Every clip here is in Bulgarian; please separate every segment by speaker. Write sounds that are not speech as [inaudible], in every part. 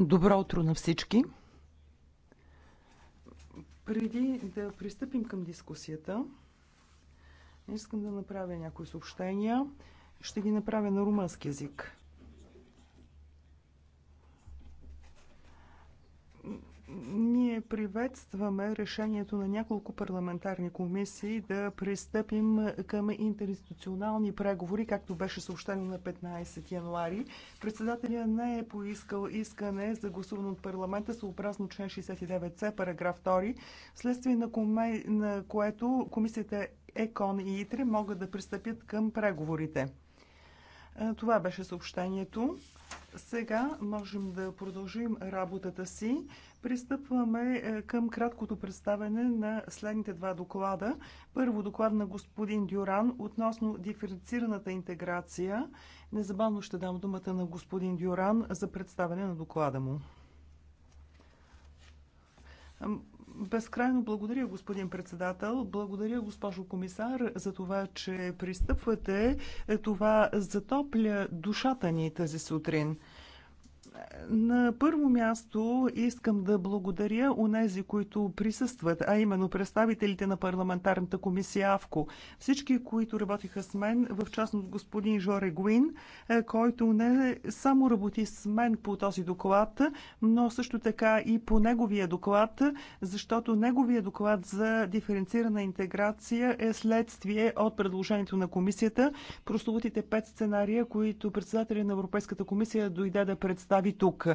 Speaker 1: Добро утро на всички! Преди да пристъпим към дискусията, искам да направя някои съобщения. Ще ги направя на румънски язик. Ние приветстваме решението на няколко парламентарни комисии да пристъпим към интеринституционални преговори, както беше съобщено на 15 януари. Председателя не е поискал искане за гласуване от парламента съобразно член 69c, параграф 2, следствие на, коме... на което комисията ЕКОН и ИТРИ могат да пристъпят към преговорите. Това беше съобщението. Сега можем да продължим работата си. Пристъпваме е, към краткото представене на следните два доклада. Първо доклад на господин Дюран относно диференцираната интеграция. Незабавно ще дам думата на господин Дюран за представене на доклада му. Безкрайно благодаря, господин председател. Благодаря, госпожо комисар, за това, че пристъпвате. Е, това затопля душата ни тази сутрин. На първо място искам да благодаря онези, които присъстват, а именно представителите на парламентарната комисия АВКО. Всички, които работиха с мен, в частност господин Жоре Гуин, е, който не само работи с мен по този доклад, но също така и по неговия доклад, защото неговия доклад за диференцирана интеграция е следствие от предложението на комисията, прословутите пет сценария, които председателя на Европейската комисия дойде да представи прави тук.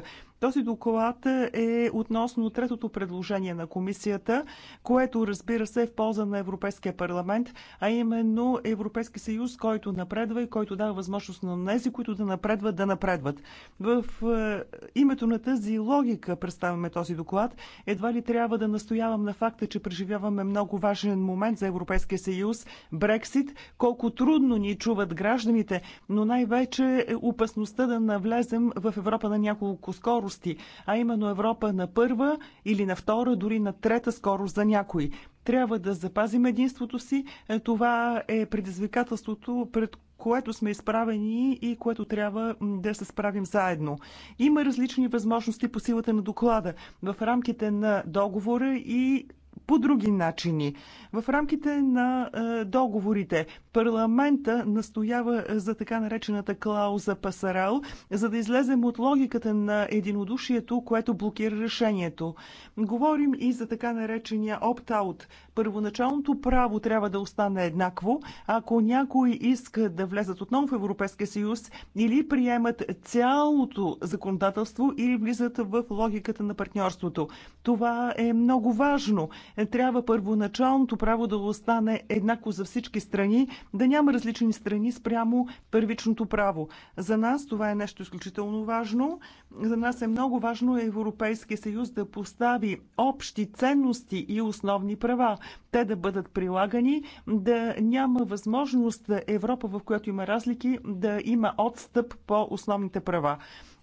Speaker 1: Този доклад е относно третото предложение на комисията, което разбира се е в полза на Европейския парламент, а именно Европейски съюз, който напредва и който дава възможност на тези, които да напредват, да напредват. В е, името на тази логика представяме този доклад. Едва ли трябва да настоявам на факта, че преживяваме много важен момент за Европейския съюз – Брексит, колко трудно ни чуват гражданите, но най-вече е опасността да навлезем в Европа на няколко скоро скорости, а именно Европа на първа или на втора, дори на трета скорост за някои. Трябва да запазим единството си. Е, това е предизвикателството, пред което сме изправени и което трябва да се справим заедно. Има различни възможности по силата на доклада в рамките на договора и по други начини. В рамките на е, договорите парламента настоява за така наречената клауза пасарал, за да излезем от логиката на единодушието, което блокира решението. Говорим и за така наречения опт-аут, Първоначалното право трябва да остане еднакво. Ако някой иска да влезат отново в Европейския съюз или приемат цялото законодателство или влизат в логиката на партньорството. Това е много важно. Трябва първоначалното право да остане еднакво за всички страни, да няма различни страни спрямо първичното право. За нас това е нещо изключително важно. За нас е много важно Европейския съюз да постави общи ценности и основни права те да бъдат прилагани, да няма възможност Европа, в която има разлики, да има отстъп по основните права.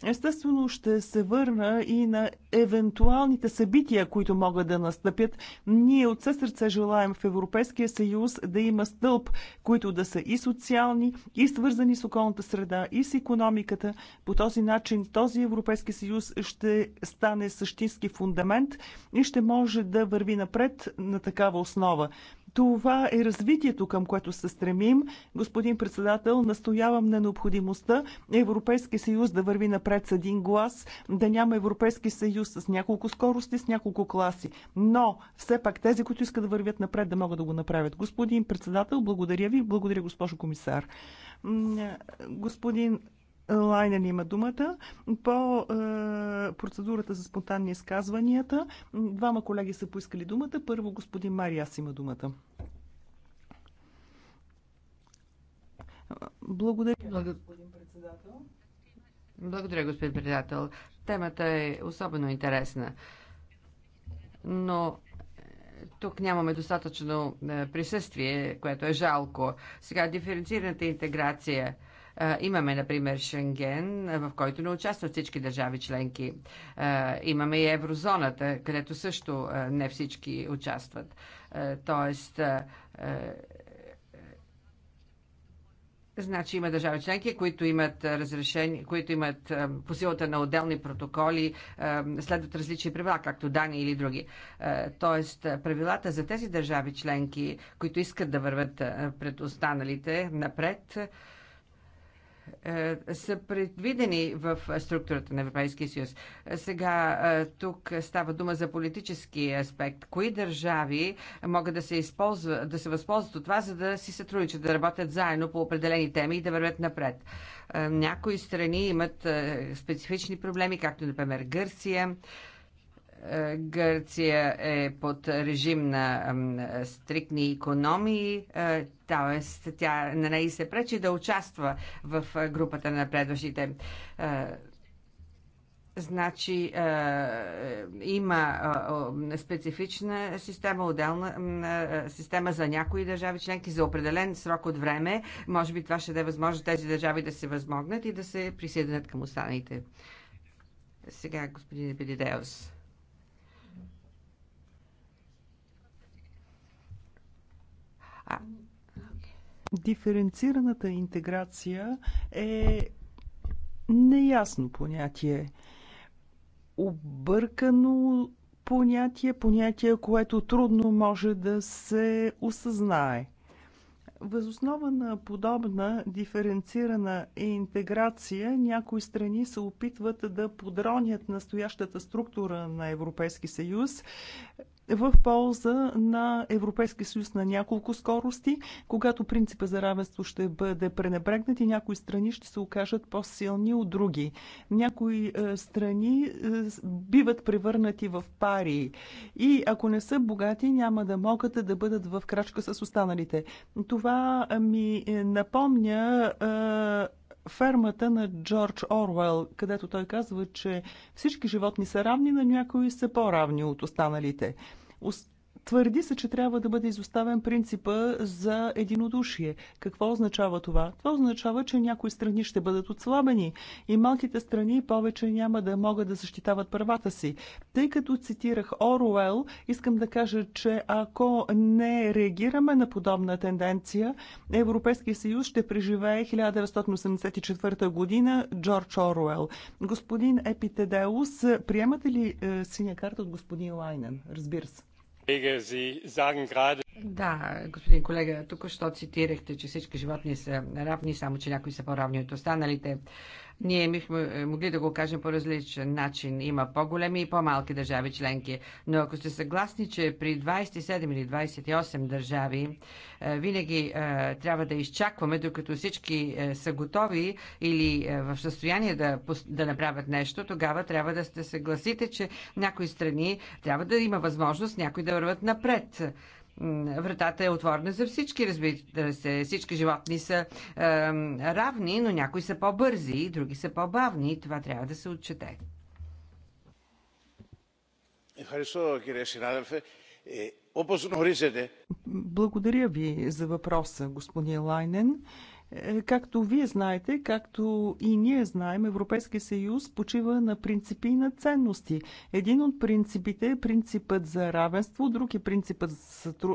Speaker 1: Естествено ще се върна и на евентуалните събития, които могат да настъпят. Ние от все сърце желаем в Европейския съюз да има стълб, които да са и социални, и свързани с околната среда, и с економиката. По този начин този Европейски съюз ще стане същински фундамент и ще може да върви напред на такава основа. Това е развитието, към което се стремим. Господин председател, настоявам на необходимостта Европейския съюз да върви напред напред с един глас, да няма Европейски съюз с няколко скорости, с няколко класи. Но все пак тези, които искат да вървят напред, да могат да го направят. Господин председател, благодаря ви, благодаря госпожо комисар. Господин Лайнен има думата. По е, процедурата за спонтанни изказванията, двама колеги са поискали думата. Първо господин Мариас има думата. Благодаря, господин председател.
Speaker 2: Благодаря, господин председател. Темата е особено интересна. Но е, тук нямаме достатъчно е, присъствие, което е жалко. Сега диференцираната интеграция. Е, имаме, например, Шенген, в който не участват всички държави членки. Имаме и еврозоната, където също не всички участват. Тоест, Значи има държави членки, които имат разрешение, които имат по силата на отделни протоколи, следват различни правила, както Дани или други. Тоест, правилата за тези държави членки, които искат да върват пред останалите напред, е, са предвидени в структурата на Европейския съюз. Сега е, тук става дума за политически аспект. Кои държави могат да се, използва, да се възползват от това, за да си сътрудничат, да работят заедно по определени теми и да вървят напред? Е, някои страни имат специфични проблеми, както например Гърция. Гърция е под режим на стрикни економии. Тоест, тя на нея се пречи да участва в групата на предващите. Значи е, има е, специфична система, отделна е, система за някои държави членки за определен срок от време. Може би това ще даде възможност тези държави да се възмогнат и да се присъединят към останалите. Сега, господин Епидидеус.
Speaker 1: А, Диференцираната интеграция е неясно понятие. Объркано понятие, понятие, което трудно може да се осъзнае. Възоснова на подобна диференцирана интеграция някои страни се опитват да подронят настоящата структура на Европейски съюз, в полза на Европейски съюз на няколко скорости, когато принципа за равенство ще бъде пренебрегнат и някои страни ще се окажат по-силни от други. Някои е, страни е, биват превърнати в пари и ако не са богати, няма да могат да бъдат в крачка с останалите. Това ми е, напомня фермата на Джордж Орвел, където той казва, че всички животни са равни, но някои са по-равни от останалите. Твърди се, че трябва да бъде изоставен принципа за единодушие. Какво означава това? Това означава, че някои страни ще бъдат отслабени и малките страни повече няма да могат да защитават правата си. Тъй като цитирах Оруел, искам да кажа, че ако не реагираме на подобна тенденция, Европейския съюз ще преживее 1984 година Джордж Оруел. Господин Епитедеус, приемате ли е, синя карта от господин Лайнен? Разбира се. Да,
Speaker 2: господин колега, тук що цитирахте, че всички животни са равни, само че някои са по-равни от останалите. Ние бихме е, могли да го кажем по различен начин. Има по-големи и по-малки държави членки. Но ако сте съгласни, че при 27 или 28 държави е, винаги е, трябва да изчакваме, докато всички са готови или в състояние да, да направят нещо, тогава трябва да сте съгласите, че някои страни трябва да има възможност някои да върват напред вратата е отворена за всички, разбира се. Всички животни са е, равни, но някои са по-бързи, други са по-бавни и това трябва да се отчете.
Speaker 3: Е,
Speaker 1: Благодаря ви за въпроса, господин Лайнен. Е, както вие знаете, както и ние знаем, Европейския съюз почива на принципи и на ценности. Един от принципите е принципът за равенство, друг е принципът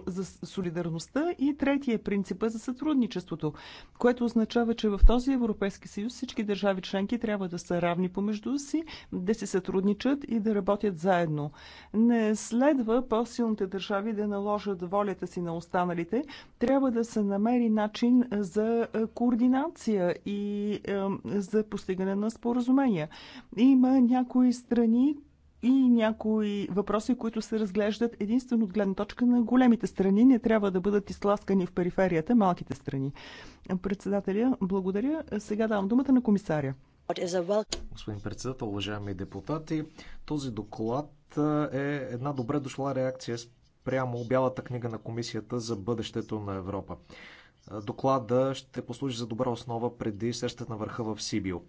Speaker 1: за солидарността и третия е принципът за сътрудничеството, което означава, че в този Европейски съюз всички държави членки трябва да са равни помежду си, да се сътрудничат и да работят заедно. Не следва по-силните държави да наложат волята си на останалите, трябва да се намери начин за е, координация и е, за постигане на споразумения. Има някои страни, и някои въпроси, които се разглеждат единствено от гледна точка на големите страни, не трябва да бъдат изтласкани в периферията малките страни. Председателя, благодаря. Сега давам думата на комисаря.
Speaker 3: Господин председател, уважаеми депутати, този доклад е една добре дошла реакция прямо Бялата книга на Комисията за бъдещето на Европа доклада ще послужи за добра основа преди срещата на върха в Сибио.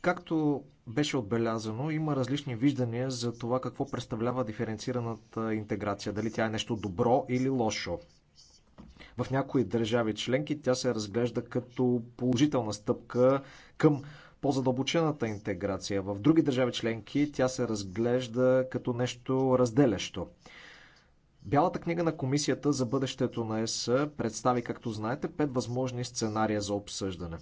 Speaker 3: Както беше отбелязано, има различни виждания за това какво представлява диференцираната интеграция. Дали тя е нещо добро или лошо. В някои държави членки тя се разглежда като положителна стъпка към по-задълбочената интеграция. В други държави членки тя се разглежда като нещо разделящо. Бялата книга на Комисията за бъдещето на ЕС представи, както знаете, пет възможни сценария за обсъждане.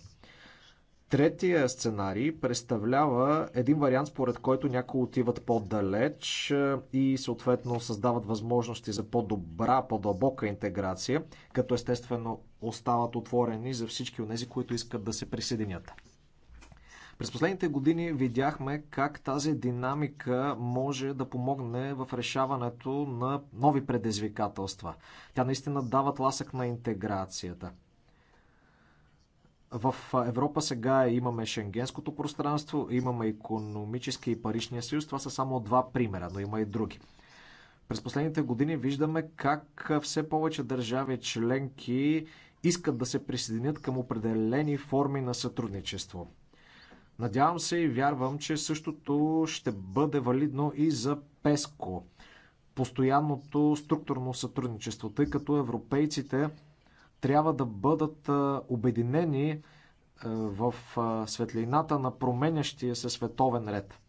Speaker 3: Третия сценарий представлява един вариант, според който някои отиват по-далеч е, и съответно създават възможности за по-добра, по-дълбока интеграция, като естествено остават отворени за всички от тези, които искат да се присъединят. През последните години видяхме как тази динамика може да помогне в решаването на нови предизвикателства. Тя наистина дава тласък на интеграцията. В Европа сега имаме шенгенското пространство, имаме економически и паричния съюз. Това са само два примера, но има и други. През последните години виждаме как все повече държави членки искат да се присъединят към определени форми на сътрудничество. Надявам се и вярвам, че същото ще бъде валидно и за ПЕСКО, постоянното структурно сътрудничество, тъй като европейците трябва да бъдат обединени в светлината на променящия се световен ред.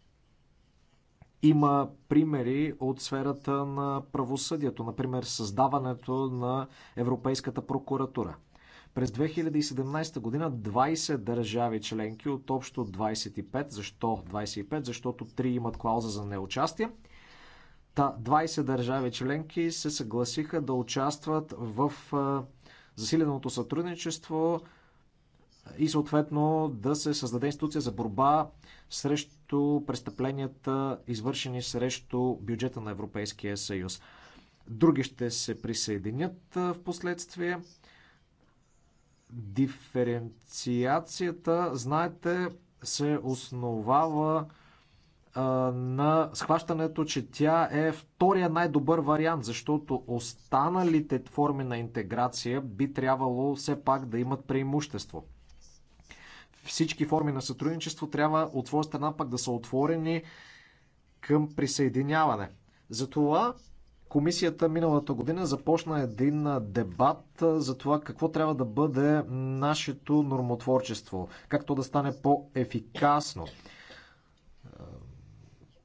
Speaker 3: Има примери от сферата на правосъдието, например създаването на Европейската прокуратура. През 2017 година 20 държави членки от общо 25. Защо 25? Защото 3 имат клауза за неучастие. Та 20 държави членки се съгласиха да участват в засиленото сътрудничество и съответно да се създаде институция за борба срещу престъпленията, извършени срещу бюджета на Европейския съюз. Други ще се присъединят в последствие. Диференциацията, знаете, се основава на схващането, че тя е втория най-добър вариант, защото останалите форми на интеграция би трябвало все пак да имат преимущество. Всички форми на сътрудничество трябва от своя страна пък да са отворени към присъединяване. Затова Комисията миналата година започна един дебат за това какво трябва да бъде нашето нормотворчество, как то да стане по-ефикасно.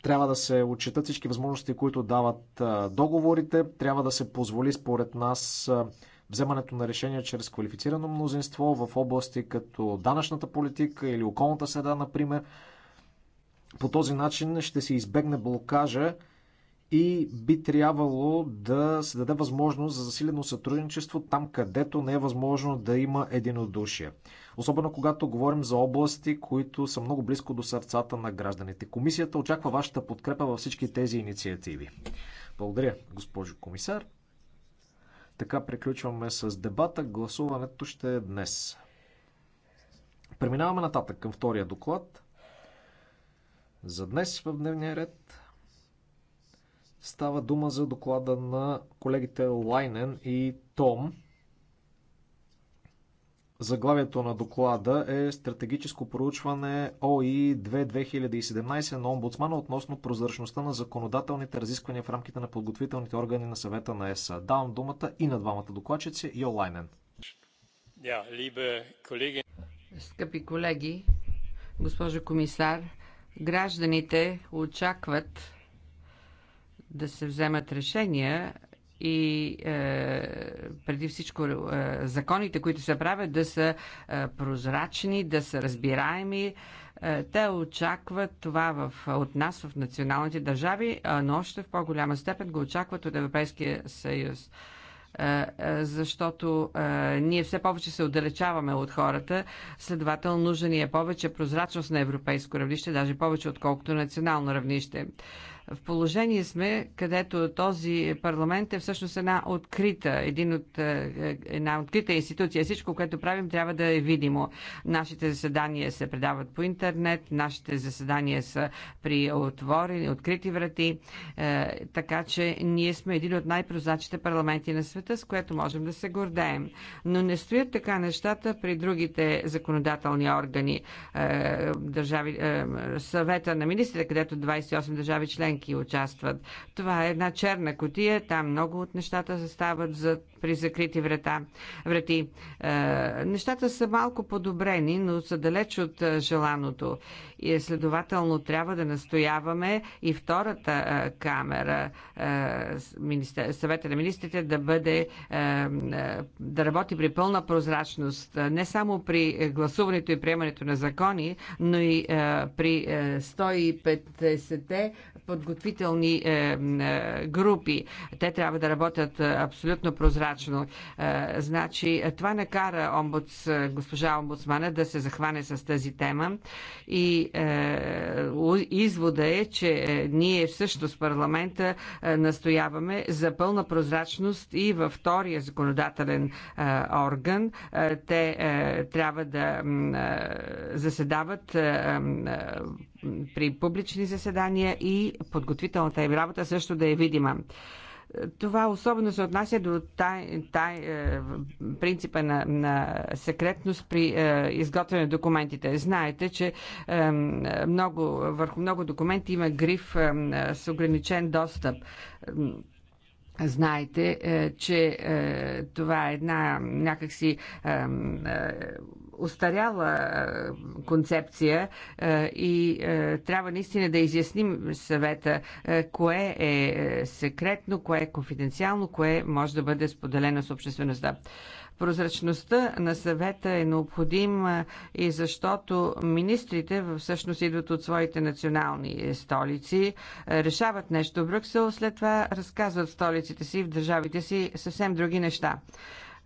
Speaker 3: Трябва да се отчитат всички възможности, които дават договорите. Трябва да се позволи, според нас, вземането на решения чрез квалифицирано мнозинство в области като данъчната политика или околната среда, например. По този начин ще се избегне блокажа и би трябвало да се даде възможност за засилено сътрудничество там, където не е възможно да има единодушие. Особено когато говорим за области, които са много близко до сърцата на гражданите. Комисията очаква вашата подкрепа във всички тези инициативи. Благодаря, госпожо комисар. Така приключваме с дебата. Гласуването ще е днес. Преминаваме нататък към втория доклад. За днес в дневния ред Става дума за доклада на колегите Лайнен и Том. Заглавието на доклада е Стратегическо проучване ОИ 2017 на омбудсмана относно прозрачността на законодателните разисквания в рамките на подготвителните органи на съвета на ЕСА. Давам думата и на двамата докладчици и Олайнен.
Speaker 2: Скъпи колеги, госпожо комисар, гражданите очакват да се вземат решения и е, преди всичко е, законите, които се правят, да са е, прозрачни, да са разбираеми. Е, те очакват това в, от нас в националните държави, но още в по-голяма степен го очакват от Европейския съюз е, е, защото е, ние все повече се отдалечаваме от хората. Следователно, нужда ни е повече прозрачност на европейско равнище, даже повече отколкото национално равнище. В положение сме, където този парламент е всъщност една открита, един от, е, е, една открита институция. Всичко, което правим, трябва да е видимо. Нашите заседания се предават по интернет, нашите заседания са при отворени, открити врати, е, така че ние сме един от най прозначите парламенти на света, с което можем да се гордеем. Но не стоят така нещата при другите законодателни органи. Е, държави, е, съвета на министрите, където 28 държави членки членки участват. Това е една черна котия, там много от нещата застават зад при закрити врата, врати. Е, нещата са малко подобрени, но са далеч от е, желаното. И е, следователно трябва да настояваме и втората камера, съвета на министрите, да бъде да работи при пълна прозрачност, не само при гласуването и приемането на закони, но и при 150-те подготвителни групи. Те трябва да работят абсолютно прозрачно прозрачно. Е, значи, това накара омбудс, е, госпожа омбудсмана да се захване с тази тема и е, извода е, че ние също с парламента настояваме за пълна прозрачност и във втория законодателен орган. Те трябва да заседават при публични заседания и подготвителната им работа също да е видима. Това особено се отнася до тай, тай, е, принципа на, на секретност при е, изготвяне на документите. Знаете, че е, много, върху много документи има гриф е, с ограничен достъп. Знаете, е, че е, това е една някакси. Е, е, устаряла е, концепция е, и е, трябва наистина да изясним съвета кое е секретно, кое е конфиденциално, кое може да бъде споделено с обществеността. Прозрачността на съвета е необходима и защото министрите всъщност идват от своите национални столици, решават нещо в Брюксел, след това разказват в столиците си в държавите си съвсем други неща.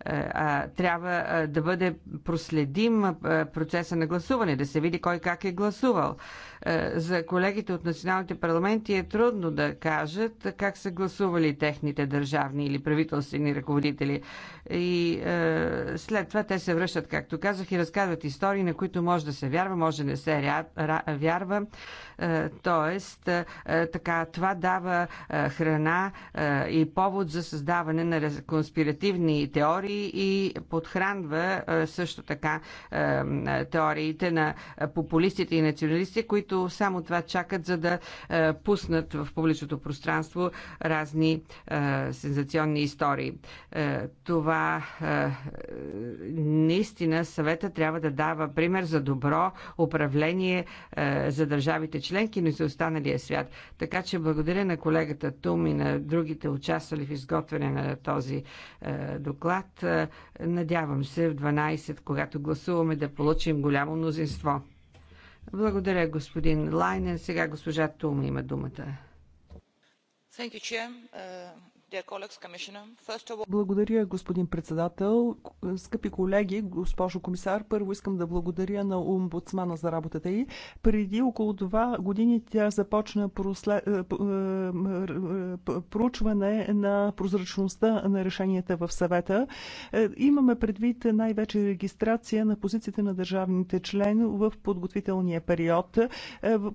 Speaker 2: Е, трябва е, да бъде проследим е, процеса на гласуване, да се види кой как е гласувал. Е, за колегите от националните парламенти е трудно да кажат как са гласували техните държавни или правителствени ръководители. И е, след това те се връщат, както казах, и разказват истории, на които може да се вярва, може да не се ря, вярва. Е, тоест, е, така, това дава е, храна е, и повод за създаване на конспиративни теории и подхранва е, също така е, е теориите на е, популистите и националистите, които които само това чакат, за да е, пуснат в публичното пространство разни е, сензационни истории. Е, това наистина съвета трябва да дава пример за добро управление за държавите членки, но и за останалия свят. Така че благодаря на колегата Тум и на другите участвали в изготвяне на този доклад. Надявам се в 12, когато гласуваме, да получим голямо мнозинство. Благодаря, господин Лайнен. Сега госпожа Тум има думата.
Speaker 4: Uh,
Speaker 1: благодаря, господин председател. Скъпи колеги, госпожо комисар, първо искам да благодаря на омбудсмана за работата й. Преди около два години тя започна е, е, проучване на прозрачността на решенията в съвета. Е, имаме предвид най-вече регистрация на позициите на държавните члени в подготвителния период.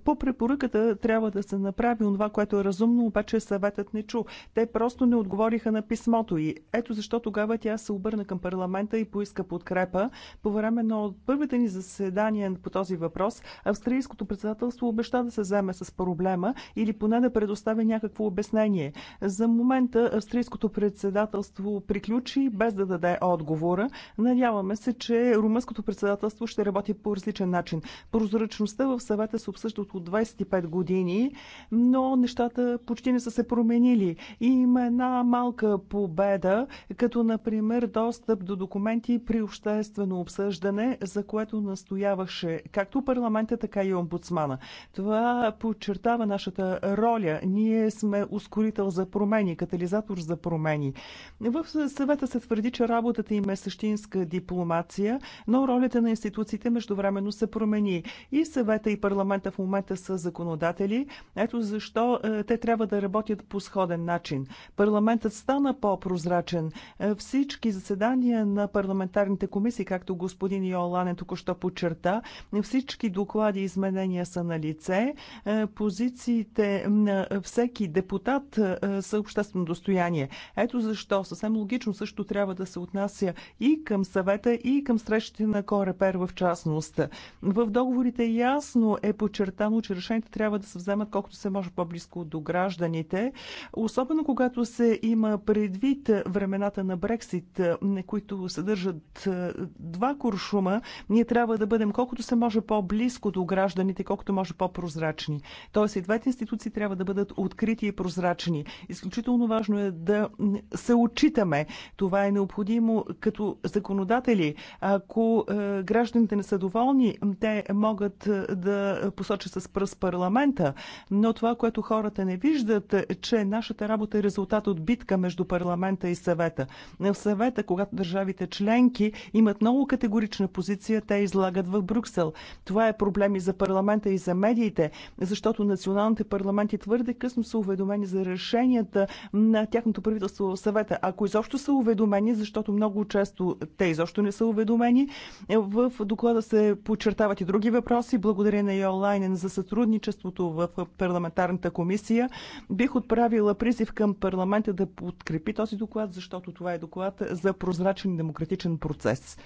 Speaker 1: По препоръката трябва да се направи това, което е разумно, обаче съветът не чу. Те просто не отговориха на писмото й. Ето защо тогава тя се обърна към парламента и поиска подкрепа. По време на първите ни заседания по този въпрос, австрийското председателство обеща да се вземе с проблема или поне да предоставя някакво обяснение. За момента австрийското председателство приключи без да даде отговора. Надяваме се, че румънското председателство ще работи по различен начин. Прозрачността в съвета се обсъжда от 25 години, но нещата почти не са се променили. И има една малка победа, като например достъп до документи при обществено обсъждане, за което настояваше както парламента, така и омбудсмана. Това подчертава нашата роля. Ние сме ускорител за промени, катализатор за промени. В съвета се твърди, че работата им е същинска дипломация, но ролята на институциите междувременно се промени. И съвета и парламента в момента са законодатели. Ето защо е, те трябва да работят по сходен начин. Парламентът стана по-прозрачен. Е, всички заседания на парламентарните комисии, както господин Йоланен, току-що подчерта, всички доклади и изменения са на лице. Е, позициите на всеки депутат е, са обществено достояние. Ето защо съвсем логично също трябва да се отнася и към съвета, и към срещите на Корепер в частност. В договорите ясно е подчертано, че решенията трябва да се вземат колкото се може по-близко до гражданите, особено когато се има предвид времената на Брексит, е, които съдържат е, два куршума, ние трябва да бъдем колкото се може по-близко до гражданите, колкото може по-прозрачни. Тоест и двете институции трябва да бъдат открити и прозрачни. Изключително важно е да се отчитаме. Това е необходимо като законодатели. Ако е, гражданите не са доволни, те могат да посочат с пръст парламента. Но това, което хората не виждат, че нашата работа е резултат резултат от битка между парламента и съвета. В съвета, когато държавите членки имат много категорична позиция, те излагат в Брюксел. Това е проблем и за парламента и за медиите, защото националните парламенти твърде късно са уведомени за решенията на тяхното правителство в съвета. Ако изобщо са уведомени, защото много често те изобщо не са уведомени, в доклада се подчертават и други въпроси. Благодаря на Йолайнен за сътрудничеството в парламентарната комисия. Бих отправила призив към парламента парламента да подкрепи този доклад, защото това е доклад за прозрачен демократичен процес.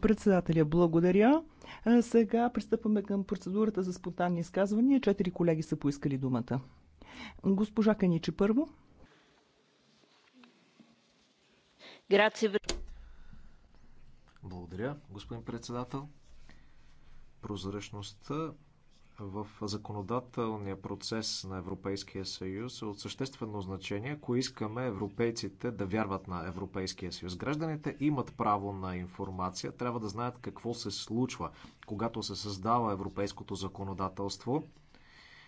Speaker 1: Председателя, благодаря. Сега пристъпваме към процедурата за спонтанни изказвания. Четири колеги са поискали думата. Госпожа Каничи първо.
Speaker 3: Благодаря, господин председател. Прозрачността в законодателния процес на Европейския съюз е от съществено значение, ако искаме европейците да вярват на Европейския съюз. Гражданите имат право на информация, трябва да знаят какво се случва, когато се създава европейското законодателство.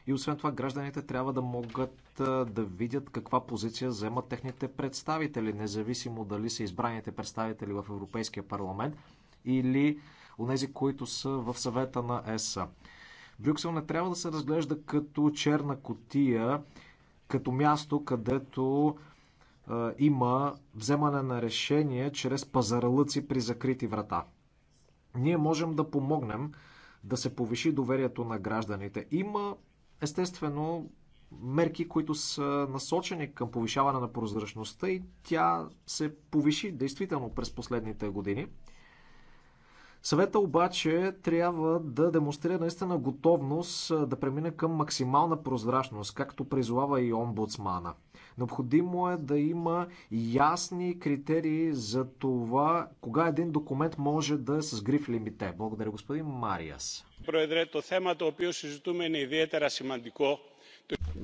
Speaker 3: И освен това, гражданите трябва да могат да видят каква позиция вземат техните представители, независимо дали са избраните представители в Европейския парламент или нези, които са в съвета на ЕСА. Брюксел не трябва да се разглежда като черна котия, като място, където а, има вземане на решения чрез пазаралъци при закрити врата. Ние можем да помогнем да се повиши доверието на гражданите. Има, естествено, мерки, които са насочени към повишаване на прозрачността и тя се повиши действително през последните години. Съвета обаче трябва да демонстрира наистина готовност да премине към максимална прозрачност, както призовава и омбудсмана. Необходимо е да има ясни критерии за това кога един документ може да е с гриф лимите. Благодаря, господин
Speaker 5: Мариас. Е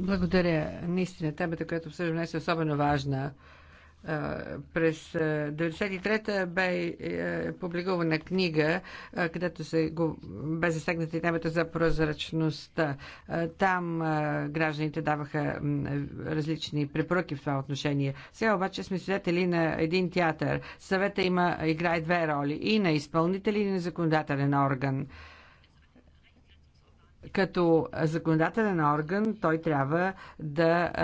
Speaker 2: Благодаря. Наистина, темата, която обсъждаме днес е особено важна. През 1993-та бе е, публикувана книга, където се го, бе засегната темата за прозрачността. Там гражданите даваха различни препоръки в това отношение. Сега обаче сме свидетели на един театър. Съвета има, играе две роли и на изпълнители, и на законодателен орган като законодателен орган той трябва да е,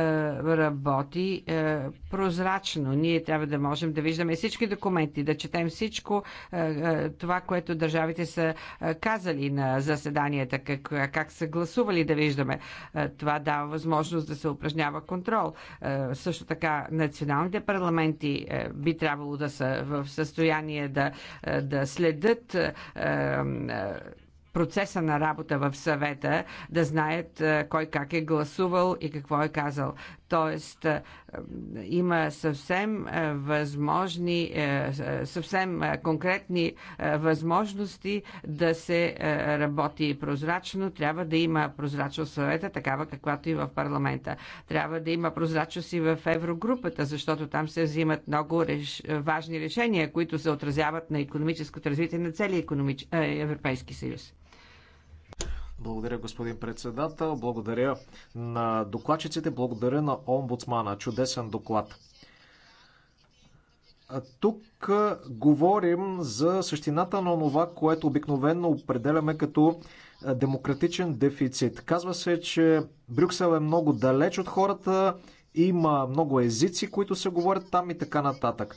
Speaker 2: работи е, прозрачно. Ние трябва да можем да виждаме всички документи, да четем всичко е, е, това, което държавите са е, казали на заседанията, как, как са гласували да виждаме. Е, това дава възможност да се упражнява контрол. Е, също така националните парламенти е, би трябвало да са в състояние да, е, да следят е, е, процеса на работа в съвета, да знаят е, кой как е гласувал и какво е казал. Тоест, е, има съвсем е, възможни, съвсем конкретни възможности да се работи прозрачно. Трябва да има прозрачност в съвета, такава каквато и в парламента. Трябва да има прозрачност и в еврогрупата, защото там се взимат много реш... важни решения, които се отразяват на економическото развитие на целия економич... Европейски съюз.
Speaker 3: Благодаря, господин председател. Благодаря на докладчиците. Благодаря на омбудсмана. Чудесен доклад. Тук говорим за същината на това, което обикновено определяме като демократичен дефицит. Казва се, че Брюксел е много далеч от хората, има много езици, които се говорят там и така нататък.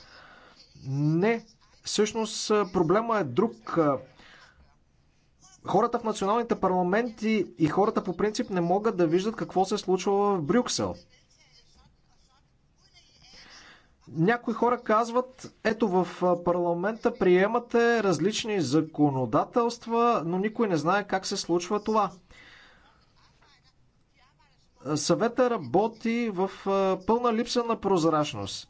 Speaker 3: Не, всъщност проблема е друг хората в националните парламенти и хората по принцип не могат да виждат какво се е случва в Брюксел. Някои хора казват, ето в парламента приемате различни законодателства, но никой не знае как се случва това. Съвета работи в пълна липса на прозрачност.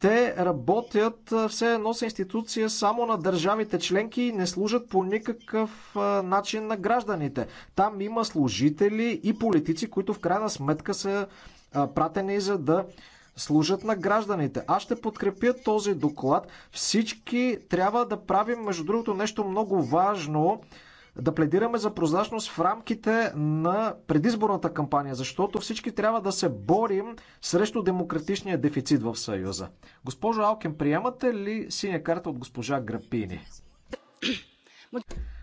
Speaker 3: Те работят все едно с институция само на държавите членки и не служат по никакъв начин на гражданите. Там има служители и политици, които в крайна сметка са пратени за да служат на гражданите. Аз ще подкрепя този доклад. Всички трябва да правим, между другото, нещо много важно да пледираме за прозрачност в рамките на предизборната кампания, защото всички трябва да се борим срещу демократичния дефицит в Съюза. Госпожо Алкен, приемате ли синя карта от госпожа Грапини?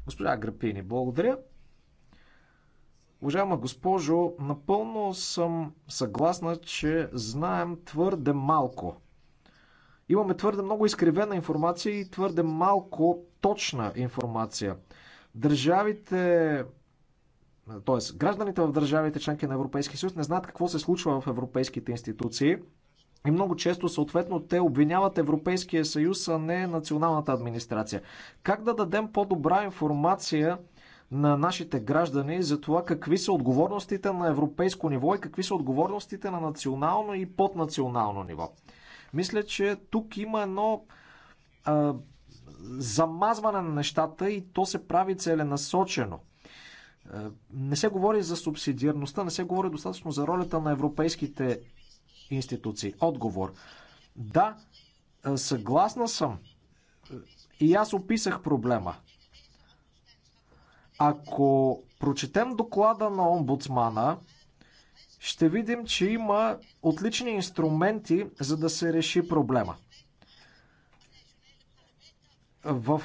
Speaker 3: Госпожа Грапини, благодаря. Уважаема госпожо, напълно съм съгласна, че знаем твърде малко. Имаме твърде много изкривена информация и твърде малко точна информация. Държавите, т.е. гражданите в държавите членки на Европейския съюз не знаят какво се случва в европейските институции. И много често, съответно, те обвиняват Европейския съюз, а не националната администрация. Как да дадем по-добра информация на нашите граждани за това какви са отговорностите на европейско ниво и какви са отговорностите на национално и поднационално ниво? Мисля, че тук има едно а, замазване на нещата и то се прави целенасочено. Е, не се говори за субсидиарността, не се говори достатъчно за ролята на европейските институции. Отговор. Да, е, съгласна съм. Е, и аз описах проблема. Ако прочетем доклада на омбудсмана, ще видим, че има отлични инструменти, за да се реши проблема. В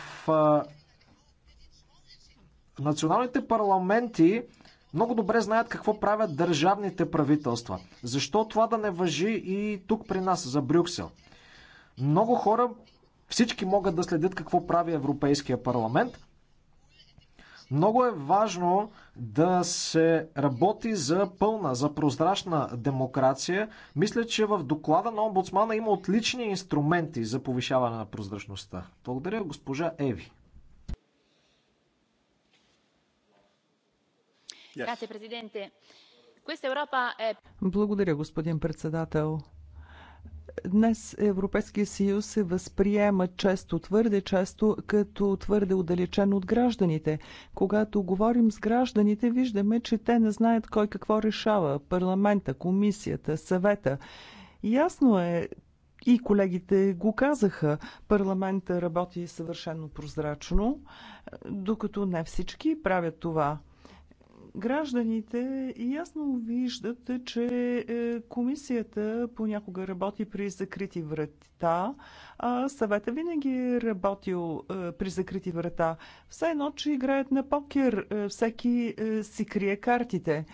Speaker 3: националните парламенти много добре знаят какво правят държавните правителства. Защо това да не въжи и тук при нас, за Брюксел? Много хора, всички могат да следят какво прави Европейския парламент, много е важно да се работи за пълна, за прозрачна демокрация. Мисля, че в доклада на омбудсмана има отлични инструменти за повишаване на прозрачността. Благодаря, госпожа Еви.
Speaker 1: Благодаря, господин председател. Днес Европейския съюз се възприема често, твърде често, като твърде отдалечен от гражданите. Когато говорим с гражданите, виждаме, че те не знаят кой какво решава парламента, комисията, съвета. Ясно е, и колегите го казаха, парламента работи съвършено прозрачно, докато не всички правят това. Гражданите ясно виждат, че е, комисията понякога работи при закрити врата, а съвета винаги е работил е, при закрити врата. Все едно, че играят на покер, е, всеки си крие картите.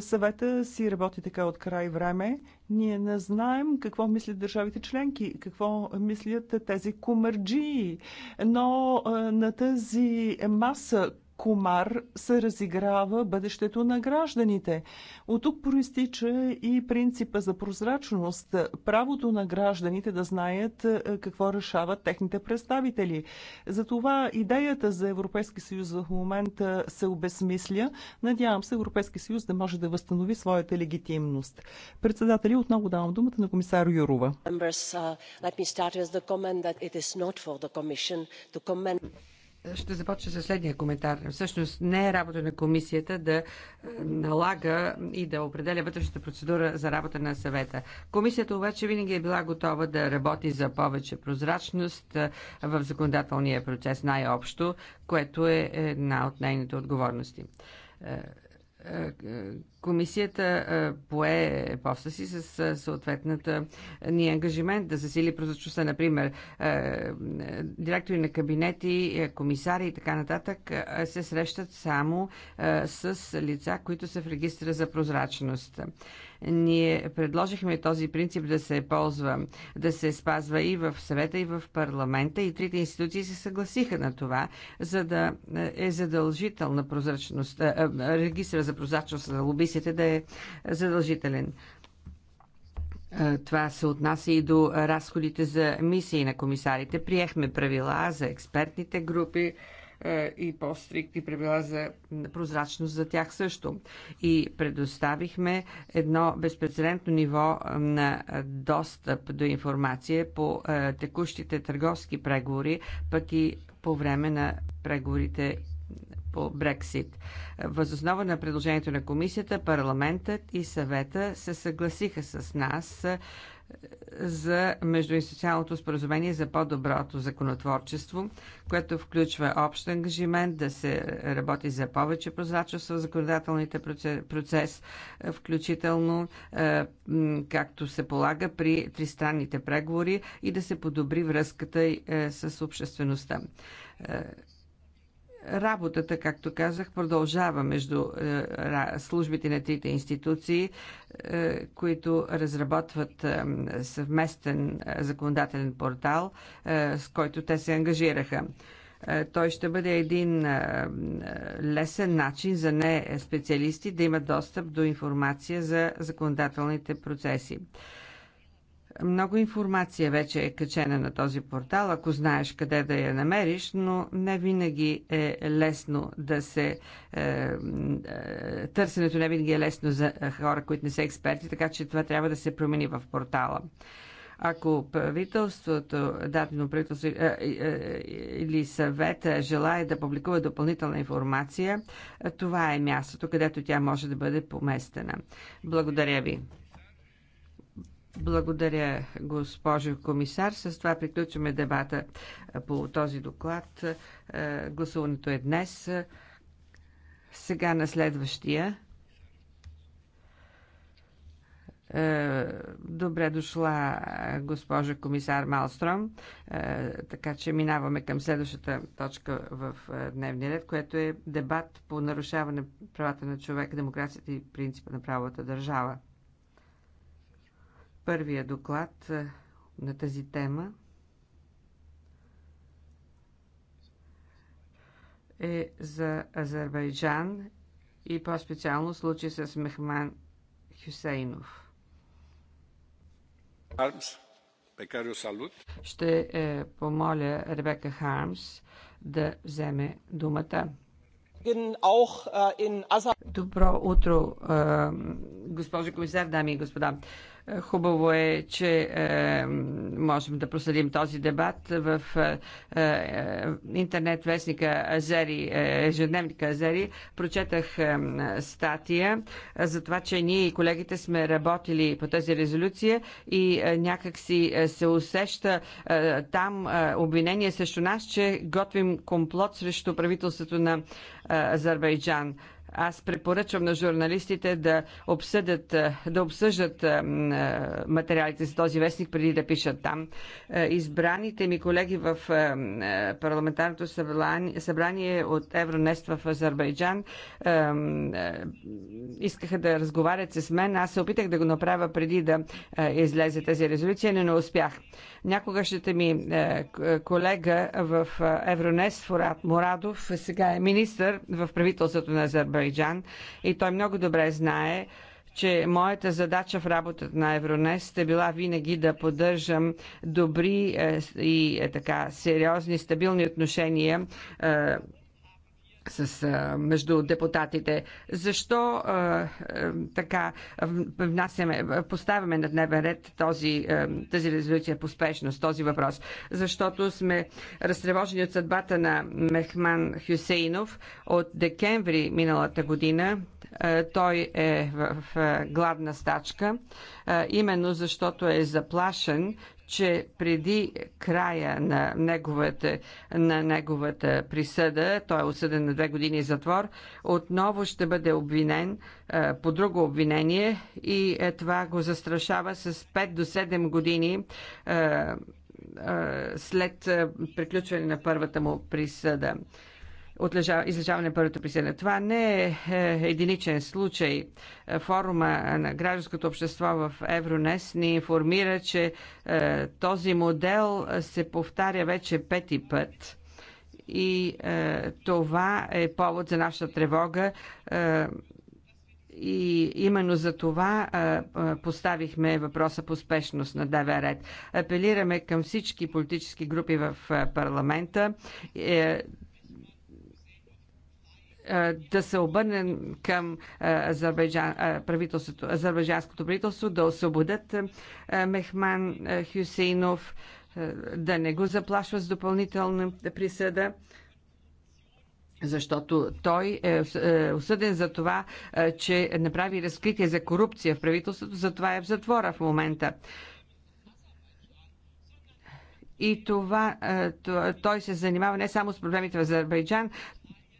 Speaker 1: Съвета си работи така от край време. Ние не знаем какво мислят държавите членки, какво мислят тези комерджии, но на тази маса комар се разиграва бъдещето на гражданите. От тук проистича и принципа за прозрачност, правото на гражданите да знаят е, какво решават техните представители. Затова идеята за Европейски съюз в момента се обезсмисля. Надявам се Европейски съюз да може да възстанови своята легитимност. Председатели, отново давам думата на комисар Юрова.
Speaker 2: Ще започна с следния коментар. Всъщност не е работа на комисията да е, налага и да определя вътрешната процедура за работа на съвета. Комисията обаче винаги е била готова да работи за повече прозрачност е, в законодателния процес най-общо, което е една от нейните отговорности. Е, Комисията пое поста си с съответната ни ангажимент да засили прозрачността, например, директори на кабинети, комисари и така нататък се срещат само с лица, които са в регистра за прозрачност. Ние предложихме този принцип да се ползва, да се спазва и в съвета, и в парламента. И трите институции се съгласиха на това, за да е, е задължителна прозрачност, е, е, регистра за прозрачност на лобисите да е задължителен. Това се отнася и до разходите за мисии на комисарите. Приехме правила за експертните групи, е, и по стрикти правила за прозрачност за тях също. И предоставихме едно безпредседентно ниво на достъп до информация по е, текущите търговски преговори, пък и по време на преговорите по Брексит. Възоснова на предложението на комисията, парламентът и съвета се съгласиха с нас е, за междуинституционалното споразумение за по-доброто законотворчество, което включва общ ангажимент да се работи за повече прозрачност в законодателните процес, включително е, както се полага при тристранните преговори и да се подобри връзката е, с обществеността е, Работата, както казах, продължава между е, службите на трите институции, е, които разработват е, съвместен законодателен портал, с който те се ангажираха той ще бъде един лесен начин за не специалисти да имат достъп до информация за законодателните процеси. Много информация вече е качена на този портал, ако знаеш къде да я намериш, но не винаги е лесно да се... Е, е, търсенето не винаги е лесно за хора, които не са експерти, така че това трябва да се промени в портала ако правителството, дадено правителство е, е, или съвет желая да публикува допълнителна информация, това е мястото, където тя може да бъде поместена. Благодаря ви. Благодаря, госпожо комисар. С това приключваме дебата по този доклад. Гласуването е днес. Сега на следващия. Добре дошла, госпожа комисар Малстром. Така че минаваме към следващата точка в дневния ред, което е дебат по нарушаване правата на човека, демокрацията и принципа на правовата държава първия доклад е, на тази тема е за Азербайджан и по-специално случай с Мехман Хюсейнов.
Speaker 5: Армс, Пекарио Салут.
Speaker 2: Ще е, помоля Ребека Хармс да вземе думата. Е, Добро утро, е, госпожо комисар, дами и господа. Хубаво е, че е, можем да проследим този дебат в е, е, интернет вестника Азери, ежедневника Азери. Прочетах статия за това, че ние и колегите сме работили по тази резолюция и някак си се усеща там обвинение срещу нас, че готвим комплот срещу правителството на Азербайджан. Аз препоръчвам на журналистите да обсъдят, е, да обсъждат е, е, материалите за този вестник преди да пишат там. Избраните ми колеги в парламентарното събрание от Евронест в Азербайджан искаха да разговарят с мен. Аз се опитах да го направя преди да излезе тази резолюция, но не успях. Някогашната ми колега в Евронест, Мурадов, Морадов, сега е министър в правителството на Азербайджан. Азербайджан и той много добре знае, че моята задача в работата на Евронест е била винаги да поддържам добри е, и е, така сериозни, стабилни отношения е, с, а, между депутатите. Защо а, а, така внасяме, поставяме на дневен ред този, а, тази резолюция по спешност, този въпрос? Защото сме разтревожени от съдбата на Мехман Хюсейнов от декември миналата година. А, той е в, в гладна стачка, а, именно защото е заплашен, че преди края на неговата, на неговата присъда, той е осъден на две години затвор, отново ще бъде обвинен е, по друго обвинение и е, това го застрашава с 5 до 7 години е, след приключване на първата му присъда отлежа, излежаване на първото присъединение. Това не е, е единичен случай. Е, форума на гражданското общество в Евронес ни информира, че е, този модел се повтаря вече пети път. И е, това е повод за нашата тревога. Е, и именно за това поставихме въпроса по спешност на ДВР. ред. Апелираме към всички политически групи в парламента да се обърнем към Азербайджан, правителството, азербайджанското правителство, да освободят Мехман Хюсейнов, да не го заплашва с допълнителна присъда защото той е, е осъден за това, че направи разкритие за корупция в правителството, затова е в затвора в момента. И това той се занимава не само с проблемите в Азербайджан,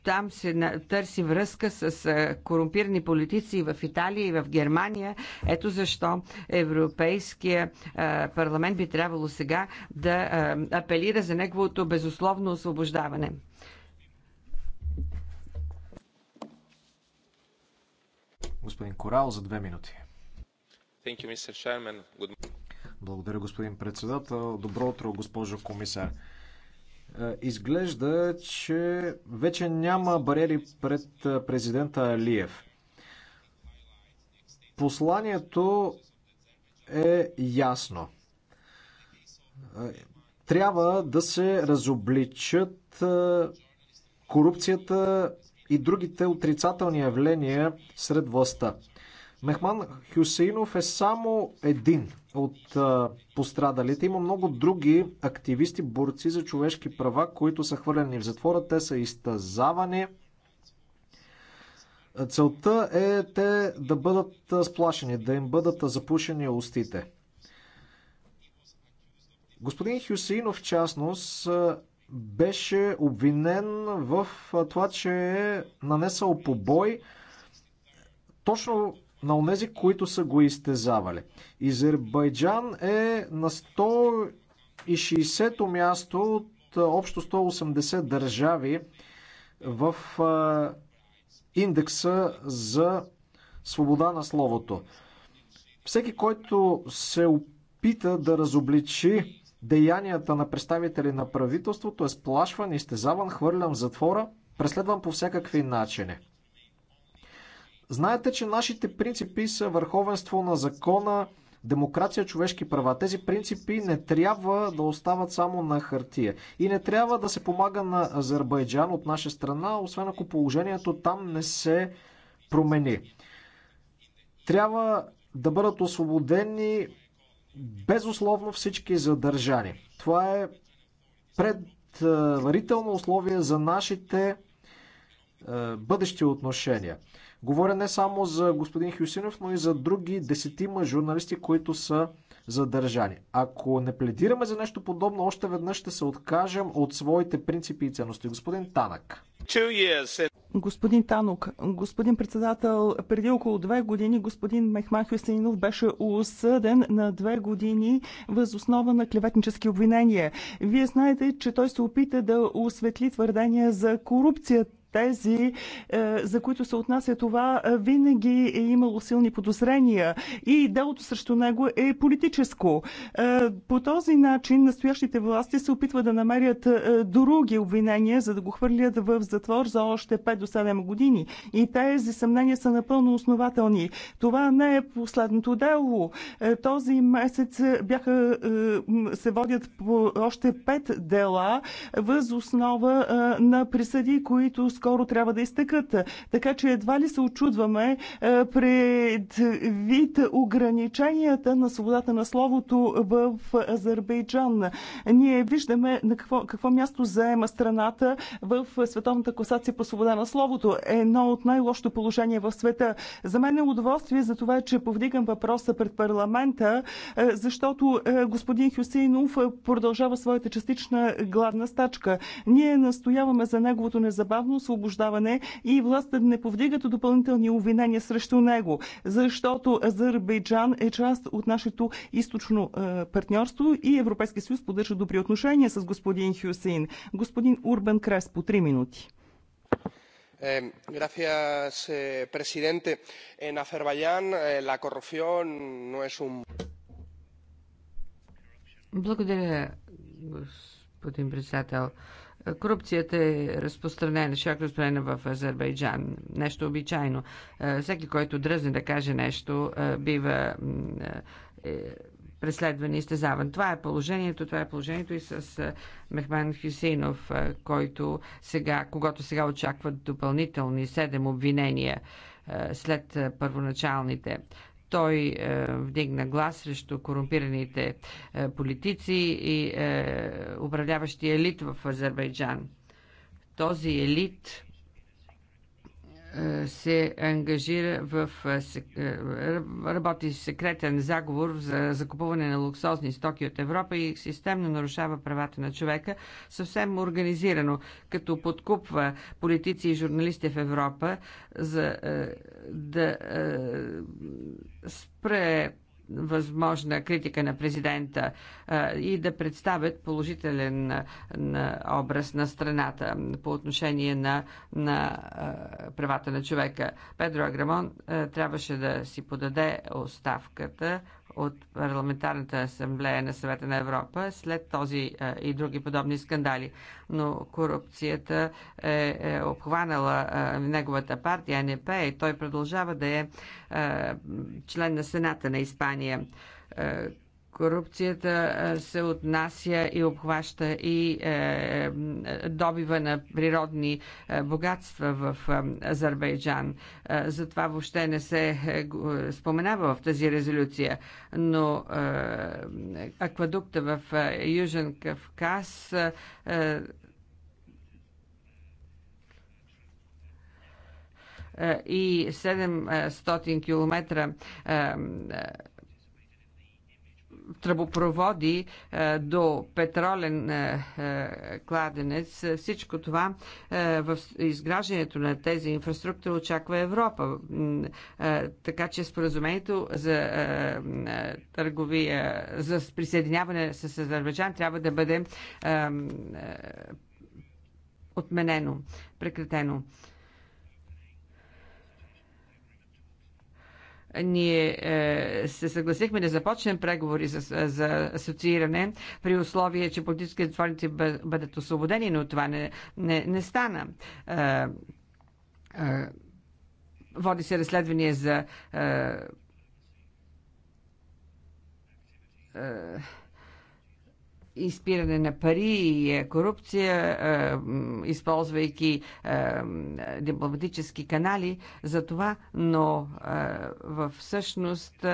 Speaker 2: там се търси връзка с корумпирани политици в Италия и в Германия. Ето защо Европейския парламент би трябвало сега да апелира за неговото безусловно освобождаване.
Speaker 3: Господин Корал за две минути. Благодаря, господин председател. Добро утро, госпожо комисар. Е, изглежда, че вече няма бариери пред е, президента Алиев. Посланието е ясно. Е, трябва да се разобличат корупцията и другите отрицателни явления сред властта. Мехман Хюсеинов е само един от пострадалите. Има много други активисти, борци за човешки права, които са хвърлени в затвора. Те са изтъзавани. Целта е те да бъдат сплашени, да им бъдат запушени устите. Господин Хюсейнов, в частност, беше обвинен в това, че е нанесъл побой точно на онези, които са го изтезавали. Изербайджан е на 160-то място от общо 180 държави в индекса за свобода на словото. Всеки, който се опита да разобличи деянията на представители на правителството, е сплашван, изтезаван, хвърлям в затвора, преследван по всякакви начини. Знаете, че нашите принципи са върховенство на закона, демокрация, човешки права. Тези принципи не трябва да остават само на хартия. И не трябва да се помага на Азербайджан от наша страна, освен ако положението там не се промени. Трябва да бъдат освободени безусловно всички задържани. Това е предварително условие за нашите е, бъдещи отношения. Говоря не само за господин Хюсинов, но и за други десетима журналисти, които са задържани. Ако не пледираме за нещо подобно, още веднъж ще се откажем от своите принципи и ценности. Господин Танък.
Speaker 1: Господин Танок, господин председател, преди около две години господин Мехман Хюсейнов беше осъден на две години въз основа на клеветнически обвинения. Вие знаете, че той се опита да осветли твърдения за корупцията тези, е, за които се отнася това, е, винаги е имало силни подозрения и делото срещу него е политическо. Е, по този начин настоящите власти се опитват да намерят други обвинения, за да го хвърлят в затвор за още 5 до 7 години. И тези съмнения са напълно основателни. Това не е последното дело. Този месец бяха, се водят по още 5 дела въз основа на присъди, които скоро трябва да изтъкат. Така че едва ли се очудваме е, пред вид ограниченията на свободата на словото в Азербайджан. Ние виждаме на какво, какво място заема страната в Световната класация по свобода на словото. Едно от най-лошото положение в света. За мен е удоволствие за това, че повдигам въпроса пред парламента, е, защото е, господин Хюсейнов продължава своята частична гладна стачка. Ние настояваме за неговото незабавно освобождаване и властта не повдигат допълнителни обвинения срещу него, защото Азербайджан е част от нашето източно е, партньорство и Европейския съюз поддържа добри отношения с господин Хюсейн. Господин Урбан Крес по три минути
Speaker 3: presidente en azerbaiyán la corrupción no es un.
Speaker 2: Благодаря, господин председател. Корупцията е разпространена, широко разпространена в Азербайджан. Нещо обичайно. Е, всеки, който дръзне да каже нещо, е, бива е, преследван и изтезаван. Това е положението, това е положението и с Мехман Хюсейнов, който сега, когато сега очакват допълнителни седем обвинения след първоначалните. Той е, вдигна глас срещу корумпираните е, политици и е, управляващи елит в Азербайджан. Този елит се ангажира в работи секретен заговор за закупуване на луксозни стоки от Европа и системно нарушава правата на човека съвсем организирано, като подкупва политици и журналисти в Европа за да спре възможна критика на президента и да представят положителен образ на страната по отношение на, на правата на човека. Педро Аграмон трябваше да си подаде оставката от Парламентарната асамблея на съвета на Европа след този е, и други подобни скандали. Но корупцията е, е обхванала е, неговата партия НП и той продължава да е член на Сената на Испания Корупцията се отнася и обхваща и е, е, добива на природни е, богатства в Азербайджан. Затова въобще не се споменава в тази резолюция. Но аквадукта в Южен Кавказ и 700 км тръбопроводи е, до петролен е, е, кладенец, всичко това в изграждането на тези инфраструктури очаква Европа. Така че споразумението за търговия, за присъединяване с Азербайджан трябва да бъде отменено, прекратено. ние е, се съгласихме да започнем преговори за, за асоцииране при условие, че политическите затворници бъдат освободени, но това не, не, не стана. Е, е, води се разследване за. Е, е, изпиране на пари и е, корупция, е, използвайки е, дипломатически канали за това, но в същност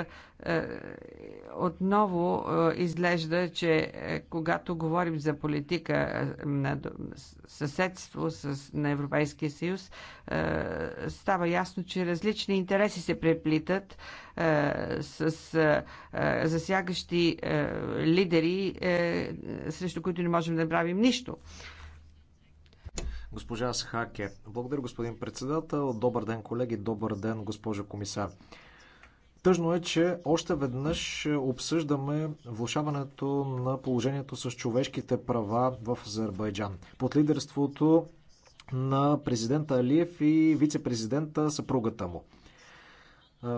Speaker 2: отново изглежда, че когато говорим за политика на съседство с, на Европейския съюз, става ясно, че различни интереси се преплитат е, с е, е, засягащи лидери, срещу които не можем да направим
Speaker 3: нищо. Госпожа Схаке. Благодаря, господин председател. Добър ден, колеги. Добър ден, госпожо комисар. Тъжно е, че още веднъж обсъждаме влушаването на положението с човешките права в Азербайджан. Под лидерството на президента Алиев и вице-президента съпругата му.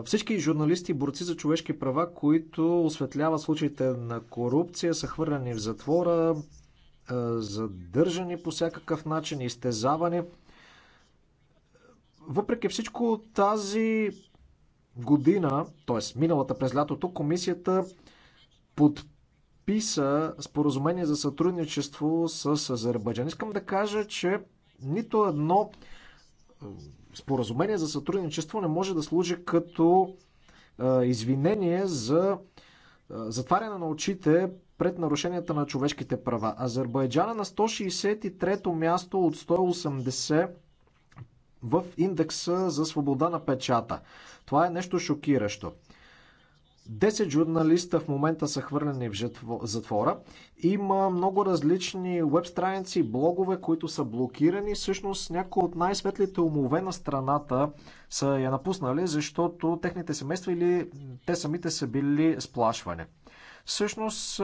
Speaker 3: Всички журналисти, борци за човешки права, които осветляват случаите на корупция, са хвърляни в затвора, задържани по всякакъв начин, изтезавани. Въпреки всичко, тази година, т.е. миналата през лятото, комисията подписа споразумение за сътрудничество с Азербайджан. Искам да кажа, че нито едно споразумение за сътрудничество не може да служи като извинение за затваряне на очите пред нарушенията на човешките права. Азербайджан е на 163-то място от 180 в индекса за свобода на печата. Това е нещо шокиращо. Десет журналиста в момента са хвърлени в затвора. Има много различни веб страници, блогове, които са блокирани. Всъщност някои от най-светлите умове на страната са я напуснали, защото техните семейства или те самите са били сплашвани. Всъщност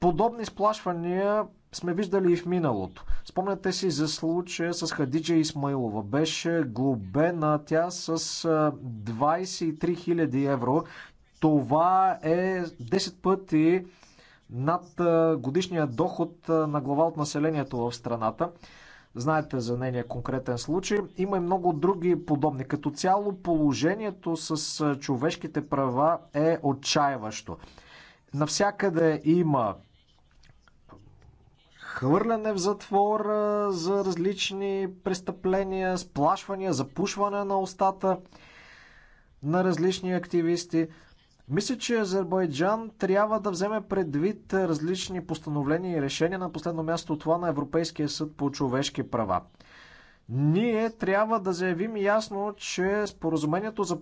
Speaker 3: подобни сплашвания сме виждали и в миналото. Спомняте си за случая с Хадиджа Исмайлова. Беше глобена тя с 23 000 евро. Това е 10 пъти над годишния доход на глава от населението в страната. Знаете за нейния конкретен случай. Има и много други подобни. Като цяло положението с човешките права е отчаяващо. Навсякъде има хвърляне в затвора за различни престъпления, сплашвания, запушване на устата на различни активисти. Мисля, че Азербайджан трябва да вземе предвид различни постановления и решения на последно място това на Европейския съд по човешки права. Ние трябва да заявим ясно, че споразумението за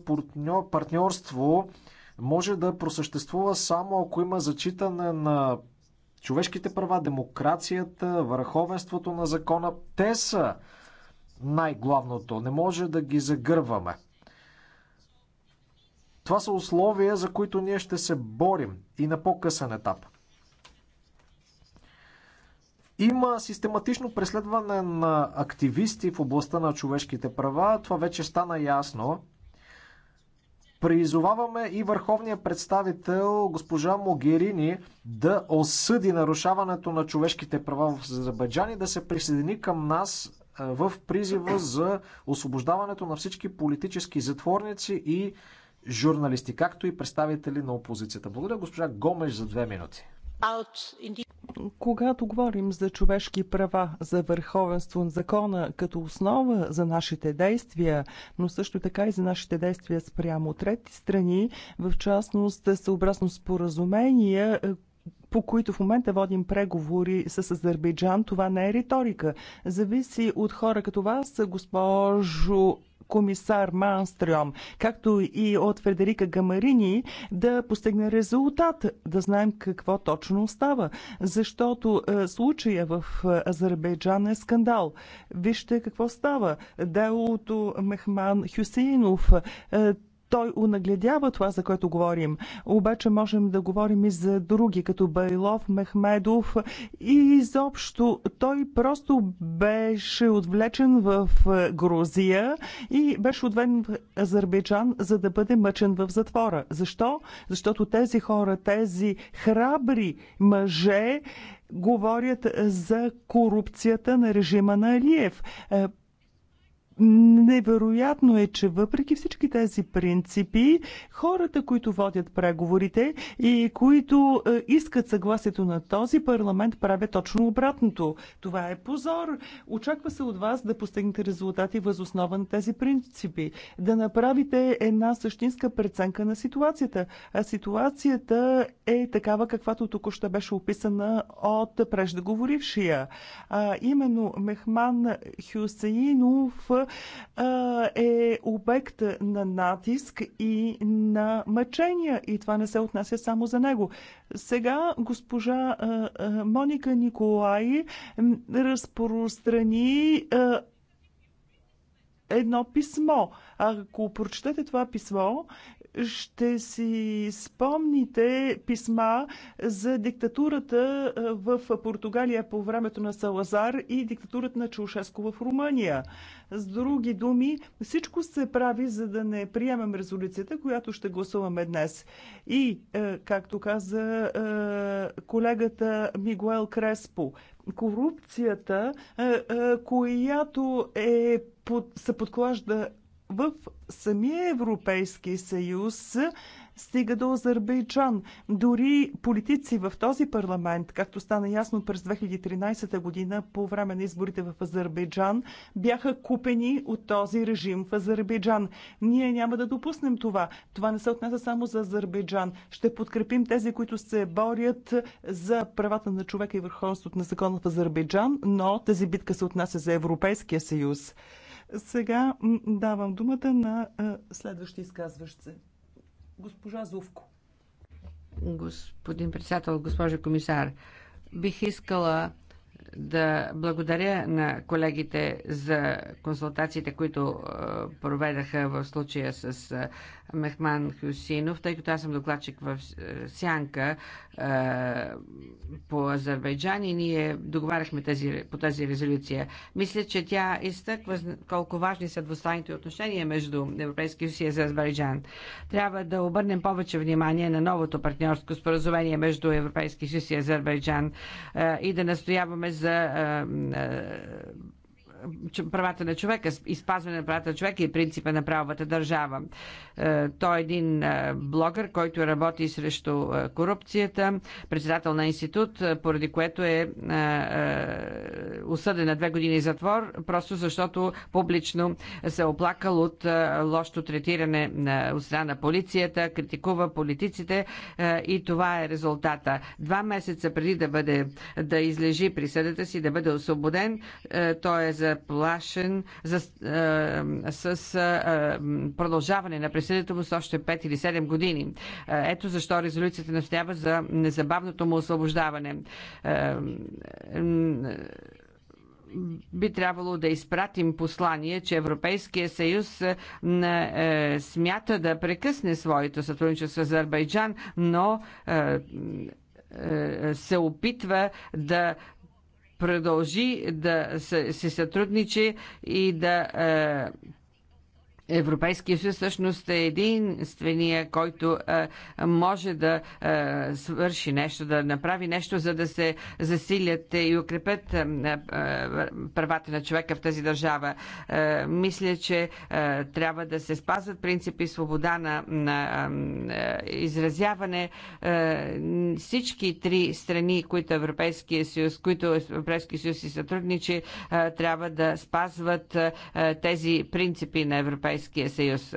Speaker 3: партньорство може да просъществува само ако има зачитане на човешките права, демокрацията, върховенството на закона, те са най-главното. Не може да ги загърваме. Това са условия, за които ние ще се борим и на по-късен етап. Има систематично преследване на активисти в областта на човешките права. Това вече стана ясно. Призоваваме и върховния представител госпожа Могерини да осъди нарушаването на човешките права в Азербайджан и да се присъедини към нас в призива за освобождаването на всички политически затворници и журналисти, както и представители на опозицията. Благодаря госпожа Гомеш за две минути.
Speaker 1: Когато говорим за човешки права, за върховенство на закона като основа за нашите действия, но също така и за нашите действия спрямо трети страни, в частност съобразно споразумения, по които в момента водим преговори с Азербайджан, това не е риторика. Зависи от хора като вас, госпожо комисар Манстрем, както и от Федерика Гамарини, да постигне резултат, да знаем какво точно става. Защото е, случая в Азербайджан е скандал. Вижте какво става. Делото Мехман Хюсейнов. Е, той унагледява това, за което говорим. Обаче можем да говорим и за други, като Байлов, Мехмедов и изобщо той просто беше отвлечен в е, Грузия и беше отведен в Азербайджан, за да бъде мъчен в затвора. Защо? Защото тези хора, тези храбри мъже, говорят за корупцията на режима на Алиев. Е, Невероятно е, че въпреки всички тези принципи, хората, които водят преговорите и които е, искат съгласието на този парламент, правят точно обратното. Това е позор. Очаква се от вас да постигнете резултати възоснова на тези принципи, да направите една същинска преценка на ситуацията. А ситуацията е такава, каквато току-що беше описана от преждеговорившия. А, именно Мехман Хюсеинов е обект на натиск и на мъчения. И това не се отнася само за него. Сега госпожа Моника Николай разпространи едно писмо. Ако прочетете това писмо ще си спомните писма за диктатурата в Португалия по времето на Салазар и диктатурата на Чаушеско в Румъния. С други думи, всичко се прави, за да не приемем резолюцията, която ще гласуваме днес. И, както каза колегата Мигуел Креспо, корупцията, която е, под, се подклажда в самия Европейски съюз стига до Азербайджан. Дори политици в този парламент, както стана ясно през 2013 година по време на изборите в Азербайджан, бяха купени от този режим в Азербайджан. Ние няма да допуснем това. Това не се отнесе само за Азербайджан. Ще подкрепим тези, които се борят за правата на човека и върховенството на закона в Азербайджан, но тази битка се отнася за Европейския съюз. Сега давам думата на следващи изказващ се. Госпожа Зувко. Господин
Speaker 2: председател, госпожа комисар, бих искала да благодаря на колегите за консултациите, които проведаха в случая с Мехман Хюсинов, тъй като аз съм докладчик в Сянка по Азербайджан и ние договаряхме тази, по тази резолюция. Мисля, че тя изтъква колко важни са двустранните отношения между Европейския съюз и Азербайджан. Трябва да обърнем повече внимание на новото партньорско споразумение между Европейския съюз и Азербайджан и да настояваме за правата на човека, изпазване на правата на човека и принципа на правовата държава. Е, той е един е, блогър, който работи срещу е, корупцията, председател на институт, поради което е осъден на две години затвор, просто защото публично се оплакал от лошото третиране на страна на полицията, критикува политиците и това е резултата. Два месеца преди да бъде да излежи присъдата си, да бъде освободен, той е за заплашен за, а, е, с а, е, продължаване на присъдите му с още 5 или 7 години. Е, ето защо резолюцията настоява за незабавното му освобождаване. А, би трябвало да изпратим послание, че Европейския съюз е смята да прекъсне своето сътрудничество с Азербайджан, но се опитва да продължи да се, сътрудничи и да е, Европейския съюз всъщност е единствения, който а, може да а, свърши нещо, да направи нещо, за да се засилят и укрепят а, а, правата на човека в тази държава. А, мисля, че а, трябва да се спазват принципи свобода на, на а, изразяване. А, всички три страни, които Европейския съюз, които Европейския съюз си сътрудничи, а, трябва да спазват а, тези принципи на Европейския Европейския съюз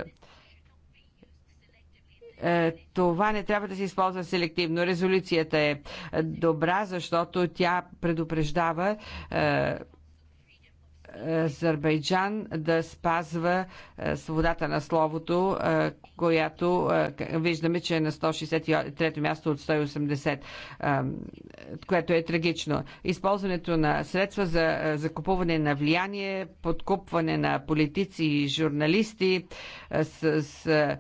Speaker 2: е, това не трябва да се използва селективно. Резолюцията е добра, защото тя предупреждава е, Азербайджан да спазва е, свободата на словото, е, която е, виждаме, че е на 163 място от 180, което е трагично. Използването на средства за закупуване на влияние, подкупване на политици и журналисти, с, с,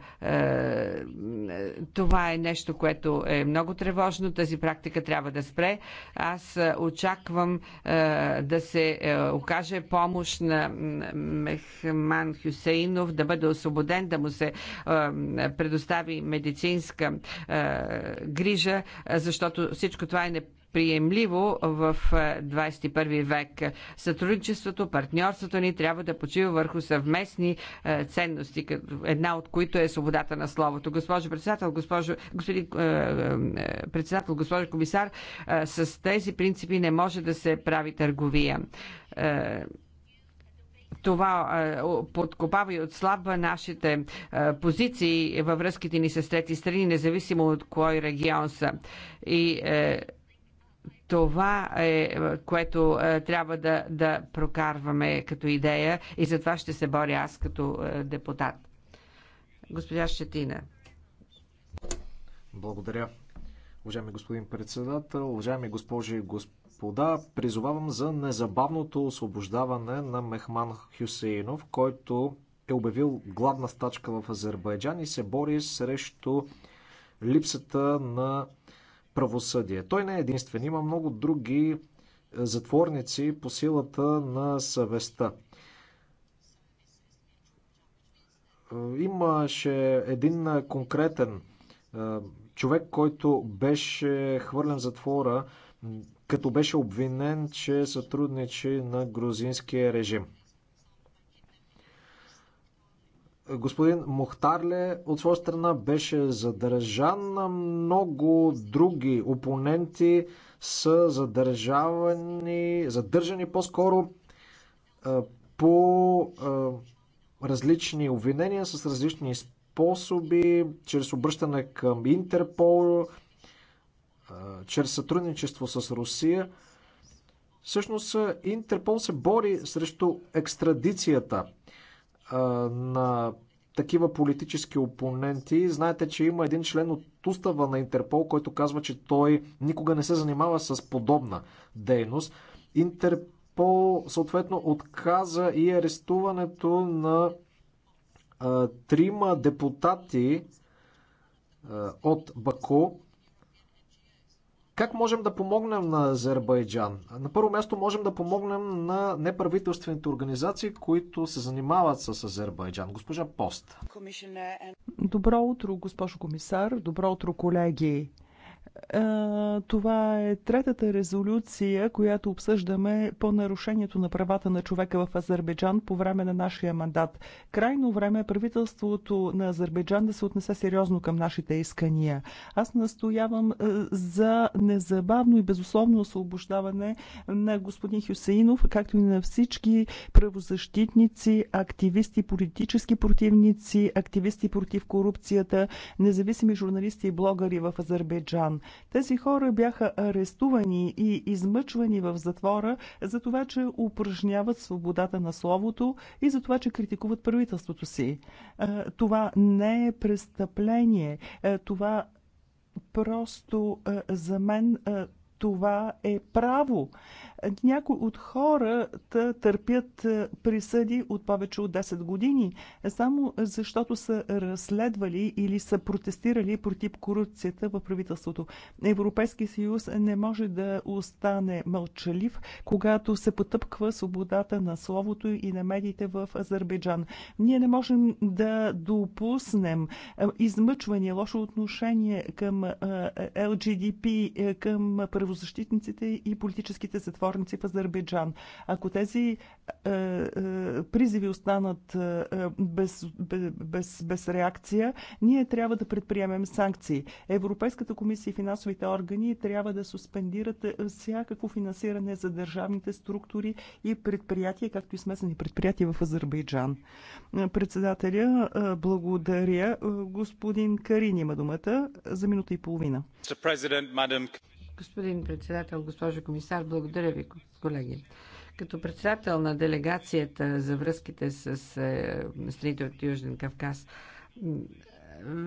Speaker 2: това е нещо, което е много тревожно. Тази практика трябва да спре. Аз очаквам да се окаже по помощ на Мехман Хюсейнов да бъде освободен, да му се предостави медицинска грижа, защото всичко това е не приемливо в 21 век. Сътрудничеството, партньорството ни трябва да почива върху съвместни ценности, една от които е свободата на словото. Госпожо председател, госпожо, господин председател, госпожо комисар, с тези принципи не може да се прави търговия това е, подкопава и отслабва нашите е, позиции във връзките ни с трети страни, независимо от кой регион са. И е, това е, което трябва да, да прокарваме като идея и за това ще се боря аз като депутат. Госпожа Щетина.
Speaker 3: Благодаря. Уважаеми господин председател, уважаеми госпожи и господа, господа, призовавам за незабавното освобождаване на Мехман Хюсейнов, който е обявил гладна стачка в Азербайджан и се бори срещу липсата на правосъдие. Той не е единствен. Има много други е, затворници по силата на съвестта. Е, имаше един конкретен е, човек, който беше хвърлен в затвора като беше обвинен, че сътрудничи на грузинския режим. Господин Мухтарле от своя страна беше задържан. Много други опоненти са задържавани, задържани по-скоро по различни обвинения с различни способи, чрез обръщане към Интерпол, чрез сътрудничество с Русия. Всъщност Интерпол се бори срещу екстрадицията на такива политически опоненти. Знаете, че има един член от устава на Интерпол, който казва, че той никога не се занимава с подобна дейност. Интерпол съответно отказа и арестуването на а, трима депутати а, от Бако. Как можем да помогнем на Азербайджан? На първо място можем да помогнем на неправителствените организации, които се занимават с Азербайджан. Госпожа Пост. Добро
Speaker 1: утро, госпожо комисар. Добро утро, колеги. Е, това е третата резолюция, която обсъждаме по нарушението на правата на човека в Азербайджан по време на нашия мандат. Крайно време е правителството на Азербайджан да се отнесе сериозно към нашите искания. Аз настоявам е, за незабавно и безусловно освобождаване на господин Хюсеинов, както и на всички правозащитници, активисти, политически противници, активисти против корупцията, независими журналисти и блогъри в Азербайджан. Тези хора бяха арестувани и измъчвани в затвора за това, че упражняват свободата на словото и за това, че критикуват правителството си. Това не е престъпление. Това просто за мен това е право. Някои от хората търпят е, присъди от повече от 10 години, е, само защото са разследвали или са протестирали против корупцията в правителството. Европейски съюз не може да остане мълчалив, когато се потъпква свободата на словото и на медиите в Азербайджан. Ние не можем да допуснем е, измъчване, лошо отношение към ЛГДП, към правозащитниците и политическите затвори затворници в Азербайджан. Ако тези е, е, призиви останат е, е без, без, без реакция, ние трябва да предприемем санкции. Европейската комисия и финансовите органи трябва да суспендират е, всякакво финансиране за държавните структури и предприятия, както и смесени предприятия в Азербайджан. Председателя, е, благодаря. Господин Карин има думата за минута и половина. Господин председател, госпожо комисар,
Speaker 2: благодаря ви, колеги. Като председател на делегацията за връзките с е, страните от Южен Кавказ,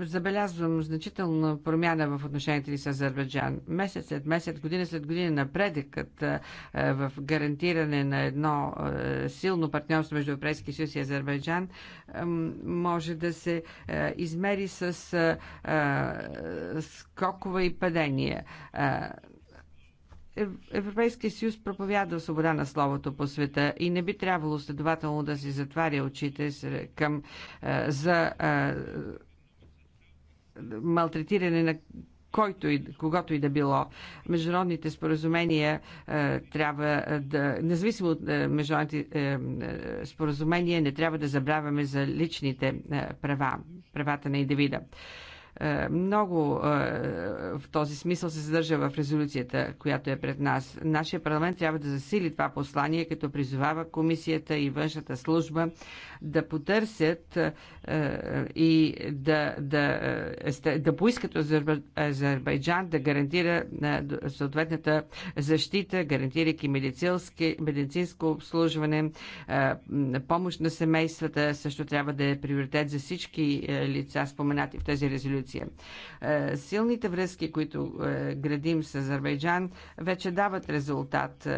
Speaker 2: забелязвам значителна промяна в отношенията ни с Азербайджан. Месец след месец, година след година напредъкът в гарантиране на едно силно партньорство между Европейския съюз и Азербайджан може да се измери с скокове и падения. Европейския съюз проповядва свобода на словото по света и не би трябвало следователно да си затваря очите към, за малтретиране на който и, когато и да било. Международните споразумения е, трябва е, да, независимо от е, международните е, е, споразумения, не трябва да забравяме за личните е, права, правата на индивида. Е, много е, в този смисъл се съдържа в резолюцията, която е пред нас. Нашия парламент трябва да засили това послание, като призовава комисията и външната служба да потърсят е, е, и да, да, е, да поискат Азербайджан да гарантира съответната защита, гарантирайки медицинско обслужване, помощ на семействата, също трябва да е приоритет за всички лица, споменати в тази резолюция. Силните връзки, които градим с Азербайджан, вече дават резултат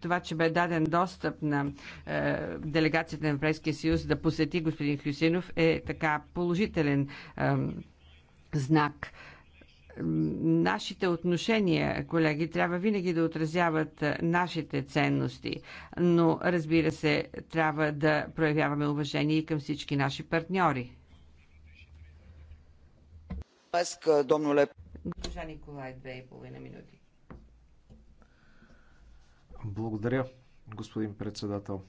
Speaker 2: това, че бе даден достъп на е, делегацията на Европейския съюз да посети господин Хюсинов е така положителен е, знак нашите отношения, колеги, трябва винаги да отразяват е, нашите ценности, но разбира се, трябва да проявяваме уважение и към всички наши партньори. Госпожа Николай, две и половина минути.
Speaker 3: Благодаря, господин председател.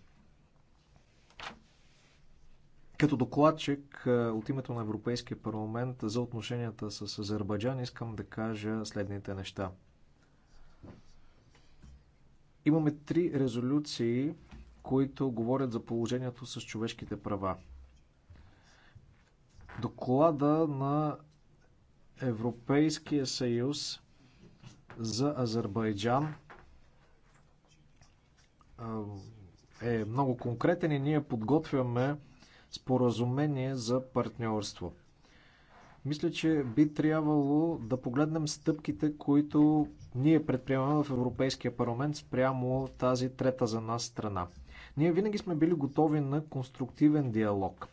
Speaker 3: Като докладчик е, от името на Европейския парламент за отношенията с Азербайджан искам да кажа следните неща. Имаме три резолюции, които говорят за положението с човешките права. Доклада на Европейския съюз за Азербайджан – е много конкретен и ние подготвяме споразумение за партньорство. Мисля, че би трябвало да погледнем стъпките, които ние предприемаме в Европейския парламент спрямо тази трета за нас страна. Ние винаги сме били готови на конструктивен диалог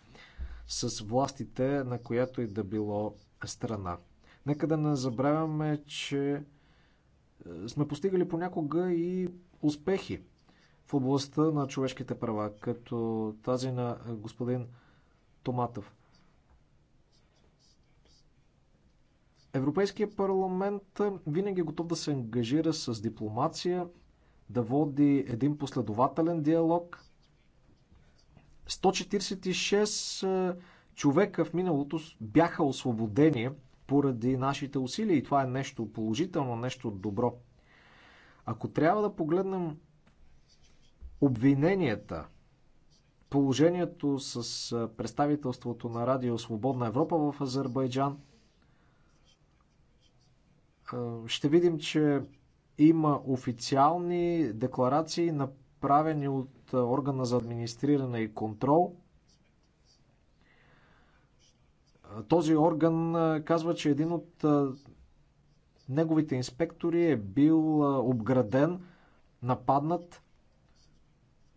Speaker 3: с властите, на която и да било страна. Нека да не забравяме, че е, сме постигали понякога и успехи в областта на човешките права, като тази на господин Томатов. Европейския парламент винаги е готов да се ангажира с дипломация, да води един последователен диалог. 146 е, човека в миналото бяха освободени поради нашите усилия и това е нещо положително, нещо добро. Ако трябва да погледнем обвиненията, положението с представителството на Радио Свободна Европа в Азербайджан. Ще видим, че има официални декларации, направени от органа за администриране и контрол. Този орган казва, че един от неговите инспектори е бил обграден, нападнат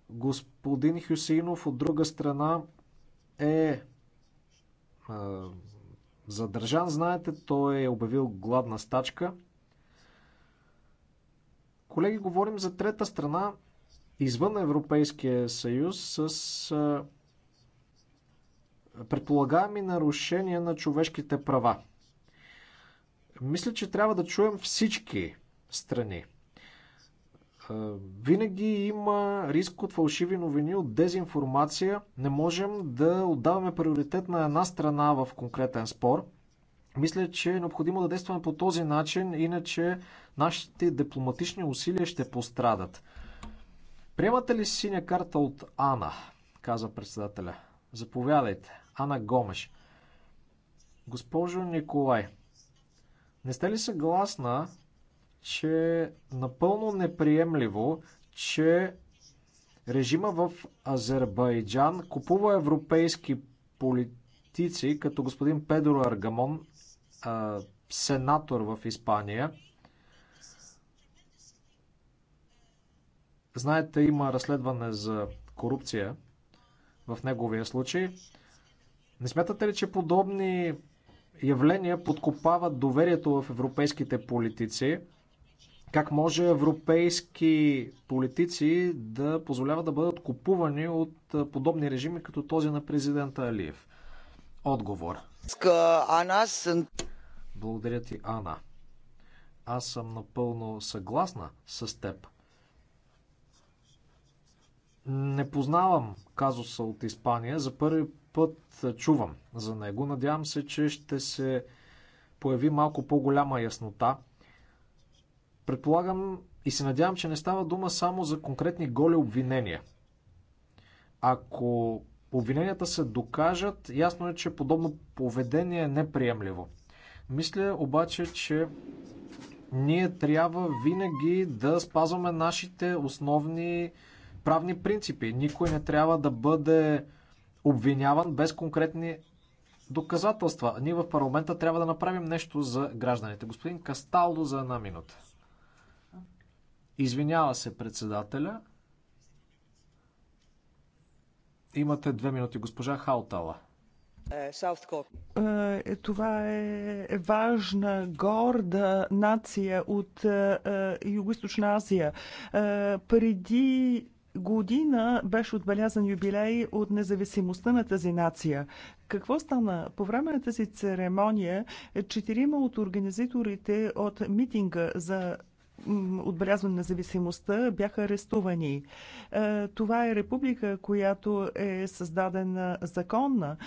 Speaker 3: Господин Хюсейнов от друга страна е, е задържан, знаете, той е обявил гладна стачка. Колеги, говорим за трета страна извън Европейския съюз с е, предполагаеми нарушения на човешките права. Мисля, че трябва да чуем всички страни. Е, винаги има риск от фалшиви новини, от дезинформация. Не можем да отдаваме приоритет на една страна в конкретен спор. Мисля, че е необходимо да действаме по този начин, иначе нашите дипломатични усилия ще пострадат. Приемате ли синя карта от Ана? каза председателя. Заповядайте. Ана Гомеш. Госпожо Николай, не сте ли съгласна че е напълно неприемливо, че режима в Азербайджан купува европейски политици, като господин Педро Аргамон, сенатор в Испания. Знаете, има разследване за корупция в неговия случай. Не смятате ли, че подобни явления подкопават доверието в европейските политици? Как може европейски политици да позволяват да бъдат купувани от подобни режими, като този на президента Алиев? Отговор. Благодаря ти, Ана. Аз съм напълно съгласна с теб. Не познавам казуса от Испания. За първи път чувам за него. Надявам се, че ще се появи малко по-голяма яснота Предполагам и се надявам, че не става дума само за конкретни голи обвинения. Ако обвиненията се докажат, ясно е, че подобно поведение е неприемливо. Мисля обаче, че ние трябва винаги да спазваме нашите основни правни принципи. Никой не трябва да бъде обвиняван без конкретни доказателства. Ние в парламента трябва да направим нещо за гражданите. Господин Касталдо за една минута. Извинява се председателя. Имате две минути, госпожа Хаутала. Е, това е
Speaker 1: важна, горда нация от е, е, Юго-Источна Азия. Преди година беше отбелязан юбилей от независимостта на тази нация. Какво стана? По време на тази церемония четирима от организаторите от митинга за отбелязване на зависимостта, бяха арестувани. Е, това е република, която е създадена законна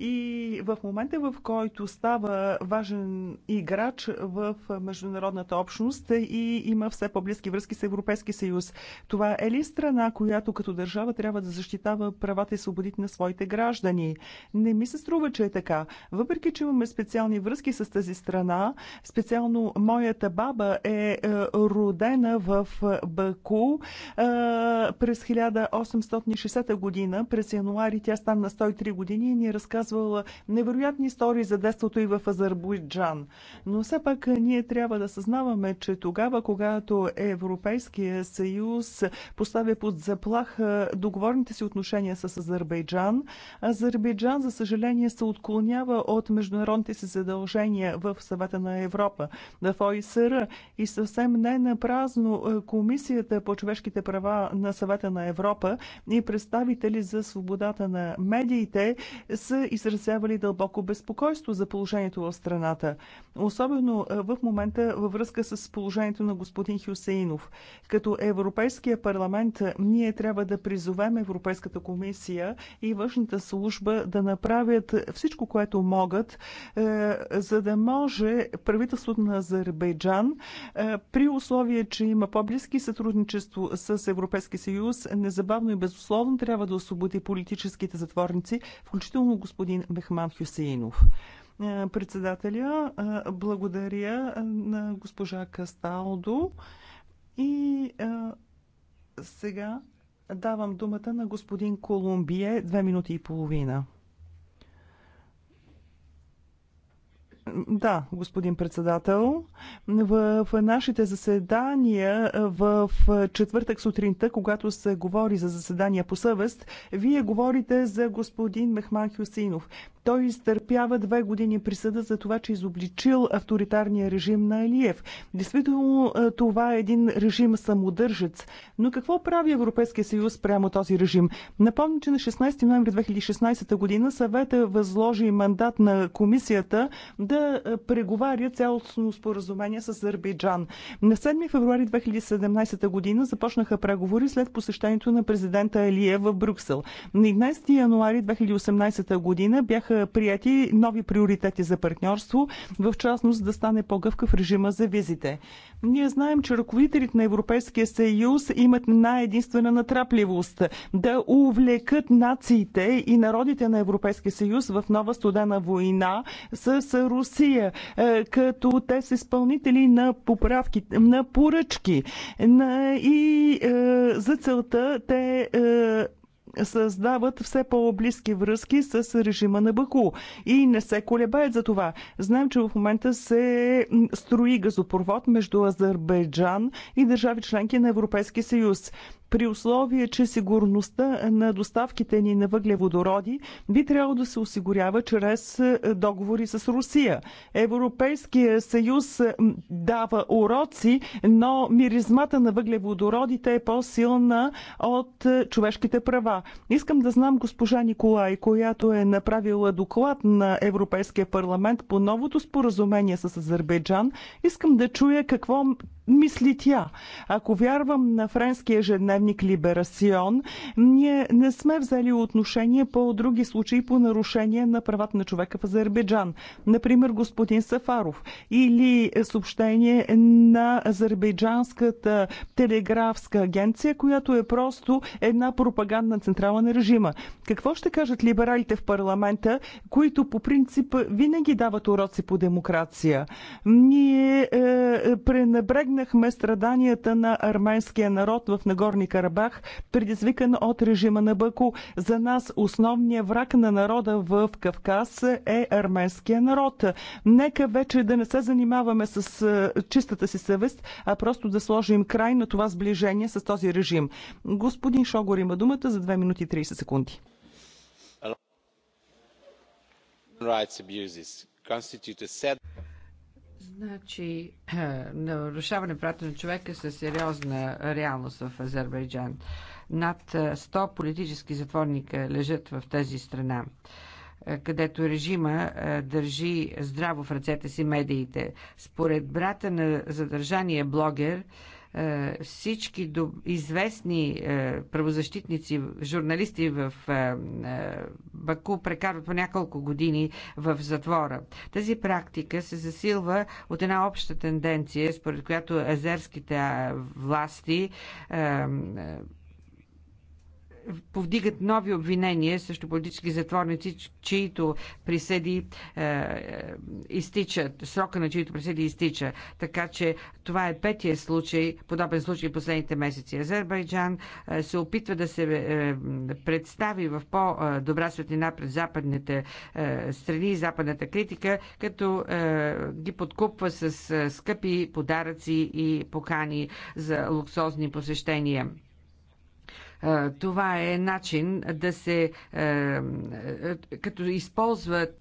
Speaker 1: и в момента, в който става важен играч в международната общност и има все по-близки връзки с Европейски съюз, това е ли страна, която като държава трябва да защитава правата и свободите на своите граждани? Не ми се струва, че е така. Въпреки, че имаме специални връзки с тази страна, специално моята баба е, е родена в е, Баку е, през 1860 година. През януари тя стана 103 години и ни разказва разказвала невероятни истории за детството и в Азербайджан. Но все пак ние трябва да съзнаваме, че тогава, когато Европейския съюз поставя под заплаха договорните си отношения с Азербайджан, Азербайджан, за съжаление, се отклонява от международните си задължения в съвета на Европа, в ОИСР и съвсем не на празно Комисията по човешките права на съвета на Европа и представители за свободата на медиите са изразявали дълбоко безпокойство за положението в страната, особено в момента във връзка с положението на господин Хюсеинов. Като Европейския парламент ние трябва да призовем Европейската комисия и външната служба да направят всичко, което могат, за да може правителството на Азербайджан при условие, че има по-близки сътрудничество с Европейски съюз, незабавно и безусловно трябва да освободи политическите затворници, включително господин господин Мехман Хюсеинов е, председателя. Е, благодаря е, на госпожа Касталдо. И сега давам думата на господин Колумбие. Две минути и половина. Да, господин председател. В нашите заседания в четвъртък сутринта, когато се говори за заседания по съвест, вие говорите за господин Мехман Хюсинов. Той изтърпява две години присъда за това, че изобличил авторитарния режим на Алиев. Действително е, това е един режим самодържец. Но какво прави Европейския съюз прямо този режим? Напомня, че на 16 ноември 2016 година съвета възложи мандат на комисията да е, преговаря цялостно споразумение с Азербайджан. На 7 февруари 2017 година започнаха преговори след посещението на президента Алия в Брюксел. На 11 януари 2018 година бяха прияти нови приоритети за партньорство, в частност да стане по-гъвкав режима за визите. Ние знаем, че ръководителите на Европейския съюз имат най-единствена натрапливост да увлекат нациите и народите на Европейския съюз в нова студена война с Русия Русия, е, като те са изпълнители на поправки, на поръчки. И е, за целта те е, създават все по-близки връзки с режима на Баку и не се колебаят за това. Знаем, че в момента се строи газопровод между Азербайджан и държави членки на Европейския съюз при условие, че сигурността на доставките ни на въглеводороди би трябвало да се осигурява чрез е, договори с Русия. Европейския съюз е, дава уроци, но миризмата на въглеводородите е по-силна от е, човешките права. Искам да знам госпожа Николай, която е направила доклад на Европейския парламент по новото споразумение с Азербайджан. Искам да чуя какво мисли тя. Ако вярвам на френския ежедневен дневник Либерасион, ние не сме взели отношение по други случаи по нарушение на правата на човека в Азербайджан. Например, господин Сафаров или съобщение на азербайджанската телеграфска агенция, която е просто една пропагандна централа на режима. Какво ще кажат либералите в парламента, които по принцип винаги дават уроци по демокрация? Ние е, е пренебрегнахме страданията на арменския народ в Нагорни Карабах, предизвикан от режима на Баку. За нас основният враг на народа в Кавказ е арменския народ. Нека вече да не се занимаваме с чистата си съвест, а просто да сложим край на това сближение с този режим. Господин Шогор има думата за 2 минути и 30 секунди.
Speaker 5: Rights abuses constitute a set
Speaker 2: Значи, [clears throat] нарушаване правата на човека са сериозна реалност в Азербайджан. Над 100 политически затворника лежат в тази страна където режима държи здраво в ръцете си медиите. Според брата на задържания блогер, е, всички известни е, правозащитници, журналисти в е, Баку прекарват по няколко години в затвора. Тази практика се засилва от една обща тенденция, според която азерските власти повдигат нови обвинения срещу политически затворници, чието присъди е, е, изтичат, срока на чието присъди изтича. Така че това е петия случай, подобен случай в последните месеци. Азербайджан е, се опитва да се е, представи в по-добра светлина пред западните е, страни и западната критика, като е, ги подкупва с е, скъпи подаръци и покани за луксозни посещения. Е, това е начин да се, е, е, като използват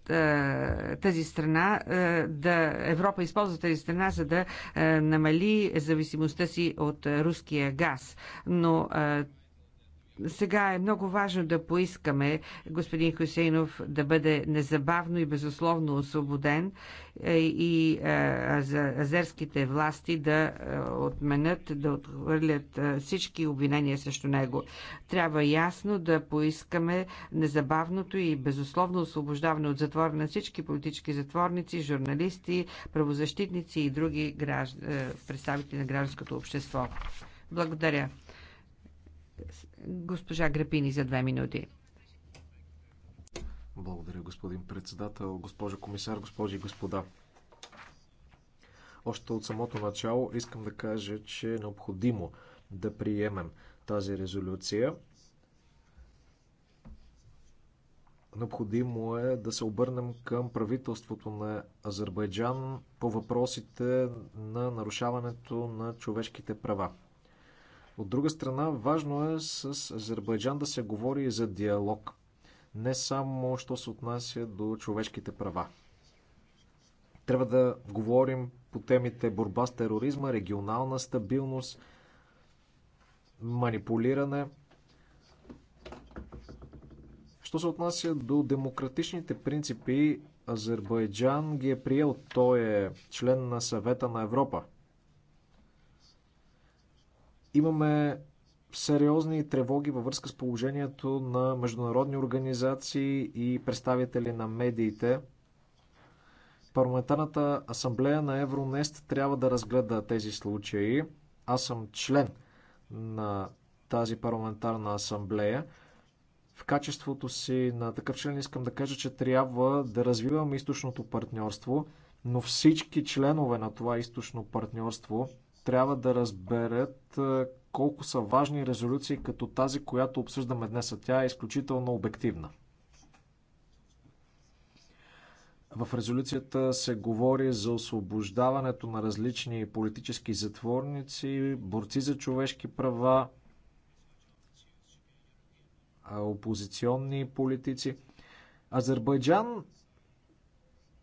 Speaker 2: тази страна, да Европа използва тази страна, за да намали зависимостта си от руския газ. Но сега е много важно да поискаме господин Хусейнов да бъде незабавно и безусловно освободен е, и е, азерските власти да е, отменят, да отхвърлят всички обвинения срещу него. Трябва ясно да поискаме незабавното и безусловно освобождаване от затвора на всички политически затворници, журналисти, правозащитници и други гражд... представители на гражданското общество. Благодаря. Госпожа Грапини за две минути.
Speaker 3: Благодаря, господин председател, госпожа комисар, госпожи и господа. Още от самото начало искам да кажа, че е необходимо да приемем тази резолюция. Необходимо е да се обърнем към правителството на Азербайджан по въпросите на нарушаването на човешките права. От друга страна, важно е с Азербайджан да се говори и за диалог. Не само, що се отнася до човешките права. Трябва да говорим по темите борба с тероризма, регионална стабилност, манипулиране. Що се отнася до демократичните принципи, Азербайджан ги е приел. Той е член на съвета на Европа. Имаме сериозни тревоги във връзка с положението на международни организации и представители на медиите. Парламентарната асамблея на Евронест трябва да разгледа тези случаи. Аз съм член на тази парламентарна асамблея. В качеството си на такъв член искам да кажа, че трябва да развиваме източното партньорство, но всички членове на това източно партньорство – трябва да разберат е, колко са важни резолюции като тази, която обсъждаме днес, тя е изключително обективна. В резолюцията се говори за освобождаването на различни политически затворници, борци за човешки права, опозиционни политици. Азербайджан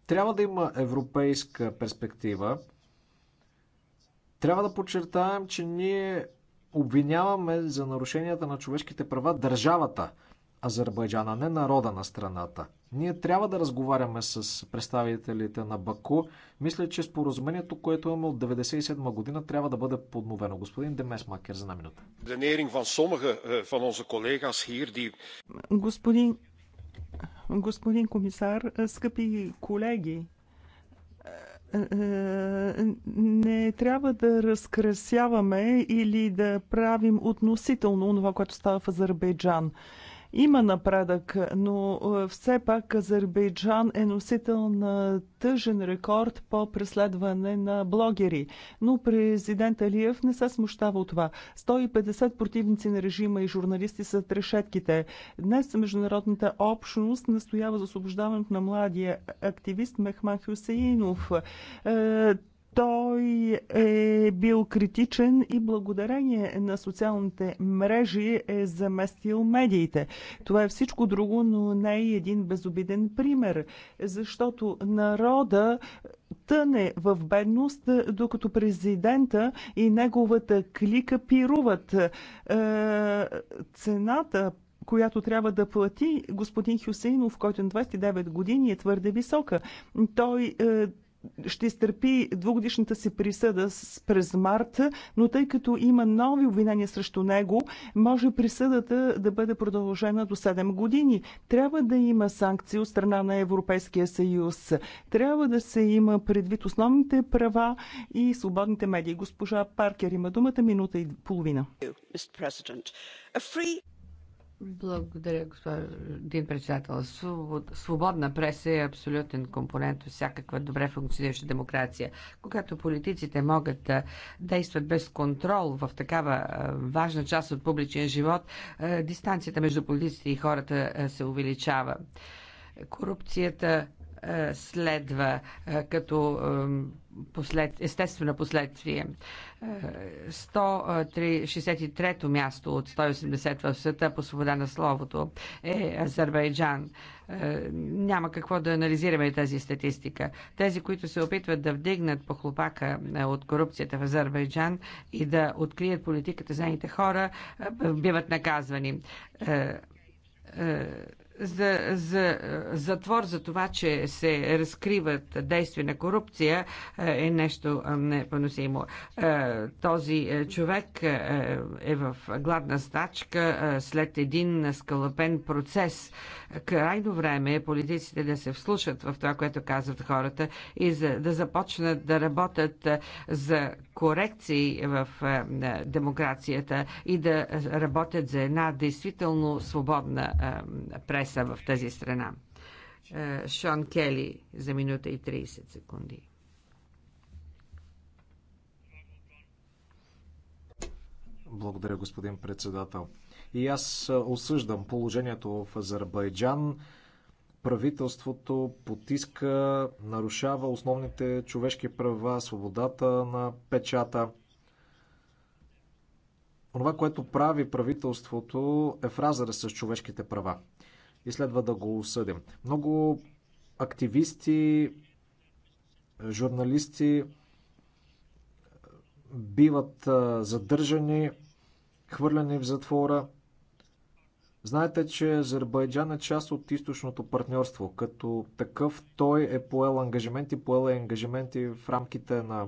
Speaker 3: трябва да има европейска перспектива. Трябва да подчертаем, че ние обвиняваме за нарушенията на човешките права държавата Азербайджан, а не народа на страната. Ние трябва да разговаряме с представителите на Баку. Мисля, че споразумението, което имаме от 1997 година, трябва да бъде подновено. Господин Демес Макер, за една минута. Е, господин,
Speaker 1: господин комисар, скъпи колеги, е, е, не трябва да разкрасяваме или да правим относително това, което става в Азербайджан. Има напредък, но е, все пак Азербайджан е носител на тъжен рекорд по преследване на блогери. Но президент Алиев не се смущава от това. 150 противници на режима и журналисти са трешетките. Днес международната общност настоява за освобождаването на младия активист Мехман Хюсеинов. Е, той е бил критичен и благодарение на социалните мрежи е заместил медиите. Това е всичко друго, но не е един безобиден пример, защото народа тъне в бедност, докато президента и неговата клика пируват. Е, цената, която трябва да плати господин Хюсейнов, който на 29 години е твърде висока. Той е, ще изтърпи двугодишната си присъда през март, но тъй като има нови обвинения срещу него, може присъдата да бъде продължена до 7 години. Трябва да има санкции от страна на Европейския съюз. Трябва да се има предвид основните права и свободните медии. Госпожа Паркер има думата минута и половина.
Speaker 2: Благодаря, господин председател. Свободна преса е абсолютен компонент от всякаква добре функционираща демокрация. Когато политиците могат да действат без контрол в такава важна част от публичен живот, дистанцията между политиците и хората се увеличава. Корупцията е, следва е, като послед, естествено последствие. 163-то е, място от 180 в света по свобода на словото е Азербайджан. Няма какво да анализираме тази статистика. Тези, които се опитват да вдигнат по хлопака от корупцията в Азербайджан и да открият политиката за хора, биват наказвани за, за затвор за това, че се разкриват действия на корупция е, е нещо непоносимо. Е, този е, човек е в гладна стачка след един скалъпен процес Крайно време е политиците да се вслушат в това, което казват хората и за, да започнат да работят за корекции в демокрацията и да работят за една действително свободна преса в тази страна. Шон Кели за минута и 30 секунди.
Speaker 3: Благодаря, господин председател. И аз осъждам положението в Азербайджан. Правителството потиска, нарушава основните човешки права, свободата на печата. Онова, което прави правителството е в разрез с човешките права. И следва да го осъдим. Много активисти, журналисти биват задържани, хвърляни в затвора. Знаете, че Азербайджан е част от източното партньорство. Като такъв той е поел ангажименти, поел е ангажименти в рамките на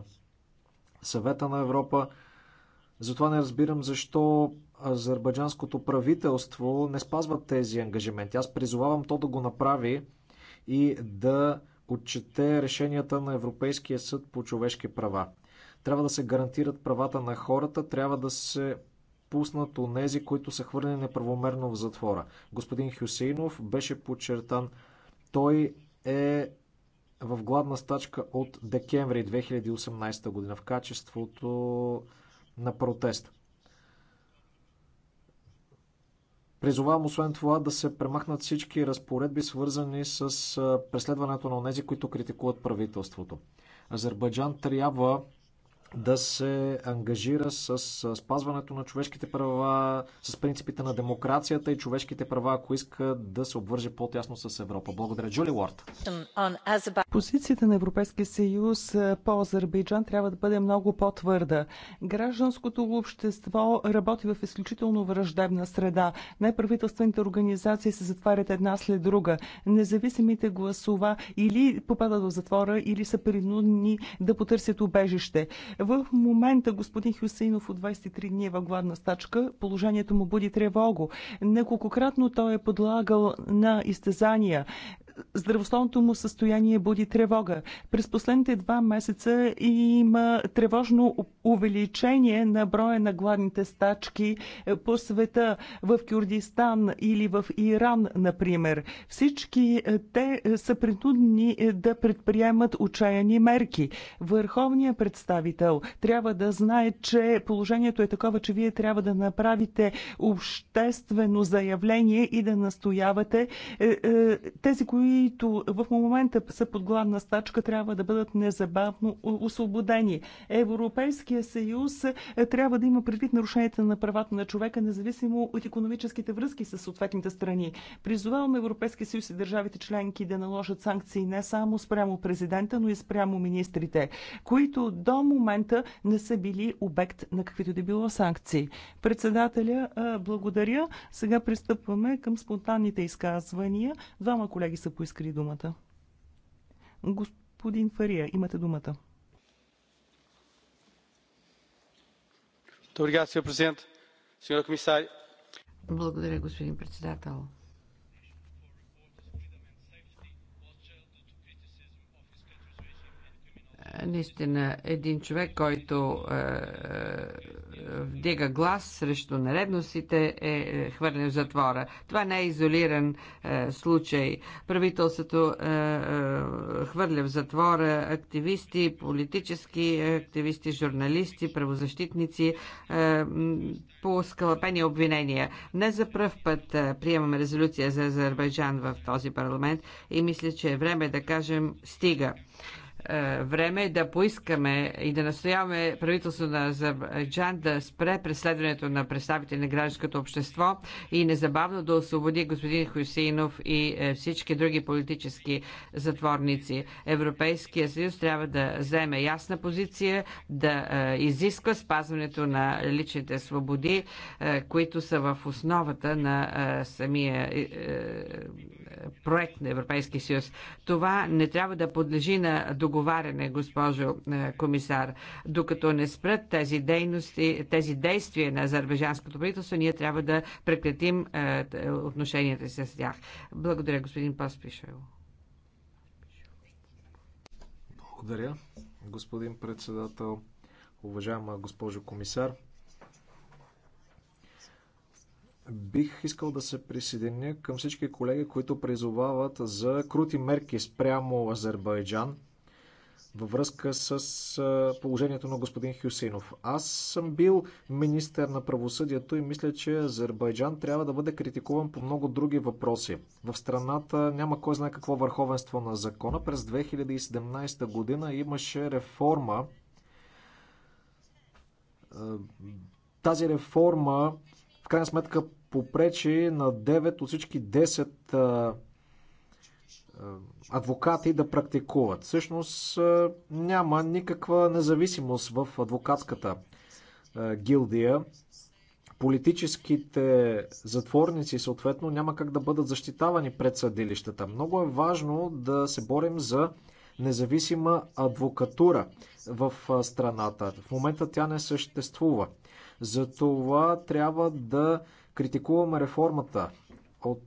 Speaker 3: съвета на Европа. Затова не разбирам защо азербайджанското правителство не спазва тези ангажименти. Аз призовавам то да го направи и да отчете решенията на Европейския съд по човешки права. Трябва да се гарантират правата на хората, трябва да се пуснат онези, които са хвърлени неправомерно в затвора. Господин Хюсейнов беше подчертан. Той е в гладна стачка от декември 2018 година в качеството на протест. Призовавам освен това да се премахнат всички разпоредби, свързани с преследването на онези, които критикуват правителството. Азербайджан трябва да се ангажира с спазването на човешките права, с принципите на демокрацията и човешките права, ако иска да се обвърже по-тясно с Европа. Благодаря. Джули Уорд. Позицията на
Speaker 1: Европейския съюз по Азербайджан трябва да бъде много по-твърда. Гражданското общество работи в изключително враждебна среда. Неправителствените организации се затварят една след друга. Независимите гласова или попадат в затвора, или са принудни да потърсят убежище. В момента господин Хюсейнов от 23 дни е в гладна стачка. Положението му буди тревого. Неколкократно той е подлагал на изтезания здравословното му състояние буди тревога. През последните два месеца има тревожно увеличение на броя на гладните стачки е, по света, в Кюрдистан или в Иран, например. Всички е, те е, са принудни да предприемат отчаяни мерки. Върховният представител трябва да знае, че положението е такова, че вие трябва да направите обществено заявление и да настоявате тези, които които в момента са под главна стачка, трябва да бъдат незабавно освободени. Европейския съюз е, трябва да има предвид нарушенията на правата на човека, независимо от економическите връзки с съответните страни. Призоваваме Европейския съюз и държавите членки да наложат санкции не само спрямо президента, но и спрямо министрите, които до момента не са били обект на каквито да било санкции. Председателя, е, благодаря. Сега пристъпваме към спонтанните изказвания. Двама колеги са поискали думата. Господин Фария, имате думата.
Speaker 2: Благодаря, господин председател. наистина един човек, който е, е вдига глас срещу наредностите, е, е хвърлен в затвора. Това не е изолиран е, случай. Правителството е, е, хвърля в затвора активисти, политически е, активисти, журналисти, правозащитници е, по скалъпени обвинения. Не за пръв път е, приемаме резолюция за Азербайджан в този парламент и мисля, че е време да кажем стига. Е, време да поискаме и да настояваме правителството на Азербайджан да спре преследването на представители на гражданското общество и незабавно да освободи господин Хусейнов и е, всички други политически затворници. Европейския съюз трябва да вземе ясна позиция, да е, изисква спазването на личните свободи, които са в основата на самия проект на Европейския съюз. Това не трябва да подлежи на договаряне, госпожо е, комисар. Докато не спрат тези дейности, тези действия на азербайджанското правителство, ние трябва да прекратим е, е, отношенията си с тях. Благодаря, господин Паспишев.
Speaker 3: Благодаря, господин председател, уважаема госпожо комисар. Бих искал да се присъединя към всички колеги, които призовават за крути мерки спрямо Азербайджан във връзка с положението на господин Хюсейнов. Аз съм бил министър на правосъдието и мисля, че Азербайджан трябва да бъде критикуван по много други въпроси. В страната няма кой знае какво върховенство на закона. През 2017 година имаше реформа. Тази реформа в крайна сметка попречи на 9 от всички 10 е, адвокати да практикуват. Всъщност е, няма никаква независимост в адвокатската е, гилдия. Политическите затворници съответно няма как да бъдат защитавани пред съдилищата. Много е важно да се борим за независима адвокатура в страната. В момента тя не съществува. Затова трябва да критикуваме реформата от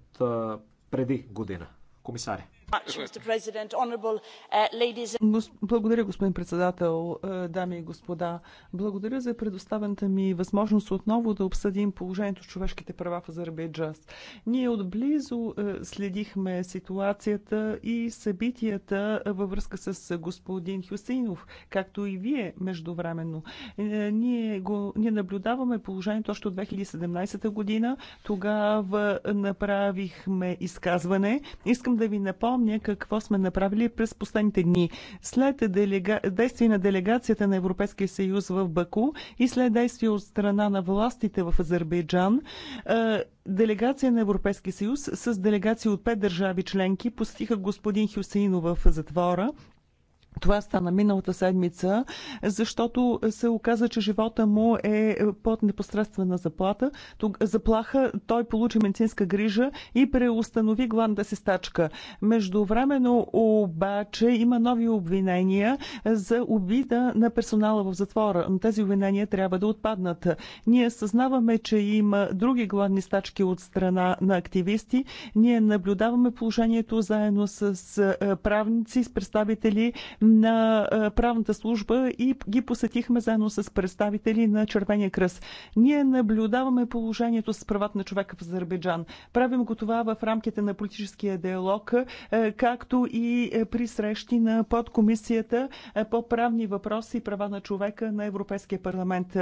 Speaker 3: преди година. Комисаря.
Speaker 4: Uh,
Speaker 1: благодаря, господин председател, е, дами и господа. Благодаря за предоставената ми възможност отново да обсъдим положението с човешките права в Азербайджан. Ние отблизо е, следихме ситуацията и събитията е, във връзка с господин Хюсейнов, както и вие междувременно. Ние, го, ние наблюдаваме положението още от 2017 година. Тогава направихме изказване. Искам да ви напомня, припомня какво сме направили през последните дни. След делега... действие на делегацията на Европейския съюз в Баку и след действие от страна на властите в Азербайджан, делегация на Европейския съюз с делегация от пет държави членки посетиха господин Хюсеинов в затвора това стана миналата седмица, защото се оказа, че живота му е под непосредствена заплата. заплаха. Той получи медицинска грижа и преустанови главната си стачка. Междувременно обаче има нови обвинения за обида на персонала в затвора. Но тези обвинения трябва да отпаднат. Ние съзнаваме, че има други гладни стачки от страна на активисти. Ние наблюдаваме положението заедно с правници, с представители на правната служба и ги посетихме заедно с представители на Червения кръст. Ние наблюдаваме положението с правата на човека в Азербайджан. Правим го това в рамките на политическия диалог, както и при срещи на подкомисията по правни въпроси и права на човека на Европейския парламент.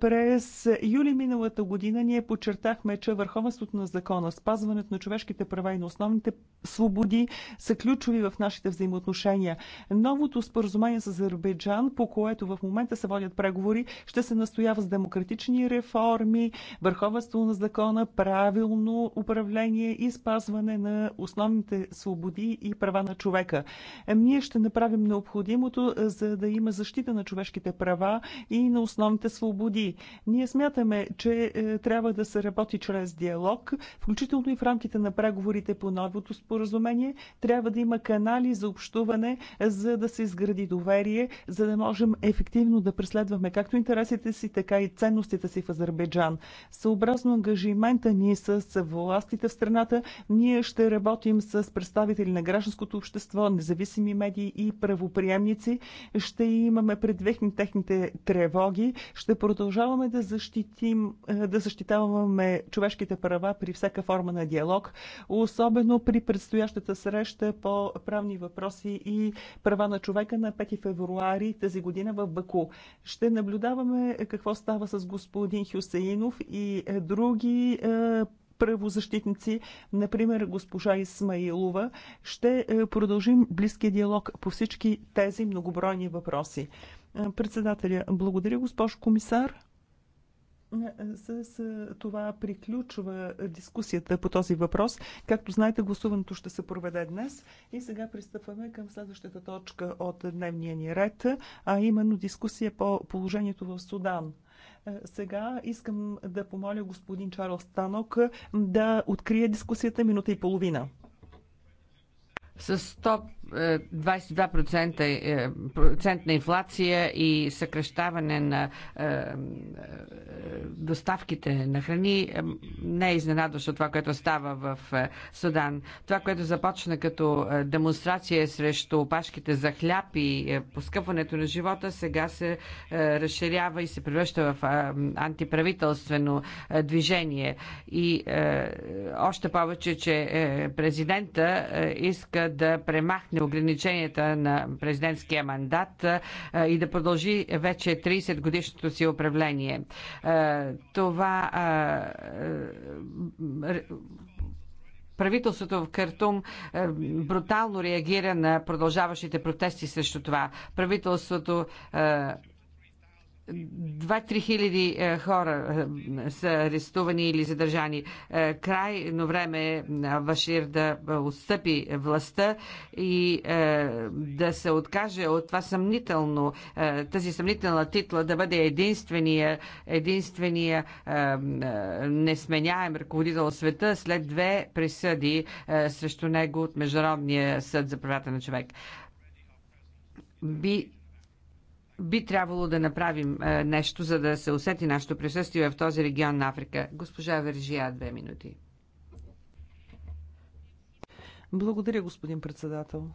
Speaker 1: През юли миналата година ние подчертахме, че върховенството на закона, спазването на човешките права и на основните свободи са ключови в нашите взаимоотношения. Ново новото споразумение с Азербайджан, по което в момента се водят преговори, ще се настоява с демократични реформи, върховенство на закона, правилно управление и спазване на основните свободи и права на човека. Е, ние ще направим необходимото, е, за да има защита на човешките права и на основните свободи. Ние смятаме, че е, трябва да се работи чрез диалог, включително и в рамките на преговорите по новото споразумение. Трябва да има канали за общуване, за да се изгради доверие, за да можем ефективно да преследваме както интересите си, така и ценностите си в Азербайджан. Съобразно ангажимента ни с властите в страната, ние ще работим с представители на гражданското общество, независими медии и правоприемници. Ще имаме предвид техните тревоги. Ще продължаваме да защитим, е, да защитаваме човешките права при всяка форма на диалог, особено при предстоящата среща по правни въпроси и права на човека на 5 февруари тази година в Баку. Ще наблюдаваме какво става с господин Хюсеинов и е, други е, правозащитници, например госпожа Исмаилова. Ще е, продължим близкия диалог по всички тези многобройни въпроси. Председателя, благодаря госпожо комисар. С това приключва дискусията по този въпрос. Както знаете, гласуването ще се проведе днес. И сега пристъпваме към следващата точка от дневния ни ред, а именно дискусия по положението в Судан. Е, сега искам да помоля господин Чарлз Танок е, да открие дискусията минута и половина. С топ 22%
Speaker 2: процентна е, инфлация и съкръщаване на е, е, доставките на храни не е изненадващо това, което става в Судан. Това, което започна като демонстрация срещу опашките за хляб и поскъпването на живота, сега се разширява и се превръща в антиправителствено движение. И още повече, че президента иска да премахне ограниченията на президентския мандат и да продължи вече 30 годишното си управление. Това правителството в Картум брутално реагира на продължаващите протести срещу това. Правителството 2-3 хиляди е, хора е, са арестувани или задържани. Е, крайно време е Вашир да отстъпи властта и да се откаже от това съмнително, тази съмнителна титла да бъде единствения, единствения несменяем ръководител в света след две присъди срещу него от Международния съд за правата на човек. Би би трябвало да направим е, нещо, за да се усети нашето присъствие в този регион на Африка. Госпожа Вержия, две минути.
Speaker 1: Благодаря, господин председател.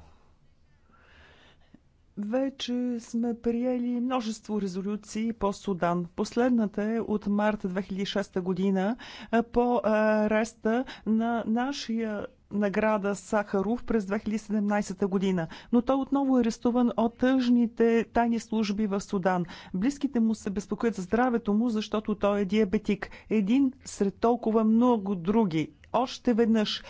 Speaker 1: Вече сме приели множество резолюции по Судан. Последната е от март 2006 година по ареста на нашия награда Сахаров през 2017 година, но той отново е арестуван от тъжните тайни служби в Судан. Близките му се безпокоят за здравето му, защото той е диабетик. Един сред толкова много други. Още веднъж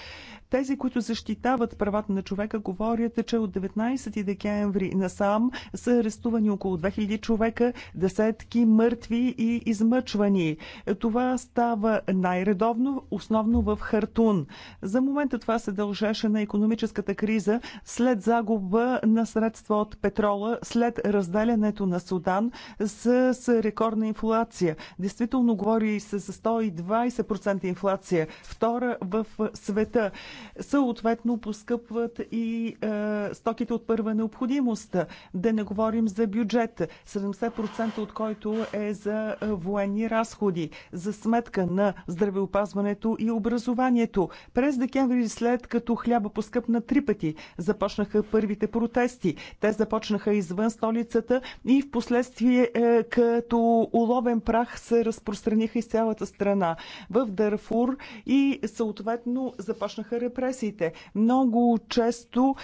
Speaker 1: тези, които защитават правата на човека, говорят, че от 19 декември насам са арестувани около 2000 човека, десетки мъртви и измъчвани. Това става най-редовно, основно в Хартун. За момента това се дължеше на економическата криза след загуба на средства от петрола, след разделянето на Судан с, с рекордна инфлация. Действително говори се за 120% инфлация, втора в света съответно поскъпват и е, стоките от първа необходимост. Да не говорим за бюджет, 70% от който е за е, военни разходи, за сметка на здравеопазването и образованието. През декември, след като хляба поскъпна три пъти, започнаха първите протести. Те започнаха извън столицата и в последствие е, като уловен прах се разпространиха из цялата страна в Дарфур и съответно започнаха репресиите. Много често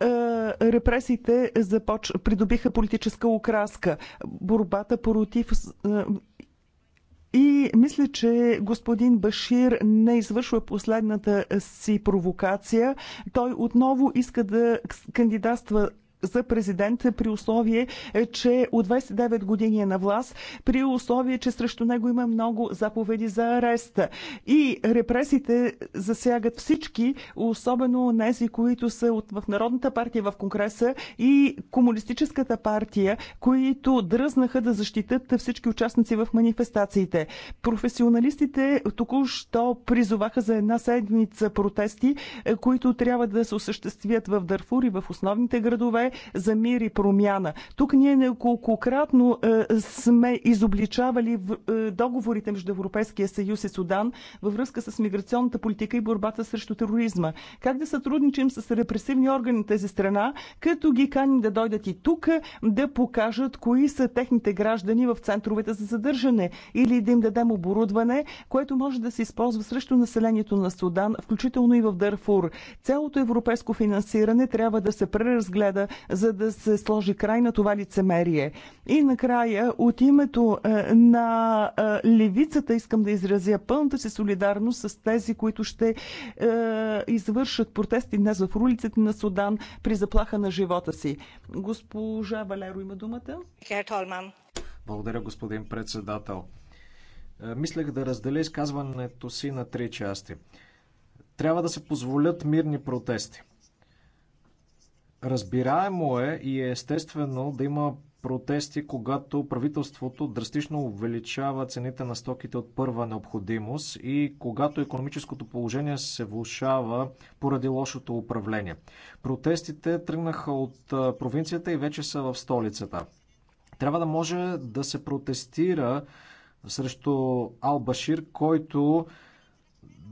Speaker 1: е, репресиите започ... придобиха политическа окраска. Борбата против е, и мисля, че господин Башир не извършва последната си провокация. Той отново иска да кандидатства за президент при условие, е, че от 29 години е на власт, при условие, че срещу него има много заповеди за ареста. И репресите засягат всички, особено нези, които са от, в Народната партия в Конгреса и Комунистическата партия, които дръзнаха да защитат всички участници в манифестациите. Професионалистите току-що призоваха за една седмица протести, е, които трябва да се осъществят в Дарфур и в основните градове за мир и промяна. Тук ние неколкократно е, сме изобличавали е, договорите между Европейския съюз и Судан във връзка с миграционната политика и борбата срещу тероризма. Как да сътрудничим с репресивни органи на тези страна, като ги каним да дойдат и тук да покажат кои са техните граждани в центровете за задържане или да им дадем оборудване, което може да се използва срещу населението на Судан, включително и в Дърфур. Цялото европейско финансиране трябва да се преразгледа, за да се сложи край на това лицемерие. И накрая, от името е, на е, левицата искам да изразя пълната си солидарност с тези, които ще е, извършат протести днес в улиците на Судан при заплаха на живота си. Госпожа Валеро има думата.
Speaker 3: Благодаря, господин председател. Мислех да разделя изказването си на три части. Трябва да се позволят мирни протести. Разбираемо е и е естествено да има протести, когато правителството драстично увеличава цените на стоките от първа необходимост и когато економическото положение се влушава поради лошото управление. Протестите тръгнаха от провинцията и вече са в столицата. Трябва да може да се протестира срещу Албашир, който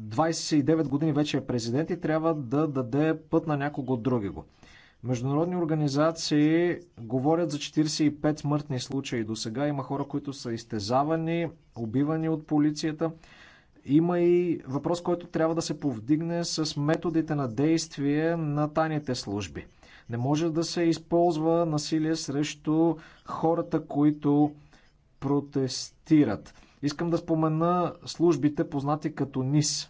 Speaker 3: 29 години вече е президент и трябва да даде път на някого други го. Международни организации говорят за 45 смъртни случаи. До сега има хора, които са изтезавани, убивани от полицията. Има и въпрос, който трябва да се повдигне с методите на действие на тайните служби. Не може да се използва насилие срещу хората, които протестират. Искам да спомена службите, познати като НИС.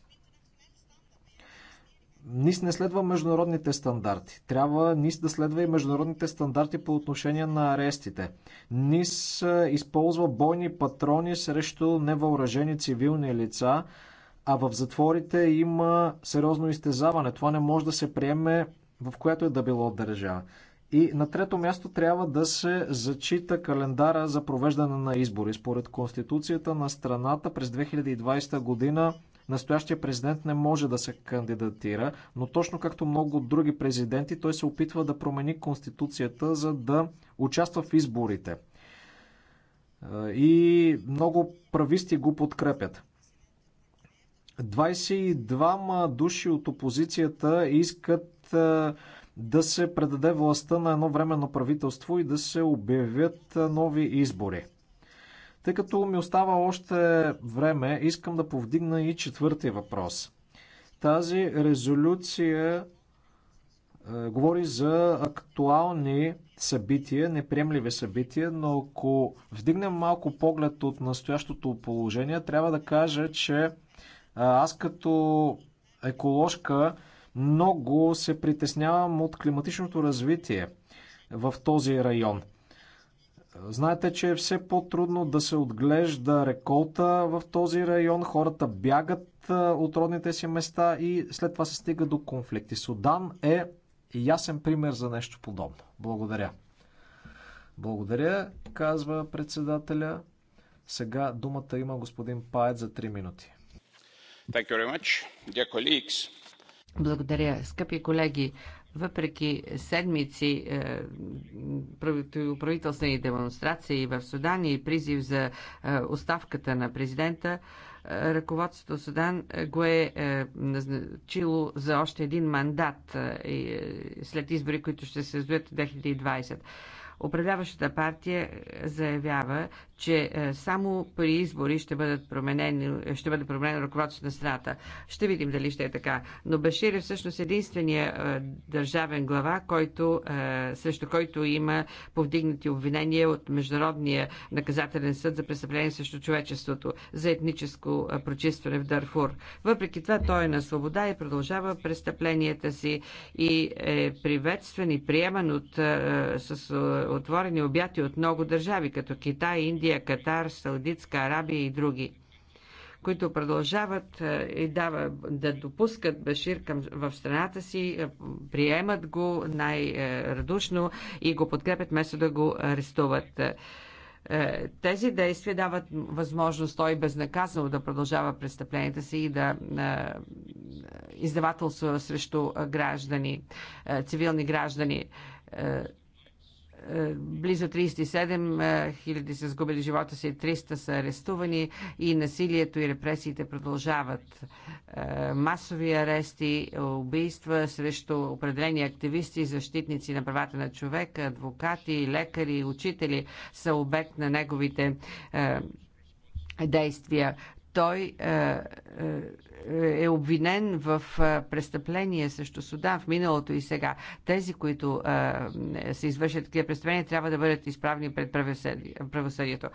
Speaker 3: НИС не следва международните стандарти. Трябва НИС да следва и международните стандарти по отношение на арестите. НИС е, използва бойни патрони срещу невъоръжени цивилни лица, а в затворите има сериозно изтезаване. Това не може да се приеме в която е да било държава. И на трето място трябва да се зачита календара за провеждане на избори. Според Конституцията на страната през 2020 година Настоящия президент не може да се кандидатира, но точно както много други президенти, той се опитва да промени конституцията, за да участва в изборите. Е, и много прависти го подкрепят. 22 души от опозицията искат е, да се предаде властта на едно временно правителство и да се обявят е, нови избори. Тъй като ми остава още време, искам да повдигна и четвъртия въпрос. Тази резолюция е, говори за актуални събития, неприемливи събития, но ако вдигнем малко поглед от настоящото положение, трябва да кажа, че е, аз като еколожка много се притеснявам от климатичното развитие в този район. Знаете, че е все по-трудно да се отглежда реколта в този район. Хората бягат от родните си места и след това се стига до конфликти. Судан е ясен пример за нещо подобно. Благодаря. Благодаря, казва председателя. Сега думата има господин Паец за 3 минути. Благодаря, скъпи колеги.
Speaker 2: Въпреки седмици е, правителствени демонстрации в Судан и призив за е, оставката на президента, е, ръководството Судан го е назначило за още един мандат след избори, които ще се създадат в 2020. Управляващата партия заявява, че е, само при избори ще, бъдат променени, ще бъде променено ръководството на страната. Ще видим дали ще е така. Но Башир е всъщност единствения е, държавен глава, който, е, срещу който има повдигнати обвинения от Международния наказателен съд за престъпление срещу човечеството за етническо прочистване в Дарфур. Въпреки това той е на свобода и продължава престъпленията си и е приветстван и приеман от, с отворени обяти от много държави, като Китай, Индия, Индия, Катар, Саудитска Арабия и други които продължават е, и дава, да допускат Башир към, в страната си, е, приемат го най-радушно и го подкрепят вместо да го арестуват. Е, тези действия дават възможност той безнаказано да продължава престъпленията си и да издавателства срещу граждани, цивилни граждани е, близо 37 е, хиляди са сгубили живота си, 300 са арестувани и насилието и репресиите продължават. Е, масови арести, убийства срещу определени активисти, защитници на правата на човека, адвокати, лекари, учители са обект на неговите действия. Той е, е обвинен в е, престъпление срещу Судан в миналото и сега. Тези, които е, се извършат такива престъпления, трябва да бъдат изправни пред правосъдието.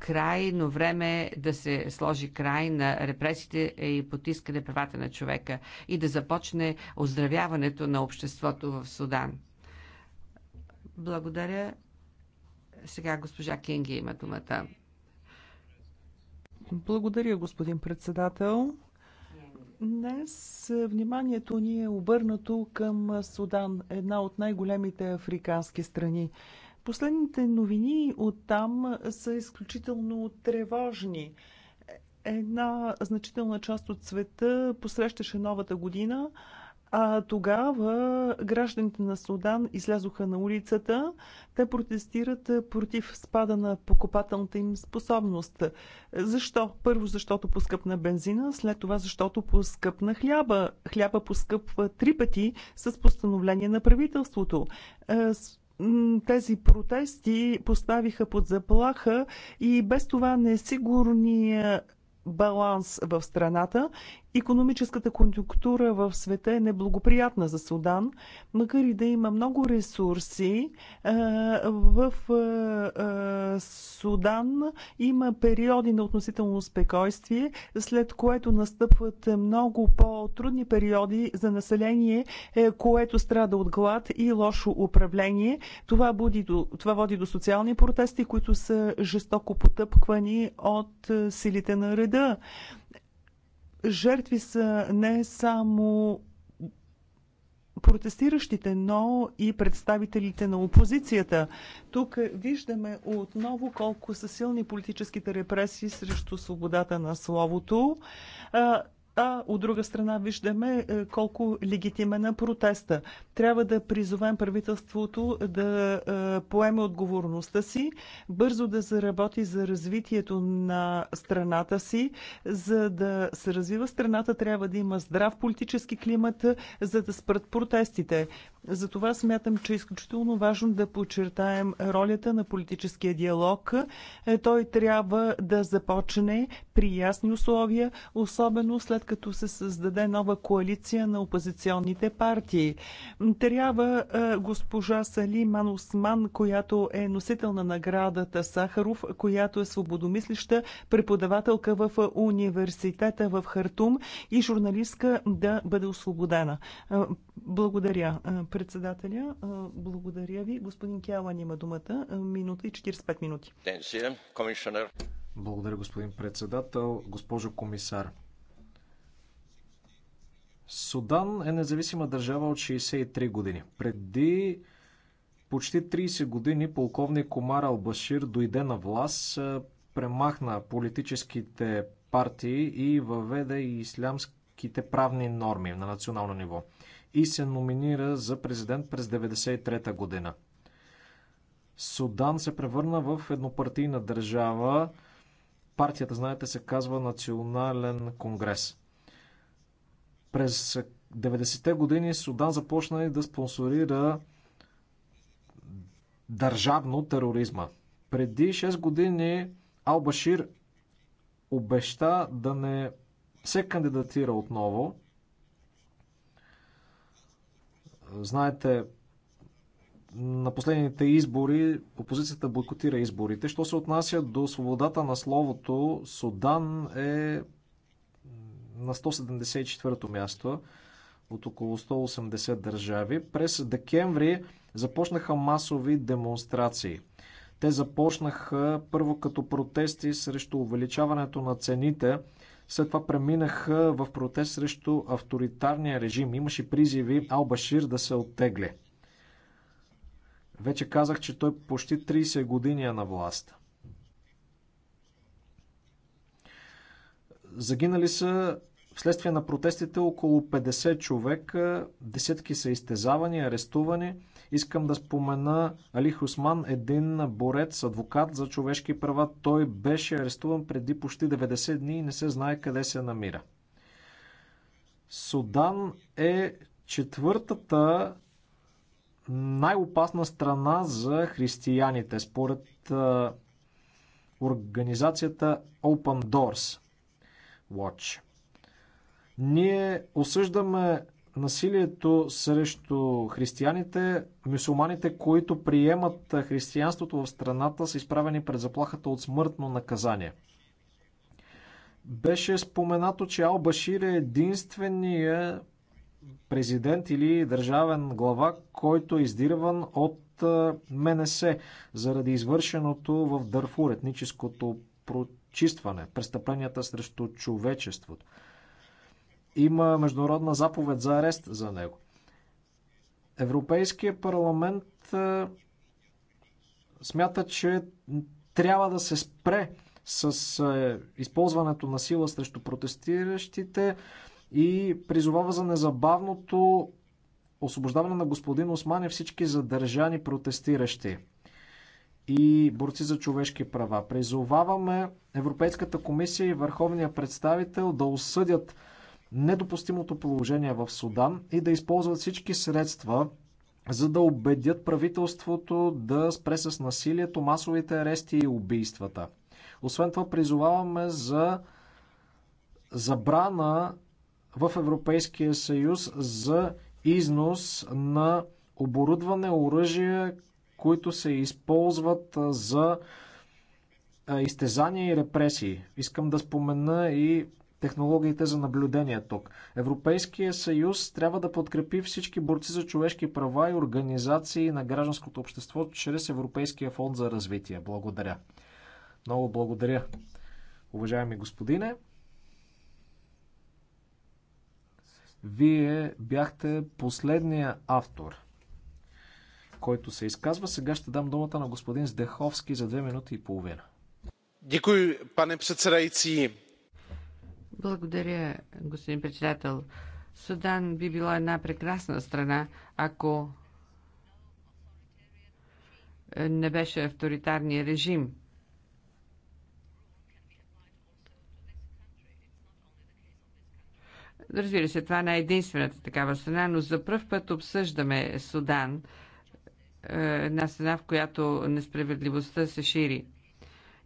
Speaker 2: Крайно време е да се сложи край на репресите и потискане правата на човека и да започне оздравяването на обществото в Судан. Благодаря. Сега
Speaker 1: госпожа Кинги има думата. Благодаря, господин председател. Днес вниманието ни е обърнато към Судан, една от най-големите африкански страни. Последните новини от там са изключително тревожни. Една значителна част от света посрещаше новата година, а тогава гражданите на Судан излязоха на улицата. Те протестират против спада на покупателната им способност. Защо? Първо, защото поскъпна бензина, след това, защото поскъпна хляба. Хляба поскъпва три пъти с постановление на правителството тези протести поставиха под заплаха и без това несигурния баланс в страната Економическата конюнктура в света е неблагоприятна за Судан, макар и да има много ресурси. Е, в е, е, Судан има периоди на относително спокойствие, след което настъпват много по-трудни периоди за население, което страда от глад и лошо управление. Това, буди до, това води до социални протести, които са жестоко потъпквани от силите на реда. Жертви са не само протестиращите, но и представителите на опозицията. Тук виждаме отново колко са силни политическите репресии срещу свободата на словото а от друга страна виждаме е, колко легитимен е протеста. Трябва да призовем правителството да е, поеме отговорността си, бързо да заработи за развитието на страната си. За да се развива страната, трябва да има здрав политически климат, за да спрат протестите. Затова смятам, че е изключително важно да подчертаем ролята на политическия диалог. Е, той трябва да започне при ясни условия, особено след като се създаде нова коалиция на опозиционните партии. Трябва е, госпожа Сали Манусман, която е носител на наградата Сахаров, която е свободомислища, преподавателка в университета в Хартум и журналистка да бъде освободена. Е, благодаря, е, председателя. Благодаря ви. Господин Кялан има думата. Минута и 45
Speaker 3: минути. Благодаря, господин председател. Госпожо комисар, Судан е независима държава от 63 години. Преди почти 30 години полковник Комар Албашир дойде на власт, премахна политическите партии и въведе и ислямските правни норми на национално ниво и се номинира за президент през 1993 година. Судан се превърна в еднопартийна държава. Партията, знаете, се казва Национален конгрес. През 90-те години Судан започна и да спонсорира държавно тероризма. Преди 6 години Албашир обеща да не се кандидатира отново. Знаете, на последните избори опозицията бойкотира изборите. Що се отнася до свободата на словото, Судан е на 174-то място от около 180 държави. През декември започнаха масови демонстрации. Те започнаха първо като протести срещу увеличаването на цените, след това преминаха в протест срещу авторитарния режим. Имаше призиви Албашир да се оттегли. Вече казах, че той почти 30 години е на власт. Загинали са вследствие на протестите около 50 човека, десетки са изтезавани, арестувани. Искам да спомена Али Хусман, един борец, адвокат за човешки права. Той беше арестуван преди почти 90 дни и не се знае къде се намира. Судан е четвъртата най-опасна страна за християните, според организацията Open Doors. Watch. Ние осъждаме насилието срещу християните, мюсулманите, които приемат християнството в страната, са изправени пред заплахата от смъртно наказание. Беше споменато, че Ал Башир е единствения президент или държавен глава, който е издирван от МНС заради извършеното в Дърфур етническото изчистване, престъпленията срещу човечеството. Има международна заповед за арест за него. Европейския парламент е, смята, че трябва да се спре с е, използването на сила срещу протестиращите и призовава за незабавното освобождаване на господин Осман и всички задържани протестиращи и борци за човешки права. Призоваваме Европейската комисия и Върховния представител да осъдят недопустимото положение в Судан и да използват всички средства, за да убедят правителството да спре с насилието, масовите арести и убийствата. Освен това, призоваваме за забрана в Европейския съюз за износ на оборудване, оръжие, които се използват за изтезания и репресии. Искам да спомена и технологиите за наблюдение тук. Европейския съюз трябва да подкрепи всички борци за човешки права и организации на гражданското общество чрез Европейския фонд за развитие. Благодаря. Много благодаря, уважаеми господине. Вие бяхте последния автор – който се изказва. Сега ще дам думата на господин Здеховски за две минути и половина.
Speaker 5: Дякую, пане председайци.
Speaker 2: Благодаря, господин председател. Судан би била една прекрасна страна, ако не беше авторитарния режим. Разбира се, това не е единствената такава страна, но за първ път обсъждаме Судан – е, една страна, в която несправедливостта се шири.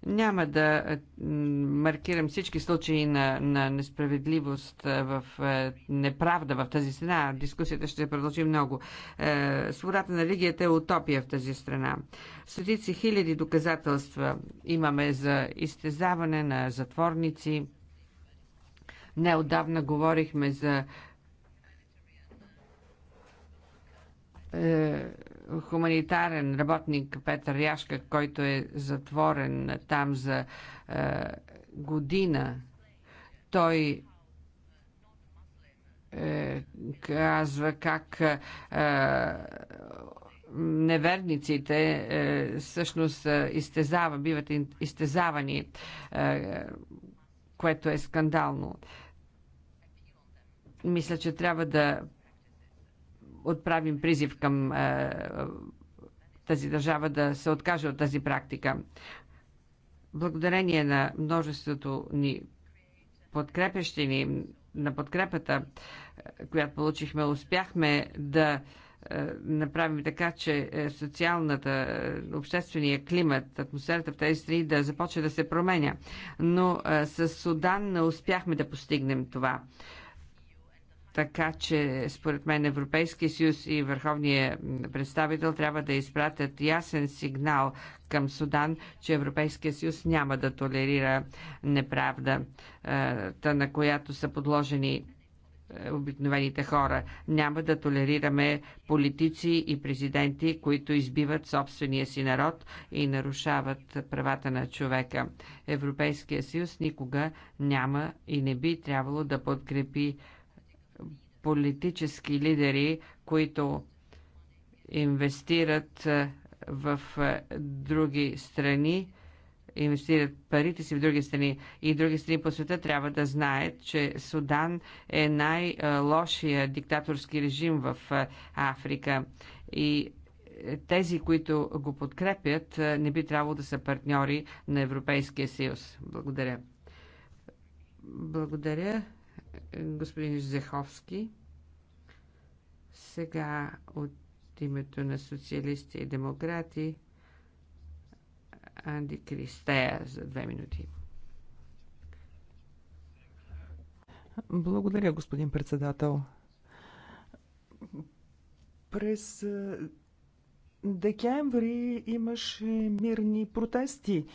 Speaker 2: Няма да е, маркирам всички случаи на, на несправедливост е, в неправда в тази страна. Дискусията ще продължи много. Свободата на религията е утопия в тази страна. Стотици хиляди доказателства имаме за изтезаване на затворници. Неодавна говорихме за хуманитарен работник Петър Яшка, който е затворен там за е, година. Той е, казва как е, неверниците е, всъщност е, изтезава, биват изтезавани, е, което е скандално. Мисля, че трябва да отправим призив към е, тази държава да се откаже от тази практика. Благодарение на множеството ни подкрепящи ни, на подкрепата, е, която получихме, успяхме да е, направим така, че социалната, обществения климат, атмосферата в тези страни да започне да се променя. Но с Судан не успяхме да постигнем това. Така че, според мен, Европейския съюз и Върховния представител трябва да изпратят ясен сигнал към Судан, че Европейския съюз няма да толерира неправда, е, на която са подложени е, обикновените хора. Няма да толерираме политици и президенти, които избиват собствения си народ и нарушават правата на човека. Европейския съюз никога няма и не би трябвало да подкрепи политически лидери, които инвестират е, в е, други страни, инвестират парите си в други страни и други страни по света, трябва да знаят, че Судан е най-лошия диктаторски режим в е, Африка. И тези, които го подкрепят, не би трябвало да са партньори на Европейския съюз. Благодаря. Благодаря господин Жзеховски. Сега от името на социалисти и демократи Анди Кристея за две минути.
Speaker 1: Благодаря, господин председател. През е, декември имаше мирни протести.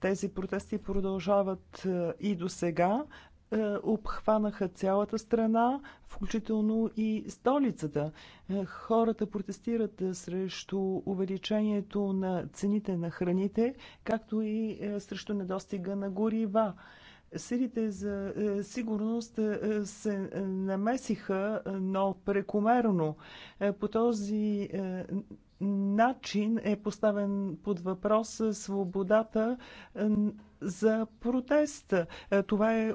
Speaker 1: Тези протести продължават е, и до сега. Е, обхванаха цялата страна, включително и столицата. Е, хората протестират е, срещу увеличението на цените на храните, както и срещу недостига на горива. Силите за сигурност се намесиха, но прекомерно. По този начин е поставен под въпрос свободата за протест. Това е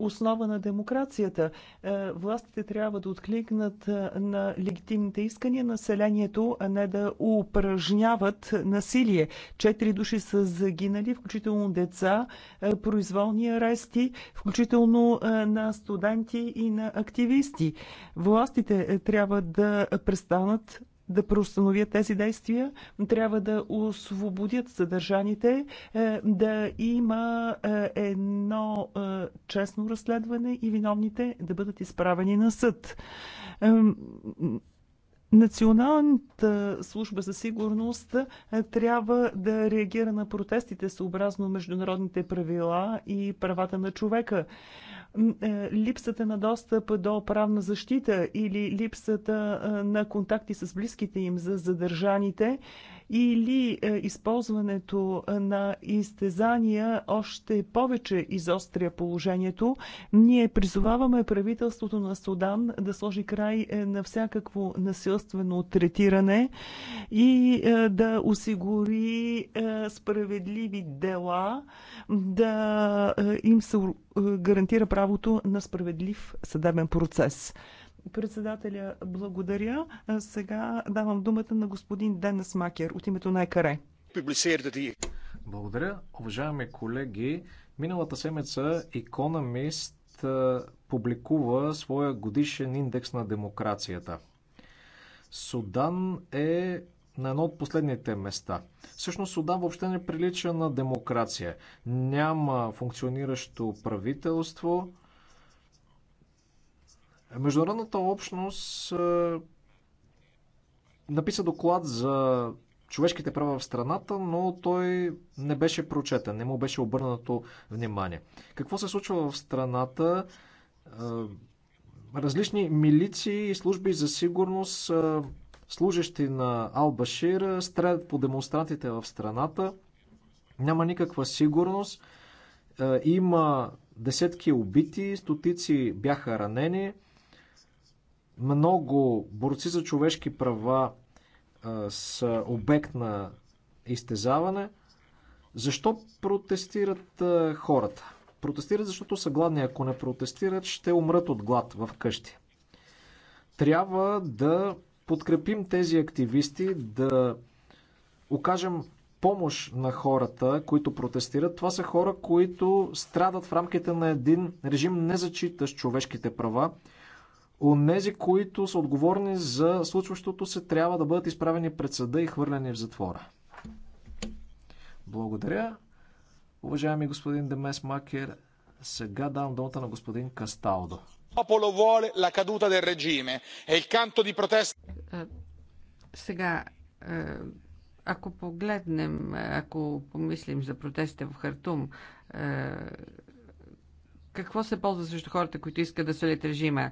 Speaker 1: основа на демокрацията. Е, властите трябва да откликнат е, на легитимните искания населението, а не да упражняват насилие. Четири души са загинали, включително деца, е, произволни арести, включително на студенти и на активисти. Властите трябва да престанат да преустановят тези действия, трябва да освободят съдържаните, е, да има е, едно е, честно разследване и виновните да бъдат изправени на съд. Националната служба за сигурност е, трябва да реагира на протестите съобразно международните правила и правата на човека. Е, липсата на достъп до правна защита или липсата е, на контакти с близките им за задържаните или е, използването е, на изтезания още повече изостря положението. Ние призоваваме правителството на Судан да сложи край е, на всякакво насилствено третиране и да осигури справедливи дела, да им се гарантира правото на справедлив съдебен процес. Председателя, благодаря. Сега давам думата на господин Денес Макер от името на ЕКАРЕ.
Speaker 3: Благодаря. Уважаеми колеги, миналата седмица Economist публикува своя годишен индекс на демокрацията. Судан е на едно от последните места. Всъщност Судан въобще не прилича на демокрация. Няма функциониращо правителство, Международната общност е, написа доклад за човешките права в страната, но той не беше прочетен, не му беше обърнато внимание. Какво се случва в страната? Е, различни милиции и служби за сигурност, е, служащи на Албашир, стрелят по демонстрантите в страната. Няма никаква сигурност. Има десетки убити, стотици бяха ранени. Много борци за човешки права са обект на изтезаване. Защо протестират хората? Протестират, защото са гладни. Ако не протестират, ще умрат от глад в къщи. Трябва да подкрепим тези активисти, да окажем помощ на хората, които протестират. Това са хора, които страдат в рамките на един режим, не зачитащ човешките права онези, които са отговорни за случващото се, трябва да бъдат изправени пред съда и хвърлени в затвора. Благодаря. Уважаеми господин Демес Макер, сега дам думата на господин Касталдо.
Speaker 5: Е,
Speaker 2: сега, е, ако погледнем, ако помислим за протестите в Хартум, е, какво се ползва срещу хората, които искат да свалят режима?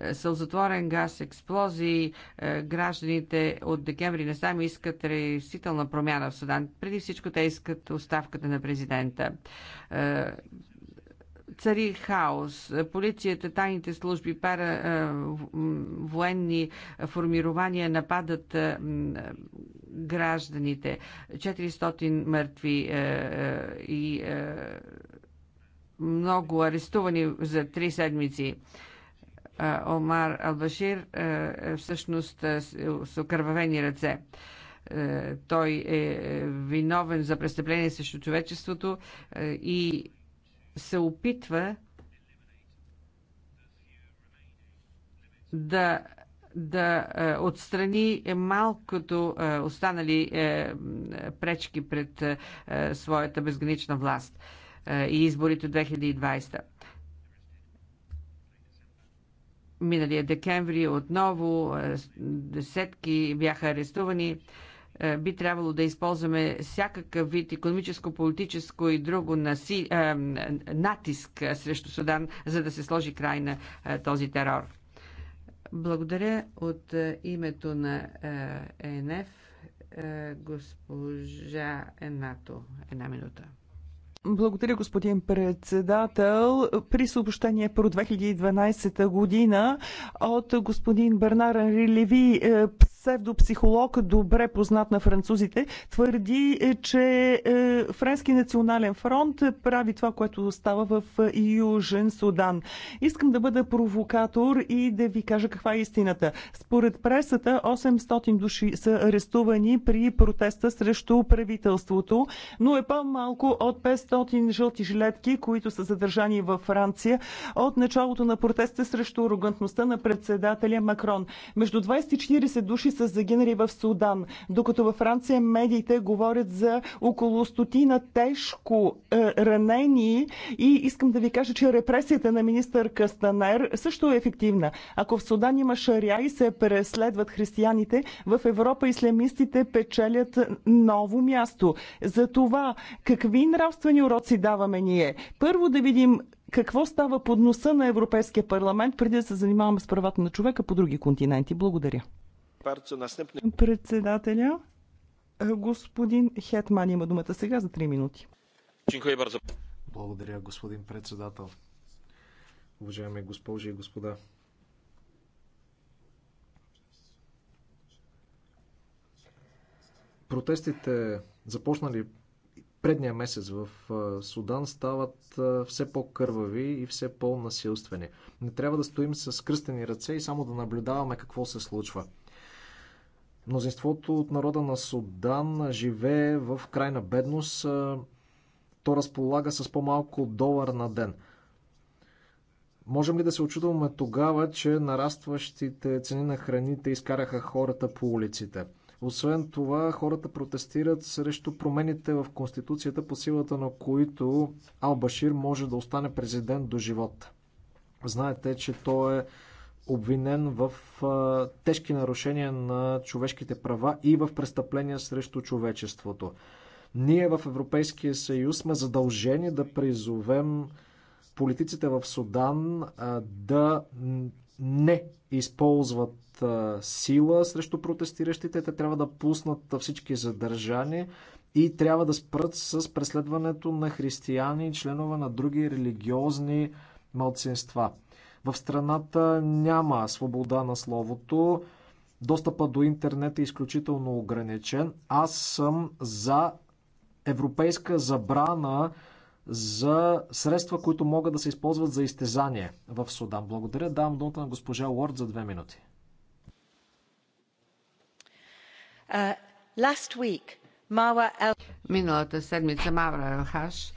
Speaker 2: Е, сълзотворен газ, експлозии, е, гражданите от декември не сами искат решителна промяна в Судан. Преди всичко те искат оставката на президента е, цари хаос. Полицията, тайните служби, пара, военни формирования нападат гражданите. 400 мъртви и много арестувани за три седмици. Омар Албашир е, всъщност с окървавени ръце. Той е, е виновен за престъпление срещу човечеството и се опитва да да отстрани малкото останали е, пречки пред своята безгранична власт. Е, и изборите 2020 миналия декември отново е, десетки бяха арестувани. Е, би трябвало да използваме всякакъв вид економическо, политическо и друго наси, натиск срещу Судан, за да се сложи край на този терор. Благодаря от името на ЕНФ госпожа Енато. Една минута.
Speaker 1: Благодаря, господин председател. При съобщение про 2012 година от господин Бернар Рилеви псевдопсихолог, добре познат на французите, твърди, е, че е, Френски национален фронт прави това, което става в е, Южен Судан. Искам да бъда провокатор и да ви кажа каква е истината. Според пресата 800 души са арестувани при протеста срещу правителството, но е по-малко от 500 жълти жилетки, които са задържани във Франция от началото на протеста срещу арогантността на председателя Макрон. Между 20 и 40 души души са загинали в Судан, докато във Франция медиите говорят за около стотина тежко е, ранени и искам да ви кажа, че репресията на министър Кастанер също е ефективна. Ако в Судан има шаря и се преследват християните, в Европа ислямистите печелят ново място. За това какви нравствени уроци даваме ние? Първо да видим какво става под носа на Европейския парламент, преди да се занимаваме с правата на човека по други континенти. Благодаря.
Speaker 3: Председателя,
Speaker 1: е, господин Хетман има думата сега за 3 минути.
Speaker 3: Благодаря, господин председател. Уважаеми госпожи и господа. Протестите, започнали предния месец в е, Судан, стават е, все по-кървави и все по-насилствени. Не трябва да стоим с кръстени ръце и само да наблюдаваме какво се случва – Мнозинството от народа на Судан живее в крайна бедност. То разполага с по-малко долар на ден. Можем ли да се очудваме тогава, че нарастващите цени на храните изкараха хората по улиците? Освен това, хората протестират срещу промените в Конституцията, по силата на които Албашир може да остане президент до живота. Знаете, че той е обвинен в тежки нарушения на човешките права и в престъпления срещу човечеството. Ние в Европейския съюз сме задължени да призовем политиците в Судан да не използват сила срещу протестиращите. Те трябва да пуснат всички задържани и трябва да спрат с преследването на християни и членове на други религиозни малцинства. В страната няма свобода на словото. Достъпа до интернет е изключително ограничен. Аз съм за европейска забрана за средства, които могат да се използват за изтезание в Судан. Благодаря. Давам думата на госпожа Уорд за две минути.
Speaker 2: Uh, Миналата седмица Мавра Елхаш,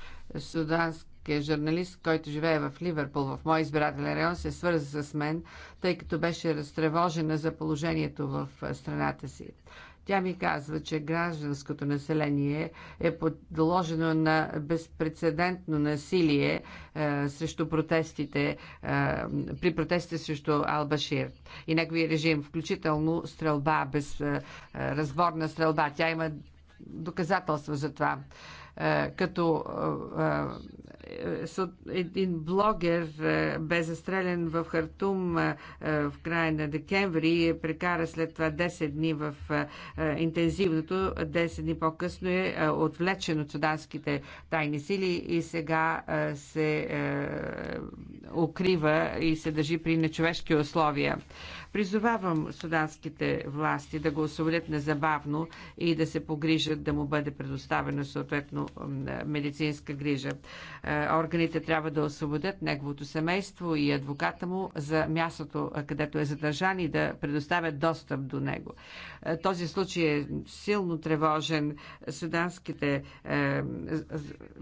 Speaker 2: журналист, който живее в Ливърпул, в мой избирателен район, се свърза с мен, тъй като беше разтревожена за положението в страната си. Тя ми казва, че гражданското население е подложено на безпредседентно насилие е, срещу протестите, е, при протестите срещу Албашир и неговия режим, включително стрелба, без е, разборна стрелба. Тя има доказателства за това. Е, е, като е, е, един блогер бе застрелен в Хартум в края на декември и прекара след това 10 дни в интензивното. 10 дни по-късно е отвлечен от суданските тайни сили и сега се укрива и се държи при нечовешки условия. Призовавам суданските власти да го освободят незабавно и да се погрижат да му бъде предоставена съответно медицинска грижа. Е, органите трябва да освободят неговото семейство и адвоката му за мястото, е, където е задържан и да предоставят достъп до него. Е, този случай е силно тревожен. Суданските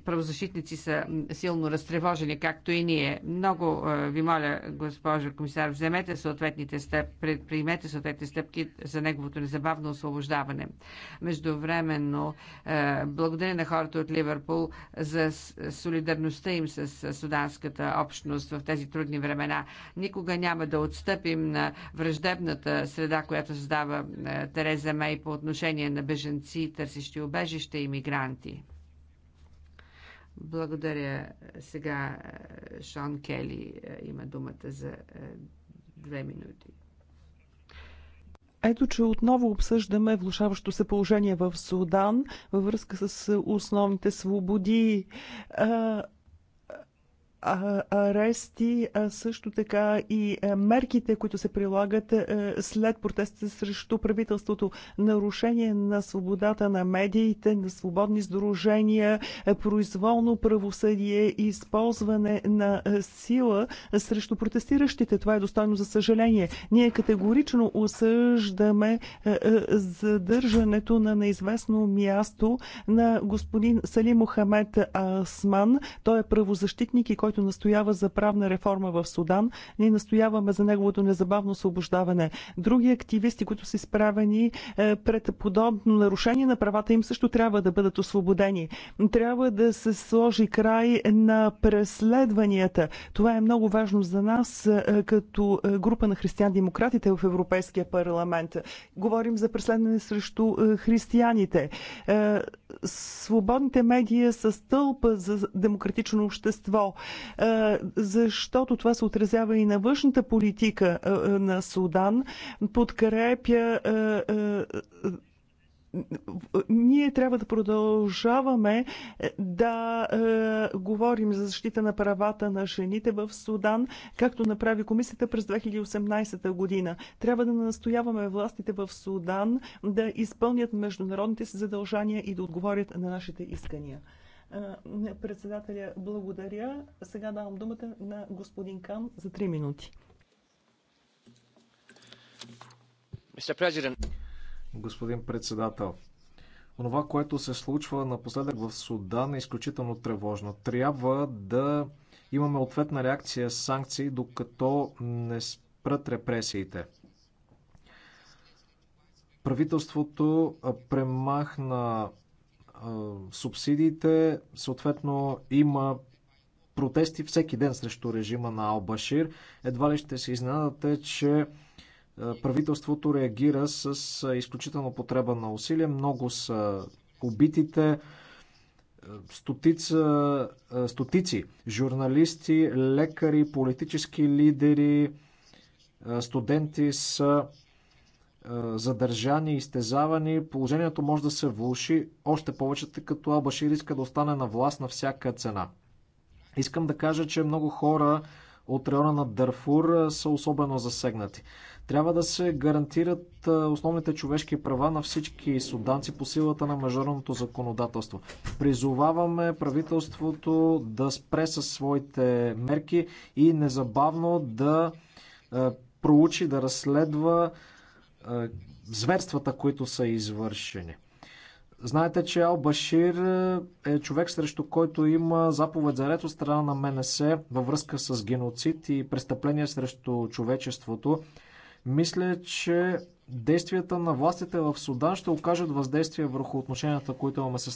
Speaker 2: правозащитници са силно разтревожени, както и ние. Много ви моля, госпожо комисар, вземете съответните стъпки предприемете съответни стъпки за неговото незабавно освобождаване. Междувременно, е, благодаря на хората от Ливърпул за солидарността им с суданската общност в тези трудни времена. Никога няма да отстъпим на враждебната среда, която създава е, Тереза Мей по отношение на беженци, търсещи убежище и мигранти. Благодаря. Сега е, Шон Кели има думата за две минути.
Speaker 1: Ето, че отново обсъждаме влушаващо се положение в Судан във връзка с основните свободи арести, а също така и мерките, които се прилагат след протестите срещу правителството, нарушение на свободата на медиите, на свободни сдружения, произволно правосъдие, използване на сила срещу протестиращите. Това е достойно за съжаление. Ние категорично осъждаме задържането на неизвестно място на господин Сали Мохамед Асман. Той е правозащитник и който който настоява за правна реформа в Судан. Ние настояваме за неговото незабавно освобождаване. Други активисти, които са изправени е, пред подобно нарушение на правата им, също трябва да бъдат освободени. Трябва да се сложи край на преследванията. Това е много важно за нас е, като е, група на християн-демократите в Европейския парламент. Говорим за преследване срещу християните. Свободните медии са стълпа за демократично общество защото това се отразява и на външната политика на Судан. Подкрепя ние трябва да продължаваме е, да е, говорим за защита на правата на жените в Судан, както направи комисията през 2018 година. Трябва да настояваме властите в Судан да изпълнят международните си задължания и да отговорят на нашите искания. Председателя, благодаря. Сега давам думата на господин Кам за 3 минути.
Speaker 3: Господин председател, онова, което се случва напоследък в Судан е изключително тревожно. Трябва да имаме ответна реакция с санкции, докато не спрат репресиите. Правителството премахна субсидиите. Съответно има протести всеки ден срещу режима на Албашир. Едва ли ще се изненадате, че правителството реагира с изключително потреба на усилие. Много са убитите, стотица, стотици журналисти, лекари, политически лидери, студенти са задържани, изтезавани. Положението може да се влуши още повече, тъй като Албашир иска да остане на власт на всяка цена. Искам да кажа, че много хора от района на Дарфур са особено засегнати. Трябва да се гарантират основните човешки права на всички суданци по силата на международното законодателство. Призоваваме правителството да спре със своите мерки и незабавно да проучи, да разследва зверствата, които са извършени. Знаете, че Ал Башир е човек, срещу който има заповед за ред от страна на МНС във връзка с геноцид и престъпления срещу човечеството. Мисля, че действията на властите в Судан ще окажат въздействие върху отношенията, които имаме с,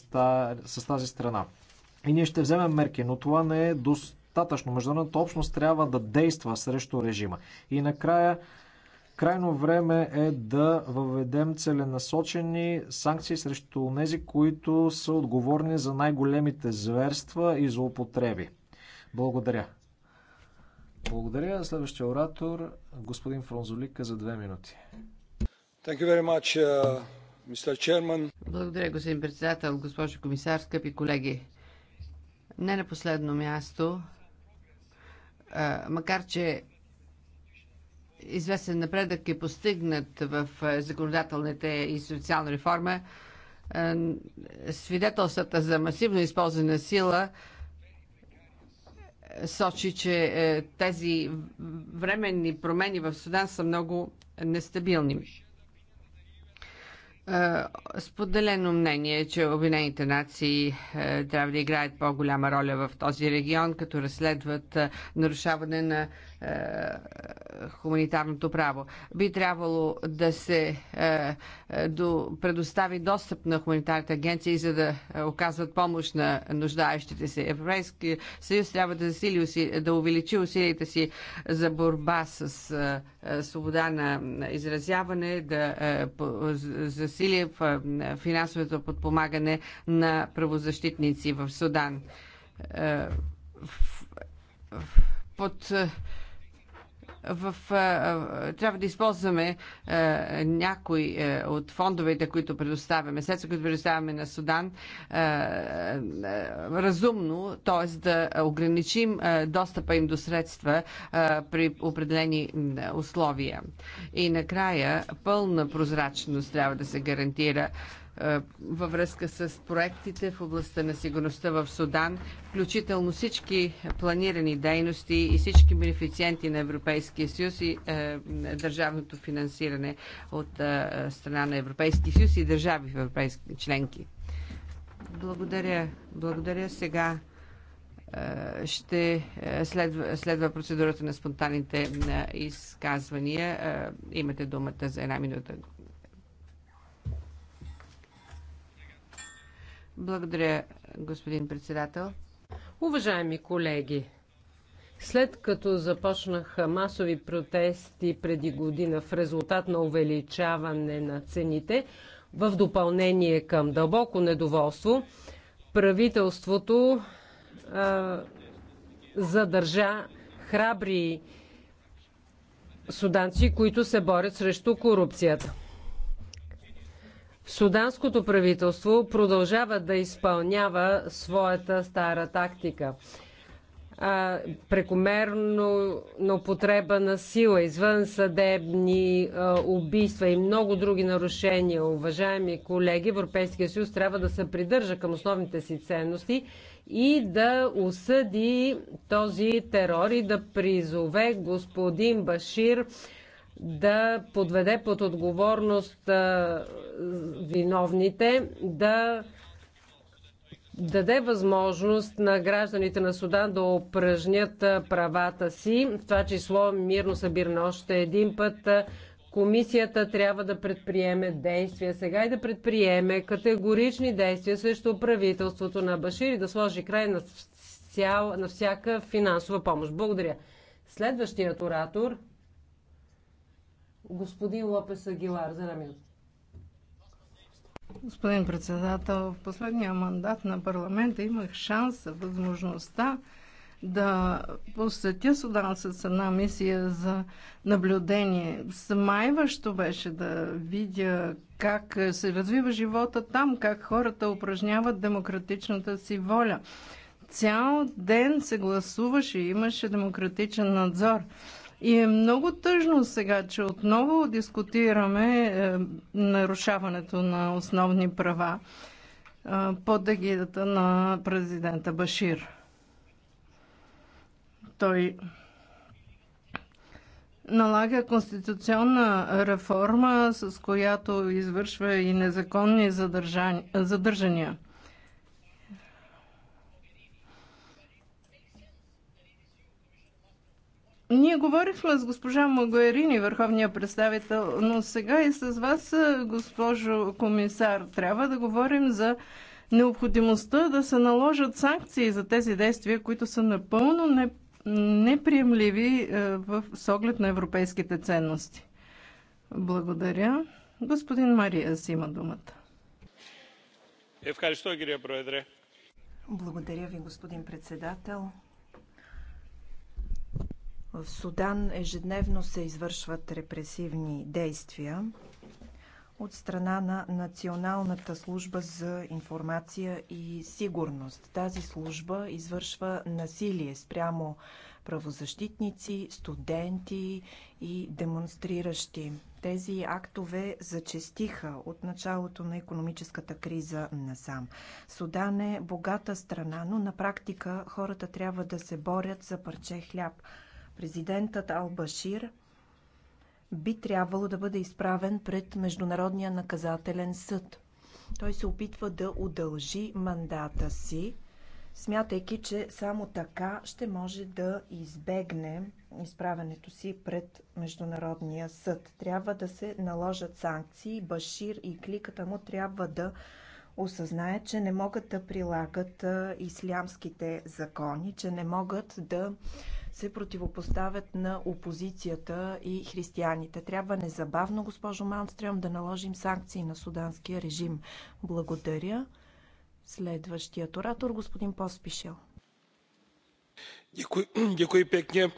Speaker 3: с тази страна. И ние ще вземем мерки, но това не е достатъчно. Международната общност трябва да действа срещу режима. И накрая Крайно време е да въведем целенасочени санкции срещу тези, които са отговорни за най-големите зверства и злоупотреби. Благодаря. Благодаря. Следващия оратор, господин Фронзолика, за две минути. Much, uh,
Speaker 2: Благодаря, господин председател, госпожо комисар, скъпи колеги. Не на последно място, макар че известен напредък е постигнат в е, законодателната и социална реформа. Е, свидетелствата за масивно използване на сила е, сочи, че тези временни промени в Судан са много нестабилни. Споделено мнение, че Обединените нации трябва да играят по-голяма роля в този регион, като разследват нарушаване на хуманитарното право. Би трябвало да се е, е, до, предостави достъп на хуманитарните агенции, за да е, оказват помощ на нуждаещите се. Европейския съюз трябва да, засили, да увеличи усилията си за борба с е, е свобода на изразяване, да е, засили в, е, финансовото подпомагане на правозащитници в Судан. Е, в, в, под е, в, трябва да използваме някои от фондовете, които предоставяме, средства, които предоставяме на Судан, разумно, т.е. да ограничим достъпа им до средства при определени условия. И накрая пълна прозрачност трябва да се гарантира е, във връзка с проектите в областта на сигурността в Судан, включително всички планирани дейности и всички бенефициенти на Европейския съюз и е, държавното финансиране от е, страна на Европейския съюз и държави в европейски членки. Благодаря. Благодаря сега е, ще е, следва, следва процедурата на спонтанните изказвания. Имате думата за една минута, Благодаря, господин председател.
Speaker 6: Уважаеми колеги, след като започнаха масови протести преди година в резултат на увеличаване на цените, в допълнение към дълбоко недоволство, правителството а, задържа храбри суданци, които се борят срещу корупцията. Суданското правителство продължава да изпълнява своята стара тактика. А, прекомерно на употреба на сила, извън съдебни а, убийства и много други нарушения. Уважаеми колеги, Европейския съюз трябва да се придържа към основните си ценности и да осъди този терор и да призове господин Башир да подведе под отговорност виновните, да даде възможност на гражданите на Судан да упражнят правата си, в това число мирно събиране. Още един път комисията трябва да предприеме действия сега и да предприеме категорични действия срещу правителството на Башир и да сложи край на, вся, на всяка финансова помощ. Благодаря. Следващият оратор Господин Лопес Агилар, за една минута.
Speaker 7: Господин председател, в последния мандат на парламента имах шанса, възможността да посетя Судан с една мисия за наблюдение. Смайващо беше да видя как се развива живота там, как хората упражняват демократичната си воля. Цял ден се гласуваше и имаше демократичен надзор. И е много тъжно сега, че отново дискутираме е, нарушаването на основни права е, под егидата на президента Башир. Той налага конституционна реформа, с която извършва и незаконни задържания. Ние говорихме с госпожа Магуерини, върховния представител, но сега и с вас, е, госпожо комисар, трябва да говорим за необходимостта да се наложат санкции за тези действия, които са напълно не, неприемливи е, в, с оглед на европейските ценности. Благодаря. Господин Мария си
Speaker 4: има думата. Благодаря ви, господин председател. В Судан ежедневно се извършват репресивни действия от страна на Националната служба за информация и сигурност. Тази служба извършва насилие спрямо правозащитници, студенти и демонстриращи. Тези актове зачестиха от началото на економическата криза насам. Судан е богата страна, но на практика хората трябва да се борят за парче хляб – Президентът Ал-Башир би трябвало да бъде изправен пред Международния наказателен съд. Той се опитва да удължи мандата си, смятайки, че само така ще може да избегне изправенето си пред Международния съд. Трябва да се наложат санкции. Башир и кликата му трябва да осъзнаят, че не могат да прилагат ислямските закони, че не могат да се противопоставят на опозицията и християните. Трябва незабавно, госпожо Малмстрем, да наложим санкции на суданския режим. Благодаря. Следващият оратор, господин Поспишел.
Speaker 3: Děkuji, děkuji pěkně.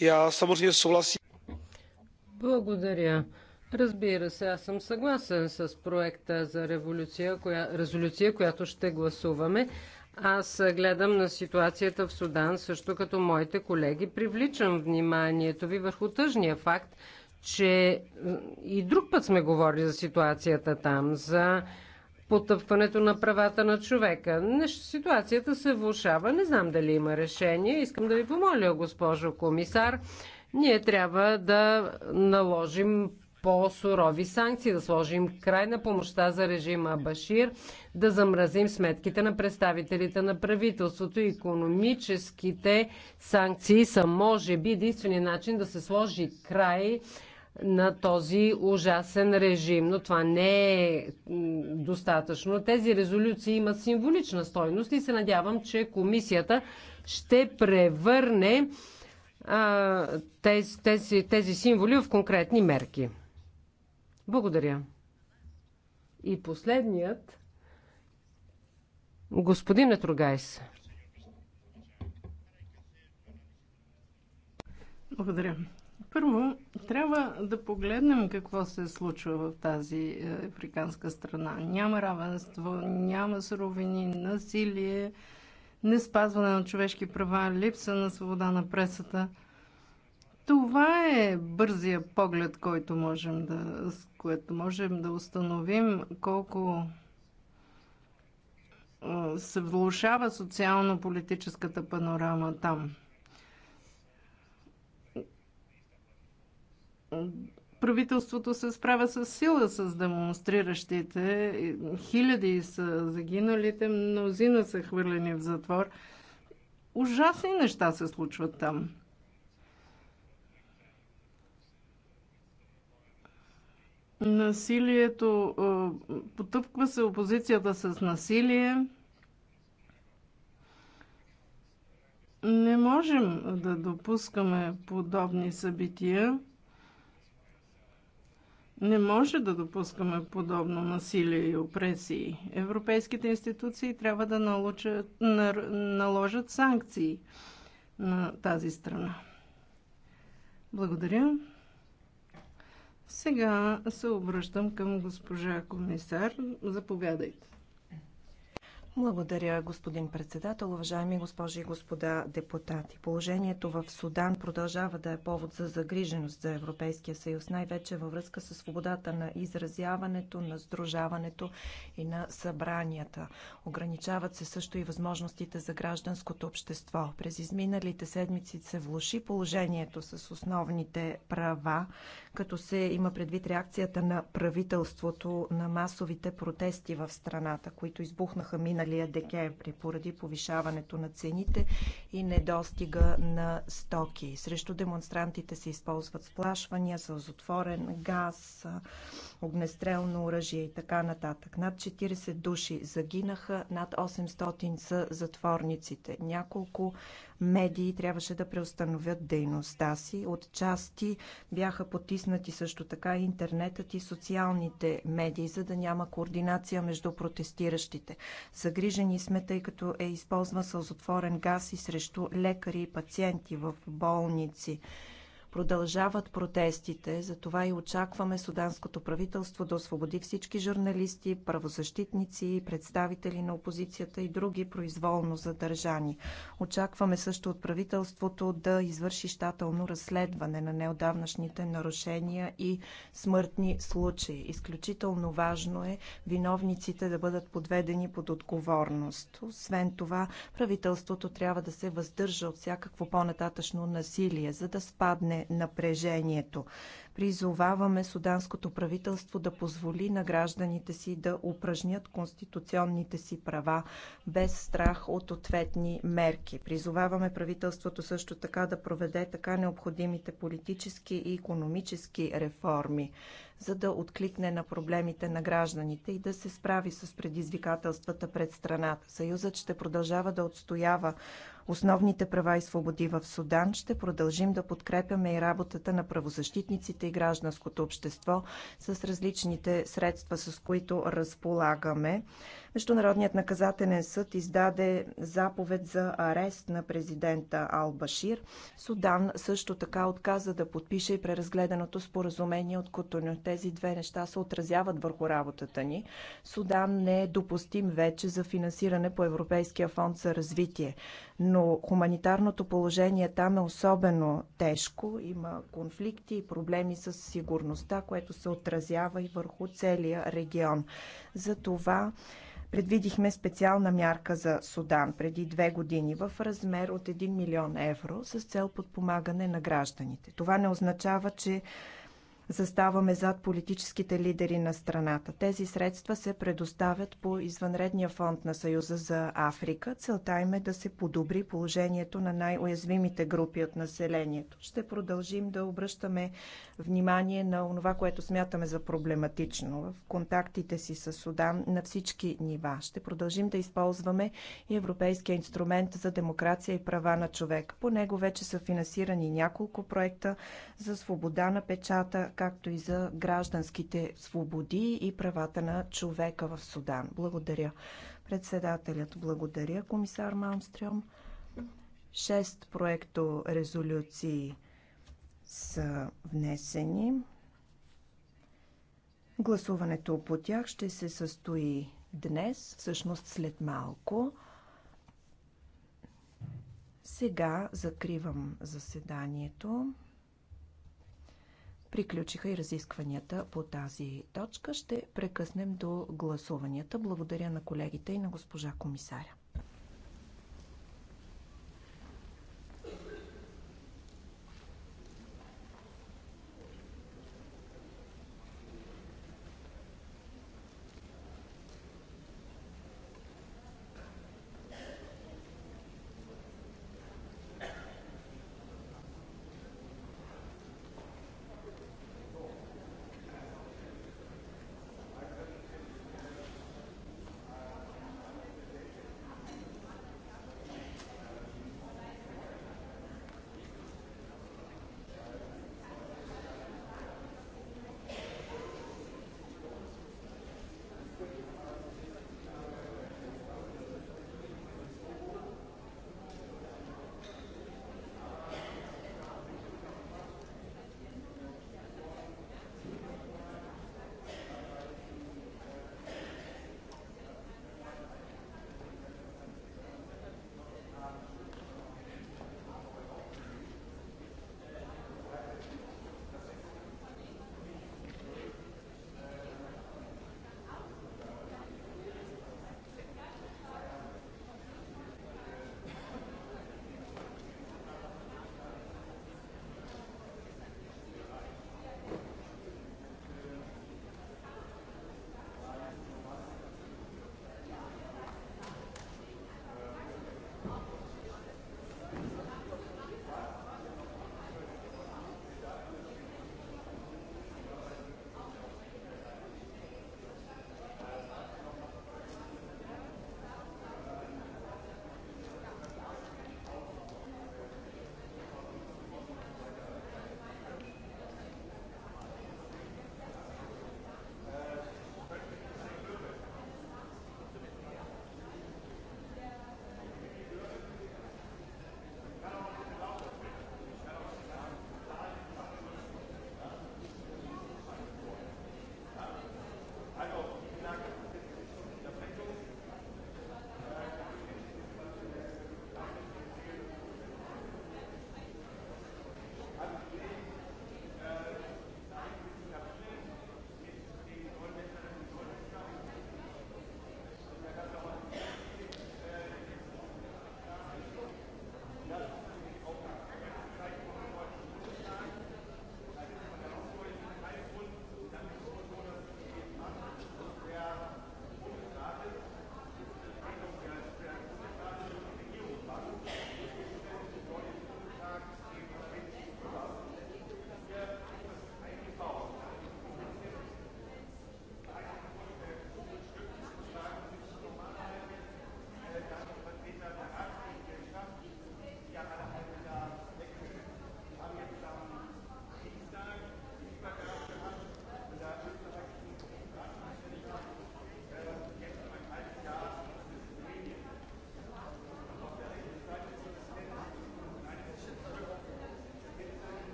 Speaker 3: Já samozřejmě souhlasím.
Speaker 6: Благодаря. Разбира се, аз съм съгласен с проекта за революция, коя, резолюция, която ще гласуваме. Аз гледам на ситуацията в Судан също като моите колеги. Привличам вниманието ви върху тъжния факт, че и друг път сме говорили за ситуацията там, за потъпването на правата на човека. ситуацията се влушава. Не знам дали има решение. Искам да ви помоля, госпожо комисар, ние трябва да наложим по-сурови санкции, да сложим край на помощта за режима Башир, да замразим сметките на представителите на правителството. и Економическите санкции са, може би, единствения начин да се сложи край на този ужасен режим. Но това не е достатъчно. Тези резолюции имат символична стойност и се надявам, че комисията ще превърне тези, тези, тези символи в конкретни мерки. Благодаря. И последният. Господин Етругайс. Благодаря.
Speaker 7: Първо, трябва да погледнем какво се случва в тази е, африканска страна. Няма равенство, няма суровини, насилие, неспазване на човешки права, липса на свобода на пресата – това е бързия поглед, който можем да, с което можем да установим колко се влушава социално-политическата панорама там. Правителството се справя с сила с демонстриращите. Хиляди са загиналите, мнозина са хвърлени в затвор. Ужасни неща се случват там. Насилието потъпква се опозицията с насилие. Не можем да допускаме подобни събития. Не може да допускаме подобно насилие и опресии. Европейските институции трябва да научат, наложат санкции на тази страна. Благодаря. Сега се обръщам към госпожа
Speaker 4: комисар. Заповядайте. Благодаря, господин председател. Уважаеми госпожи и господа депутати, положението в Судан продължава да е повод за загриженост за Европейския съюз, най-вече във връзка с свободата на изразяването, на сдружаването и на събранията. Ограничават се също и възможностите за гражданското общество. През изминалите седмици се влуши положението с основните права, като се има предвид реакцията на правителството на масовите протести в страната, които избухнаха мина миналия декември поради повишаването на цените и недостига на стоки. Срещу демонстрантите се използват сплашвания, с отворен газ, огнестрелно оръжие и така нататък. Над 40 души загинаха, над 800 са затворниците. Няколко медии трябваше да преустановят дейността си. От части бяха потиснати също така интернетът и социалните медии, за да няма координация между протестиращите. Загрижени сме, тъй като е използван сълзотворен газ и срещу лекари и пациенти в болници. Продължават протестите, затова и очакваме суданското правителство да освободи всички журналисти, правозащитници, представители на опозицията и други произволно задържани. Очакваме също от правителството да извърши щателно разследване на неодавнашните нарушения и смъртни случаи. Изключително важно е виновниците да бъдат подведени под отговорност. Освен това, правителството трябва да се въздържа от всякакво по-нататъчно насилие, за да спадне напрежението. Призоваваме суданското правителство да позволи на гражданите си да упражнят конституционните си права без страх от ответни мерки. Призоваваме правителството също така да проведе така необходимите политически и економически реформи, за да откликне на проблемите на гражданите и да се справи с предизвикателствата пред страната. Съюзът ще продължава да отстоява основните права и свободи в Судан. Ще продължим да подкрепяме и работата на правозащитниците и гражданското общество с различните средства, с които разполагаме. Международният наказателен съд издаде заповед за арест на президента Ал-Башир. Судан също така отказа да подпише и преразгледаното споразумение от Котоню. Тези две неща се отразяват върху работата ни. Судан не е допустим вече за финансиране по Европейския фонд за развитие. Но хуманитарното положение там е особено тежко. Има конфликти и проблеми с сигурността, което се отразява и върху целия регион. За това Предвидихме специална мярка за Судан преди две години в размер от 1 милион евро с цел подпомагане на гражданите. Това не означава, че заставаме зад политическите лидери на страната. Тези средства се предоставят по извънредния фонд на Съюза за Африка. Целта им е да се подобри положението на най-уязвимите групи от населението. Ще продължим да обръщаме внимание на това, което смятаме за проблематично в контактите си с Судан на всички нива. Ще продължим да използваме и Европейския инструмент за демокрация и права на човек. По него вече са финансирани няколко проекта за свобода на печата, както и за гражданските свободи и правата на човека в Судан. Благодаря. Председателят благодаря, комисар Малмстрём. Шест проекто резолюции са внесени. Гласуването по тях ще се състои днес, всъщност след малко. Сега закривам заседанието. Приключиха и разискванията по тази точка. Ще прекъснем до гласуванията. Благодаря на колегите и на госпожа комисаря.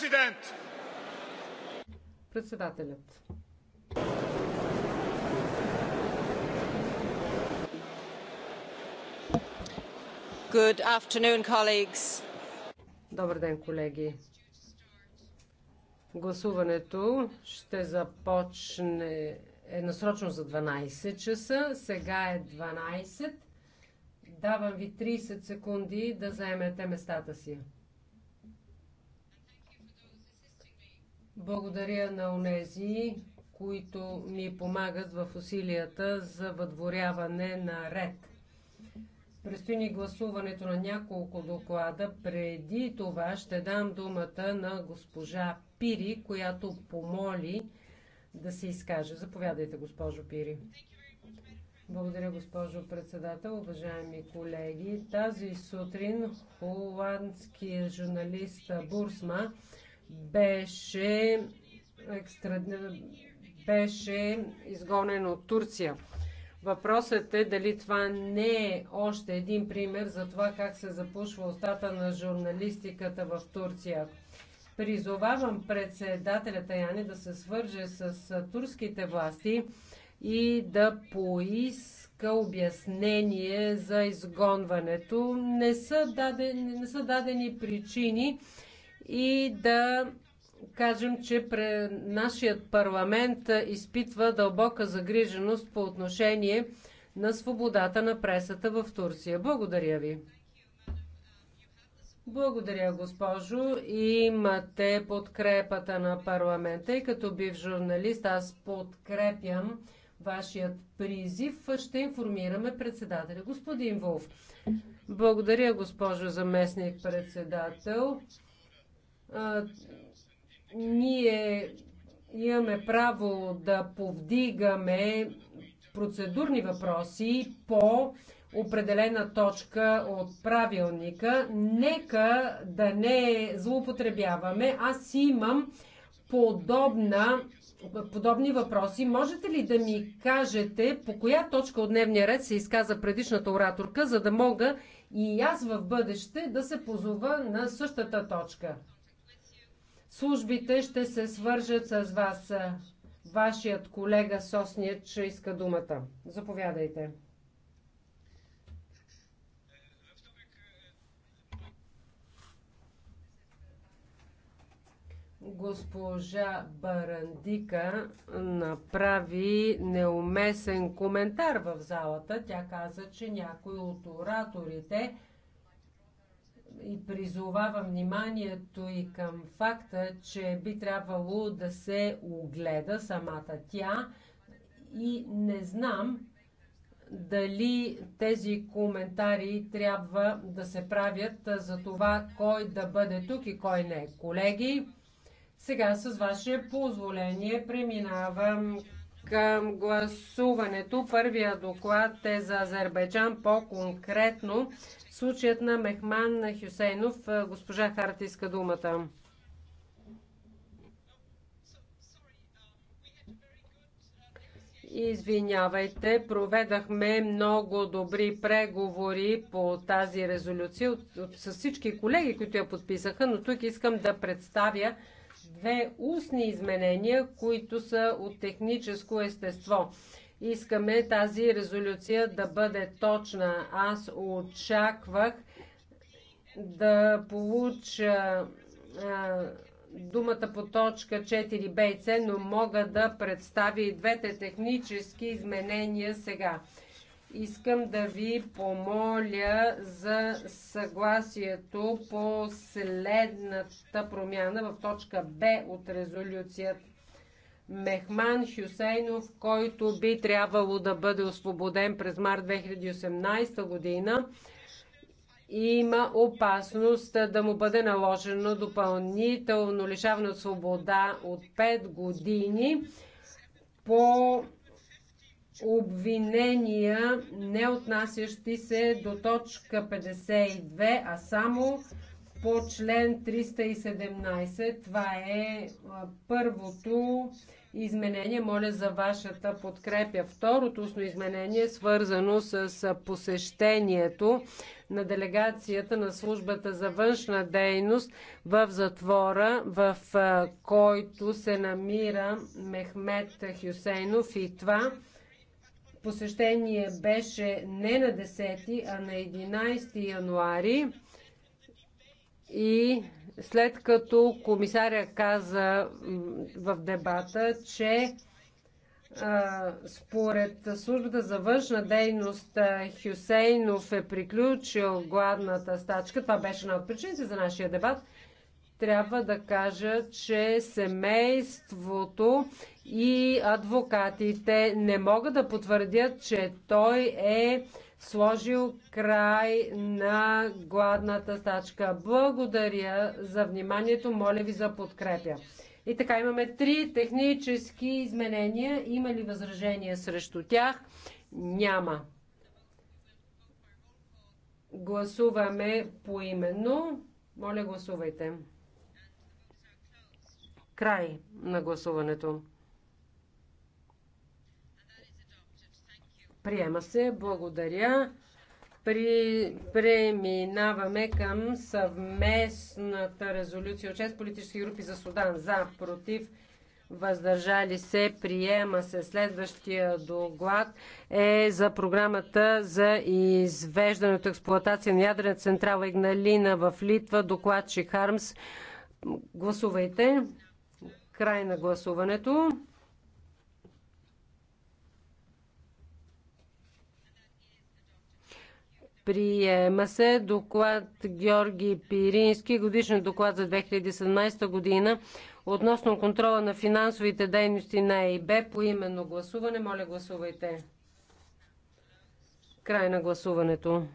Speaker 8: президент!
Speaker 6: Председателят. Good afternoon, colleagues. Добър ден, колеги. Гласуването ще започне е насрочно за 12 часа. Сега е 12. Давам ви 30 секунди да заемете местата си. Благодаря на онези, които ми помагат в усилията за въдворяване на ред. Предстои ни гласуването на няколко доклада. Преди това ще дам думата на госпожа Пири, която помоли да се изкаже. Заповядайте, госпожо Пири. Благодаря, госпожо председател. Уважаеми колеги, тази сутрин холандският журналист Бурсма беше, екстра... беше изгонен от Турция. Въпросът е дали това не е още един пример за това как се запушва устата на журналистиката в Турция. Призовавам председателя Таяни да се свърже с турските власти и да поиска обяснение за изгонването. Не са, дадени, не са дадени причини и да кажем, че нашият парламент изпитва дълбока загриженост по отношение на свободата на пресата в Турция. Благодаря ви. Благодаря, госпожо. Имате подкрепата на парламента и като бив журналист аз подкрепям вашият призив. Ще информираме председателя. Господин Вулф. Благодаря, госпожо заместник председател ние имаме право да повдигаме процедурни въпроси по определена точка от правилника. Нека да не злоупотребяваме. Аз имам подобна, подобни въпроси. Можете ли да ми кажете по коя точка от дневния ред се изказа предишната ораторка, за да мога и аз в бъдеще да се позова на същата точка? Службите ще се свържат с вас. Вашият колега Соснич иска думата. Заповядайте. Госпожа Барандика направи неумесен коментар в залата. Тя каза, че някои от ораторите и призовавам вниманието и към факта, че би трябвало да се огледа самата тя и не знам дали тези коментари трябва да се правят за това кой да бъде тук и кой не. Колеги, сега с ваше позволение преминавам към гласуването. Първия доклад е за Азербайджан, по-конкретно случаят на Мехман Хюсейнов. Госпожа Харт иска думата. Извинявайте, проведахме много добри преговори по тази резолюция от, от, с всички колеги, които я подписаха, но тук искам да представя две устни изменения, които са от техническо естество. Искаме тази резолюция да бъде точна. Аз очаквах да получа а, думата по точка 4 бейце, но мога да представя и двете технически изменения сега. Искам да ви помоля за съгласието по следната промяна в точка Б от резолюцията. Мехман Хюсейнов, който би трябвало да бъде освободен през март 2018 година, има опасност да му бъде наложено допълнително лишаване от свобода от 5 години по обвинения, не отнасящи се до точка 52, а само по член 317. Това е първото изменение. Моля за вашата подкрепя. Второто устно изменение е свързано с посещението на делегацията на службата за външна дейност в затвора, в който се намира Мехмет Хюсейнов и това посещение беше не на 10, а на 11 януари. И след като комисаря каза в дебата, че според службата за външна дейност Хюсейнов е приключил гладната стачка. Това беше една от причините за нашия дебат. Трябва да кажа, че семейството и адвокатите не могат да потвърдят, че той е сложил край на гладната стачка. Благодаря за вниманието, моля ви за подкрепя. И така имаме три технически изменения. Има ли възражения срещу тях? Няма. Гласуваме поименно. Моля, гласувайте. Край на гласуването. Приема се. Благодаря. При... Преминаваме към съвместната резолюция от 6 политически групи за Судан. За, против, въздържали се. Приема се. Следващия доклад е за програмата за извеждане от експлуатация на ядрена централа Игналина в Литва. Докладчик Хармс. Гласувайте. Край на гласуването. Приема се доклад Георги Пирински, годишен доклад за 2017 година относно контрола на финансовите дейности на ЕИБ по именно гласуване. Моля, гласувайте. Край на гласуването.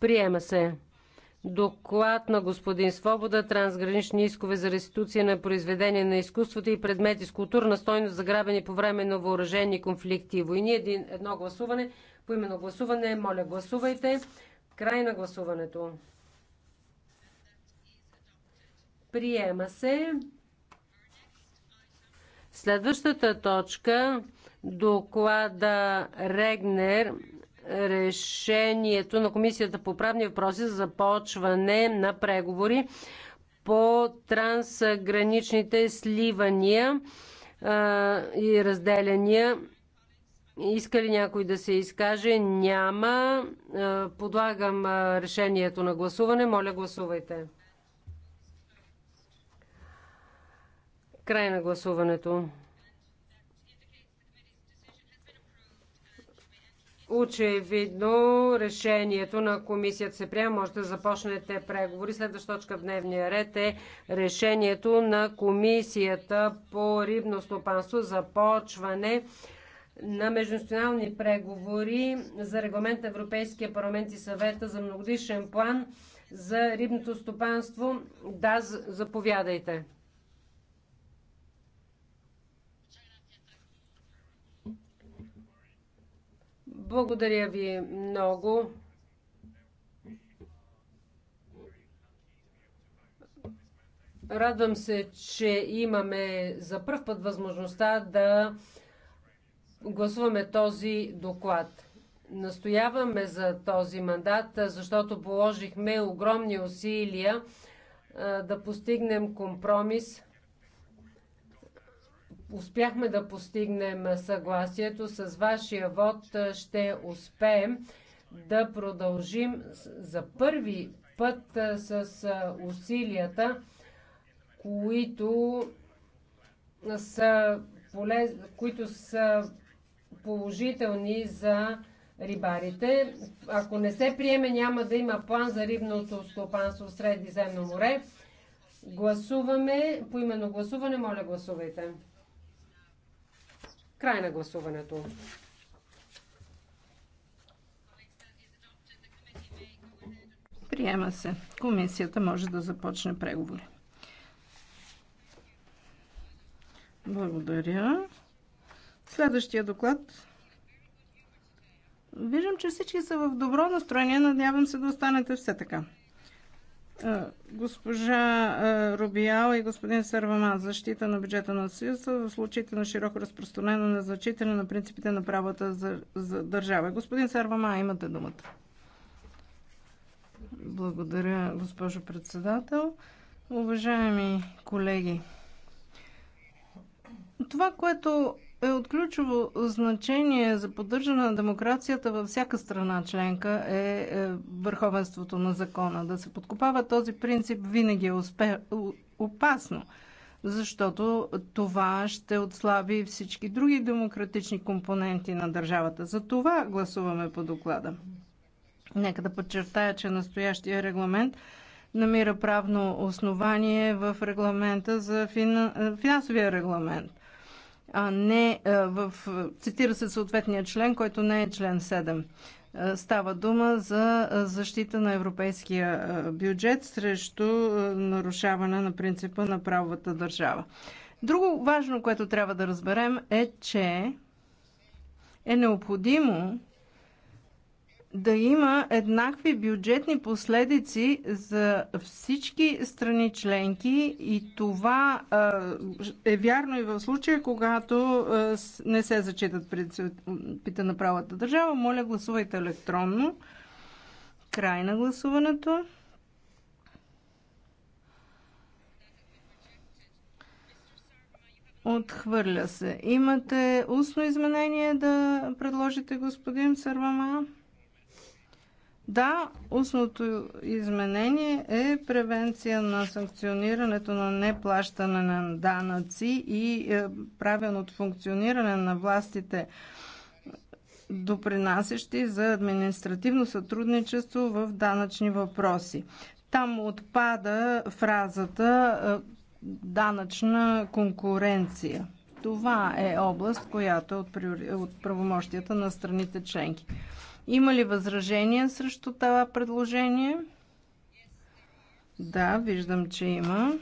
Speaker 6: Приема се. Доклад на господин Свобода, трансгранични искове за реституция на произведения на изкуството и предмети с културна стойност, заграбени по време на въоръжени конфликти и войни. Един, едно гласуване, по именно гласуване. Моля, гласувайте. Край на гласуването. Приема се. Следващата точка доклада Регнер решението на Комисията по правни въпроси за започване на преговори по трансграничните сливания и разделения. Иска ли някой да се изкаже? Няма. Подлагам решението на гласуване. Моля, гласувайте. Край на гласуването. Очевидно решението на комисията се приема. Може да започнете преговори. Следваща точка в дневния ред е решението на комисията по рибно стопанство за почване на междунационални преговори за регламент на Европейския парламент и съвета за многодишен план за рибното стопанство. Да, заповядайте. Благодаря ви много. Радвам се, че имаме за първ път възможността да гласуваме този доклад. Настояваме за този мандат, защото положихме огромни усилия да постигнем компромис – успяхме да постигнем съгласието. С вашия вод ще успеем да продължим за първи път с усилията, които са, полез... които са положителни за рибарите. Ако не се приеме, няма да има план за рибното стопанство в Средиземно море. Гласуваме, по именно гласуване, моля гласувайте. Край на гласуването.
Speaker 7: Приема се. Комисията може да започне преговори. Благодаря. Следващия доклад. Виждам, че всички са в добро настроение. Надявам се да останете все така. Госпожа Рубиала и господин Сърваман, защита на бюджета на Съюза в случаите на широко разпространено незначителе на принципите на правата за, за държава. Господин Сърваман, имате думата. Благодаря, госпожо председател. Уважаеми колеги, това, което е от ключово значение за поддържане на демокрацията във всяка страна членка е, е върховенството на закона. Да се подкопава този принцип винаги е успе... опасно, защото това ще отслаби всички други демократични компоненти на държавата. За това гласуваме по доклада. Нека да подчертая, че настоящия регламент намира правно основание в регламента за фин... финансовия регламент а не в... Цитира се съответния член, който не е член 7. Става дума за защита на европейския бюджет срещу нарушаване на принципа на правовата държава. Друго важно, което трябва да разберем е, че е необходимо да има еднакви бюджетни последици за всички страни членки и това е вярно и в случая, когато не се зачитат принципите на правата държава. Моля, гласувайте електронно. Край на гласуването. Отхвърля се. Имате устно изменение да предложите господин Сървама? Да, устното изменение е превенция на санкционирането на неплащане на данъци и е, правилното функциониране на властите, допринасящи за административно сътрудничество в данъчни въпроси. Там отпада фразата е, данъчна конкуренция. Това е област, която е от правомощията на страните членки. Има ли възражения срещу това предложение? Да, виждам, че има.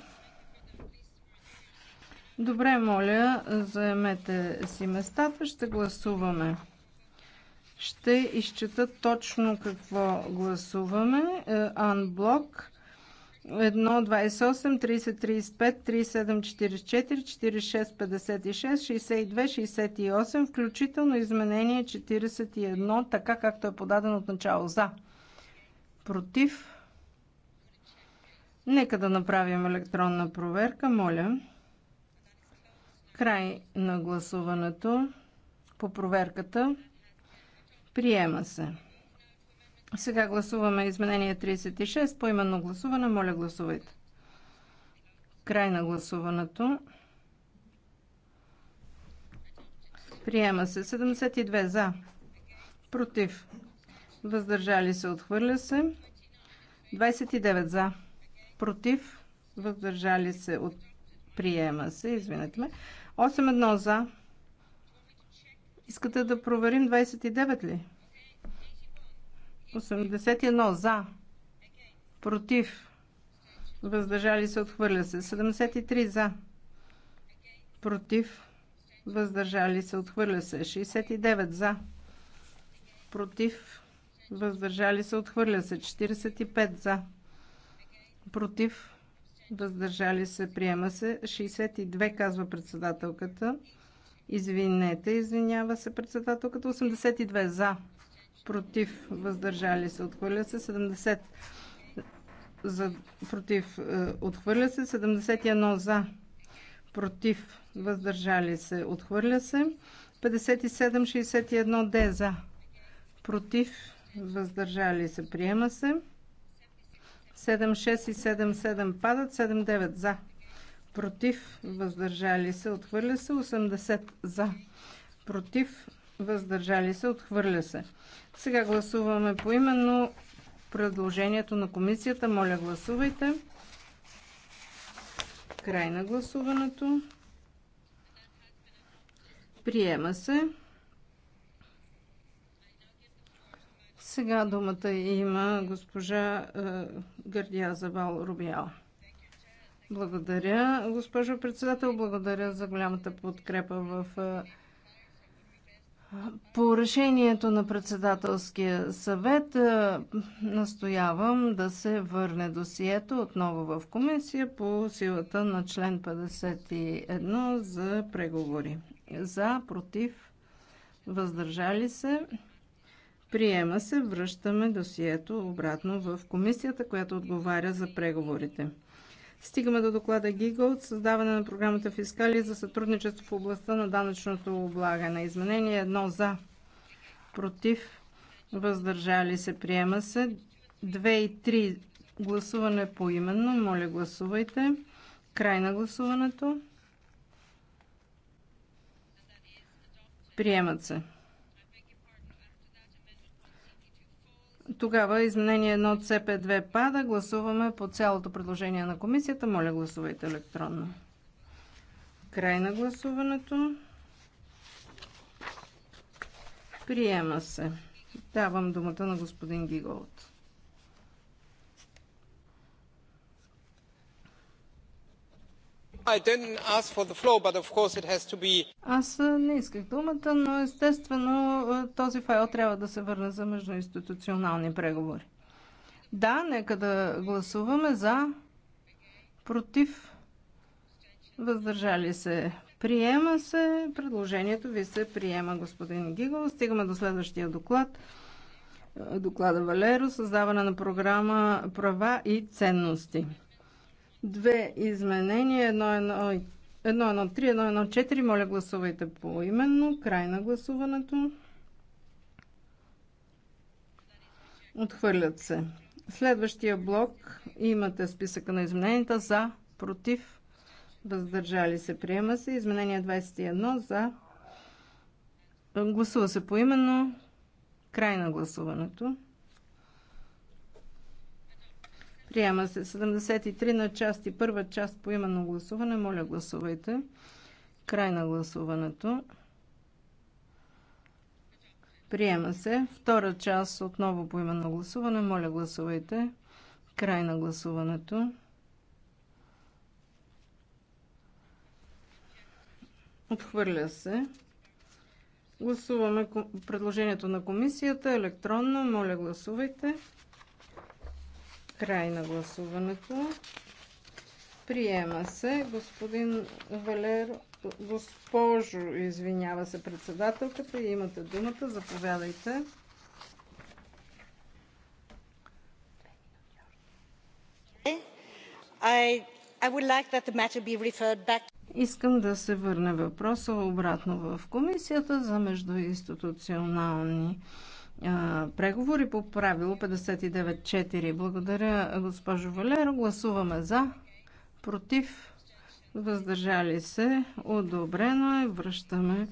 Speaker 7: Добре, моля, заемете си местата, ще гласуваме. Ще изчета точно какво гласуваме. Анблок. Е, 37 30,35, 37,44, 56, 62, 68, включително изменение 41, така както е подадено от начало за. Против. Нека да направим електронна проверка, моля. Край на гласуването по проверката. Приема се. Сега гласуваме изменение 36 по именно гласуване. Моля гласувайте. Край на гласуването. Приема се 72 за. Против. Въздържали се. Отхвърля се. 29 за. Против. Въздържали се. От... Приема се. Извинете ме. 8-1 за. Искате да проверим 29 ли? 81 за. Против. Въздържали се. Отхвърля се. 73 за. Против. Въздържали се. Отхвърля се. 69 за. Против. Въздържали се. Отхвърля се. 45 за. Против. Въздържали се. Приема се. 62 казва председателката. Извинете, извинява се председателката. 82 за против, въздържали се, отхвърля се 70 за, против, е, отхвърля се 71 за, против, въздържали се, отхвърля се 57-61 Д за, против, въздържали се, приема се 7-6 и 7-7 падат, 7-9 за, против, въздържали се, отхвърля се 80 за, против, въздържали се, отхвърля се. Сега гласуваме по именно предложението на комисията. Моля, гласувайте. Край на гласуването. Приема се. Сега думата има госпожа е, Гърдия Забал Рубиал. Благодаря, госпожо председател. Благодаря за голямата подкрепа в е, по решението на председателския съвет е, настоявам да се върне досието отново в комисия по силата на член 51 за преговори. За, против, въздържали се. Приема се, връщаме досието обратно в комисията, която отговаря за преговорите. Стигаме до доклада ГИГО от създаване на програмата Фискали за сътрудничество в областта на данъчното облагане. Изменение едно за, против, въздържали се, приема се. Две и три гласуване поименно. Моля, гласувайте. Край на гласуването. Приемат се. Тогава изменение 1 CP2 пада. Гласуваме по цялото предложение на комисията. Моля, гласувайте електронно. Край на гласуването. Приема се. Давам думата на господин Гиголт. Аз не исках думата, но естествено този файл трябва да се върне за междуинституционални преговори. Да, нека да гласуваме за, против, въздържали се. Приема се. Предложението ви се приема, господин Гигол. Стигаме до следващия доклад. Доклада Валеро. Създаване на програма Права и ценности. Две изменения, едно, едно, едно, едно, три, едно, едно, четири. Моля, гласувайте по именно. Край на гласуването. Отхвърлят се. Следващия блок имате списъка на измененията за, против, въздържали се, приема се. Изменение 21 за. Гласува се поименно. Край на гласуването. Приема се 73 на части. Първа част по именно гласуване. Моля, гласувайте. Край на гласуването. Приема се. Втора част отново по именно гласуване. Моля, гласувайте. Край на гласуването. Отхвърля се. Гласуваме предложението на комисията електронно. Моля, гласувайте. Край на гласуването. Приема се. Господин Валер, госпожо, извинява се председателката, имате думата, заповядайте.
Speaker 4: I, I like
Speaker 7: Искам да се върне въпроса обратно в комисията за междуинституционални преговори по правило 59.4. Благодаря, госпожо Валеро. Гласуваме за, против, въздържали се. Одобрено е. Връщаме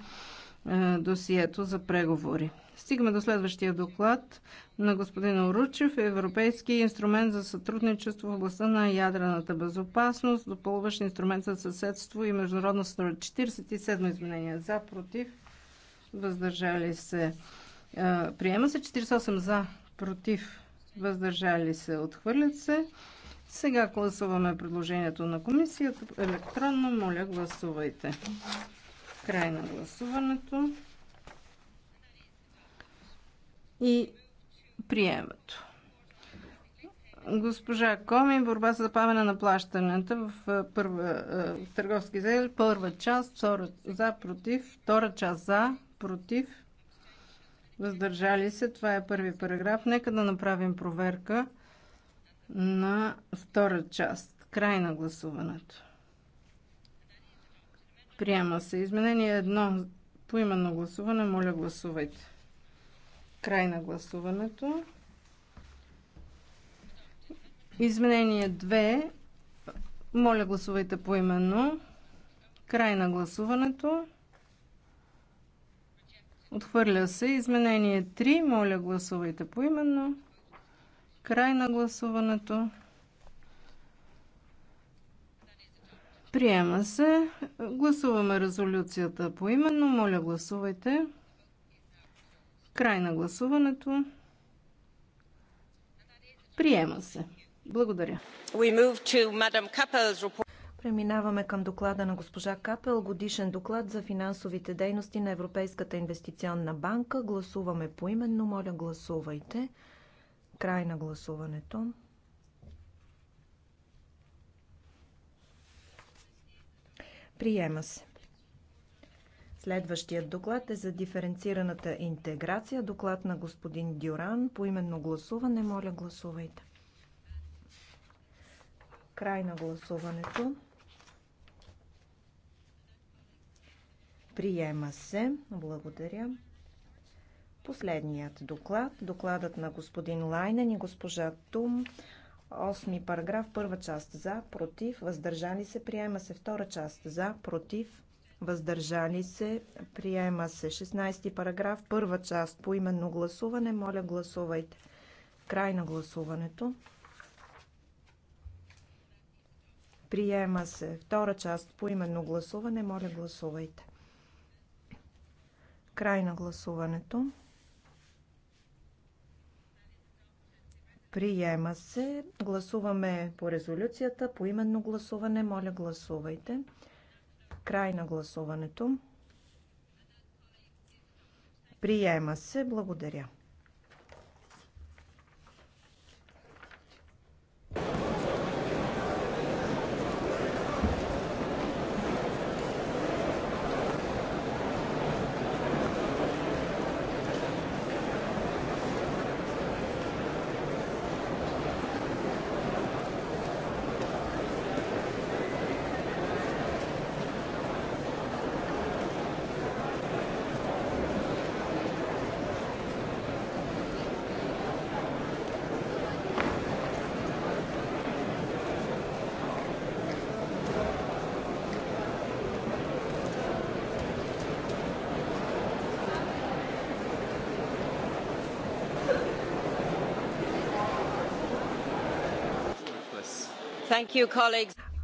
Speaker 7: досието за преговори. Стигаме до следващия доклад на господин Оручев. Европейски инструмент за сътрудничество в областта на ядрената безопасност, допълващ инструмент за съседство и международно 47 изменения за, против, въздържали се. Приема се 48 за, против, въздържали се, отхвърлят се. Сега гласуваме предложението на комисията електронно. Моля, гласувайте. Край на гласуването. И приемето. Госпожа Коми, борба за запавяне на плащането в първа, в търговски зел, първа част, втора, за, против, втора част за, против, въздържали се. Това е първи параграф. Нека да направим проверка на втора част. Край на гласуването. Приема се. Изменение едно. По именно гласуване, моля гласувайте. Край на гласуването. Изменение 2. Моля гласувайте по именно. Край на гласуването. Отхвърля се. Изменение 3. Моля, гласувайте поименно. Край на гласуването. Приема се. Гласуваме резолюцията по именно. Моля, гласувайте. Край на гласуването.
Speaker 4: Приема се. Благодаря. Преминаваме към доклада на госпожа Капел, годишен доклад за финансовите дейности на Европейската инвестиционна банка. Гласуваме поименно, моля гласувайте. Край на гласуването. Приема се. Следващият доклад е за диференцираната интеграция. Доклад на господин Дюран. По именно гласуване, моля гласувайте. Край на гласуването. Приема се. Благодаря. Последният доклад. Докладът на господин Лайнен и госпожа Тум. Осми параграф, първа част за, против, въздържали се, приема се втора част за, против, въздържали се, приема се 16 параграф, първа част по именно гласуване. Моля, гласувайте. Край на гласуването. Приема се втора част по именно гласуване. Моля, гласувайте. Край на гласуването. Приема се. Гласуваме по резолюцията. По именно гласуване. Моля, гласувайте. Край на гласуването. Приема се. Благодаря.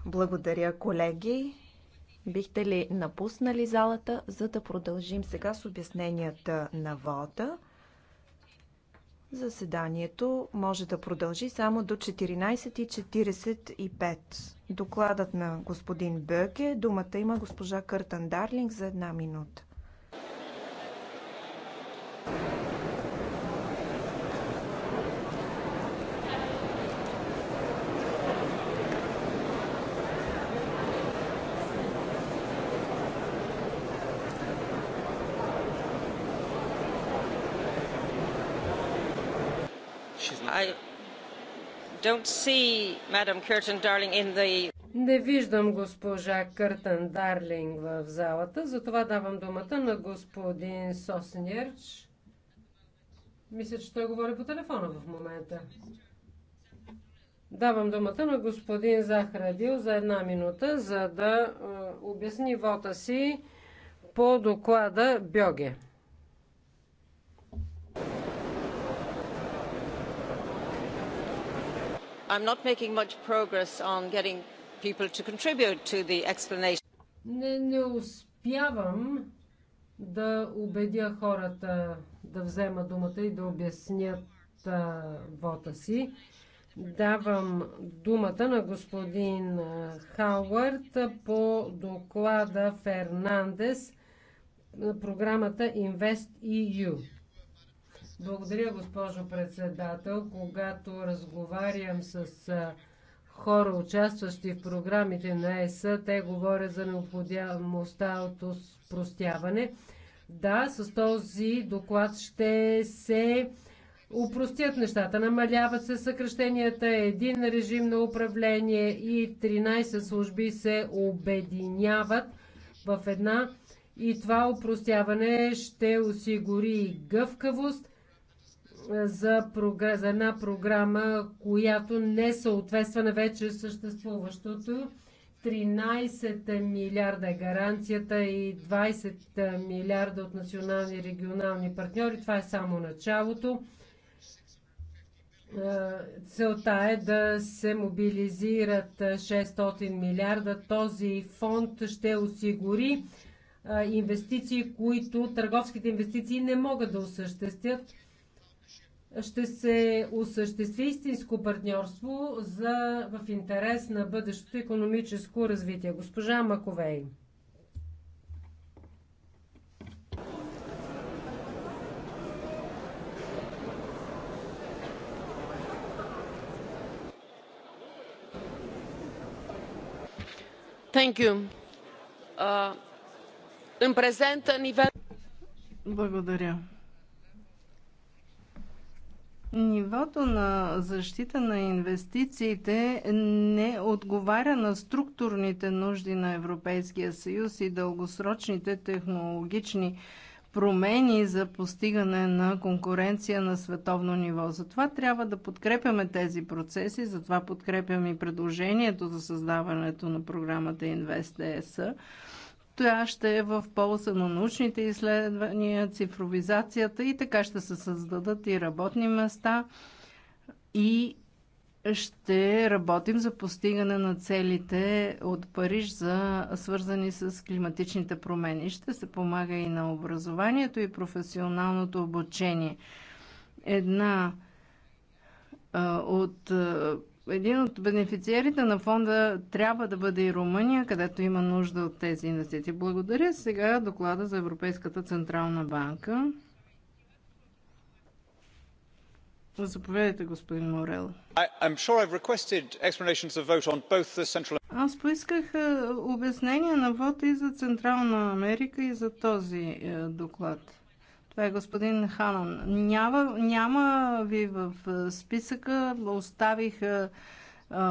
Speaker 4: Благодаря, колеги. Бихте ли напуснали залата, за да продължим сега с обясненията на вода? Заседанието може да продължи само до 14.45. Докладът на господин Бърке. Думата има госпожа Къртан Дарлинг за една минута.
Speaker 6: не виждам госпожа Къртън Дарлинг в залата, затова давам думата на господин Сосниерч. Мисля, че той говори по телефона в момента. Давам думата на господин Захрадил за една минута, за да е, обясни вота си по доклада Бьоге.
Speaker 4: I'm not making much progress on getting people to
Speaker 2: contribute to the explanation.
Speaker 6: Не, не успявам да убедя хората да взема думата и да обяснят а, вота си. Давам думата на господин Хауърд по доклада Фернандес на програмата InvestEU. EU. Благодаря, госпожо председател. Когато разговарям с хора, участващи в програмите на ЕС, те говорят за необходимостта от простяване. Да, с този доклад ще се упростят нещата. Намаляват се съкръщенията, един режим на управление и 13 служби се обединяват в една и това упростяване ще осигури гъвкавост за, програ... за една програма, която не съответства на вече съществуващото. 13 милиарда е гаранцията и 20 милиарда от национални и регионални партньори. Това е само началото. Целта е да се мобилизират 600 милиарда. Този фонд ще осигури инвестиции, които търговските инвестиции не могат да осъществят ще се осъществи истинско партньорство за, в интерес на бъдещото економическо развитие. Госпожа Маковей. Uh, in present,
Speaker 7: Благодаря. Нивото на защита на инвестициите не отговаря на структурните нужди на Европейския съюз и дългосрочните технологични промени за постигане на конкуренция на световно ниво. Затова трябва да подкрепяме тези процеси, затова подкрепям и предложението за създаването на програмата InvestES това ще е в полза на научните изследвания, цифровизацията и така ще се създадат и работни места и ще работим за постигане на целите от Париж за свързани с климатичните промени. Ще се помага и на образованието и професионалното обучение. Една от един от бенефициерите на фонда трябва да бъде и Румъния, където има нужда от тези инвестиции. Благодаря. Сега доклада за Европейската Централна банка. Заповядайте, господин Морел.
Speaker 5: Sure Central...
Speaker 7: Аз поисках е, обяснение на вода и за Централна Америка и за този е, доклад. Е, господин Ханан. Няма, няма ви в списъка. Оставих е, е,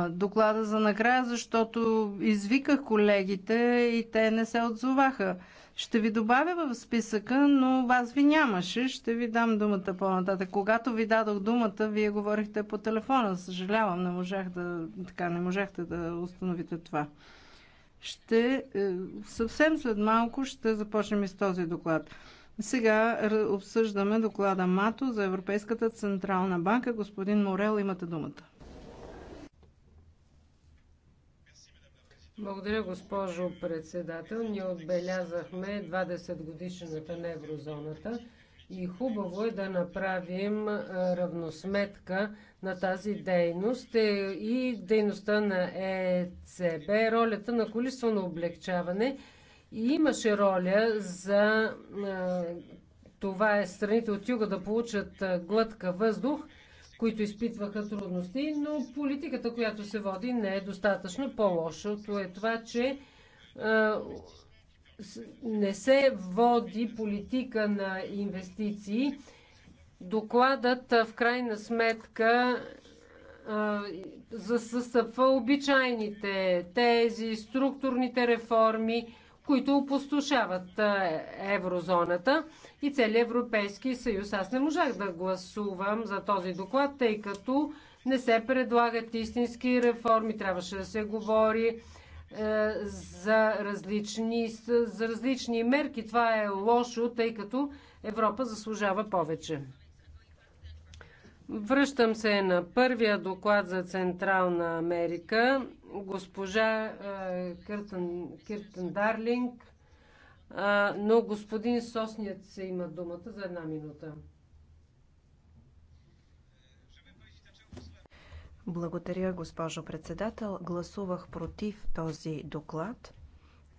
Speaker 7: доклада за накрая, защото извиках колегите и те не се отзоваха. Ще ви добавя в списъка, но вас ви нямаше. Ще ви дам думата по-нататък. Когато ви дадох думата, вие говорихте по телефона. Съжалявам, не можах да, така, не можахте да установите това. Ще, съвсем след малко ще започнем и с този доклад. Сега обсъждаме доклада МАТО за Европейската Централна банка. Господин Морел, имате думата.
Speaker 6: Благодаря, госпожо председател. Ние отбелязахме 20 годишната на еврозоната и хубаво е да направим равносметка на тази дейност е, и дейността на ЕЦБ, ролята на количествено облегчаване – и имаше роля за това е страните от юга да получат глътка въздух, които изпитваха трудности, но политиката, която се води, не е достатъчно. По-лошото е това, че не се води политика на инвестиции. Докладът в крайна сметка засъсъпва обичайните тези, структурните реформи, които опустошават еврозоната и целият Европейски съюз. Аз не можах да гласувам за този доклад, тъй като не се предлагат истински реформи. Трябваше да се говори е, за различни, за различни мерки. Това е лошо, тъй като Европа заслужава повече. Връщам се на първия доклад за Централна Америка госпожа Киртън, Киртън Дарлинг, но господин Сосният се има думата за една минута.
Speaker 4: Благодаря, госпожо председател. Гласувах против този доклад,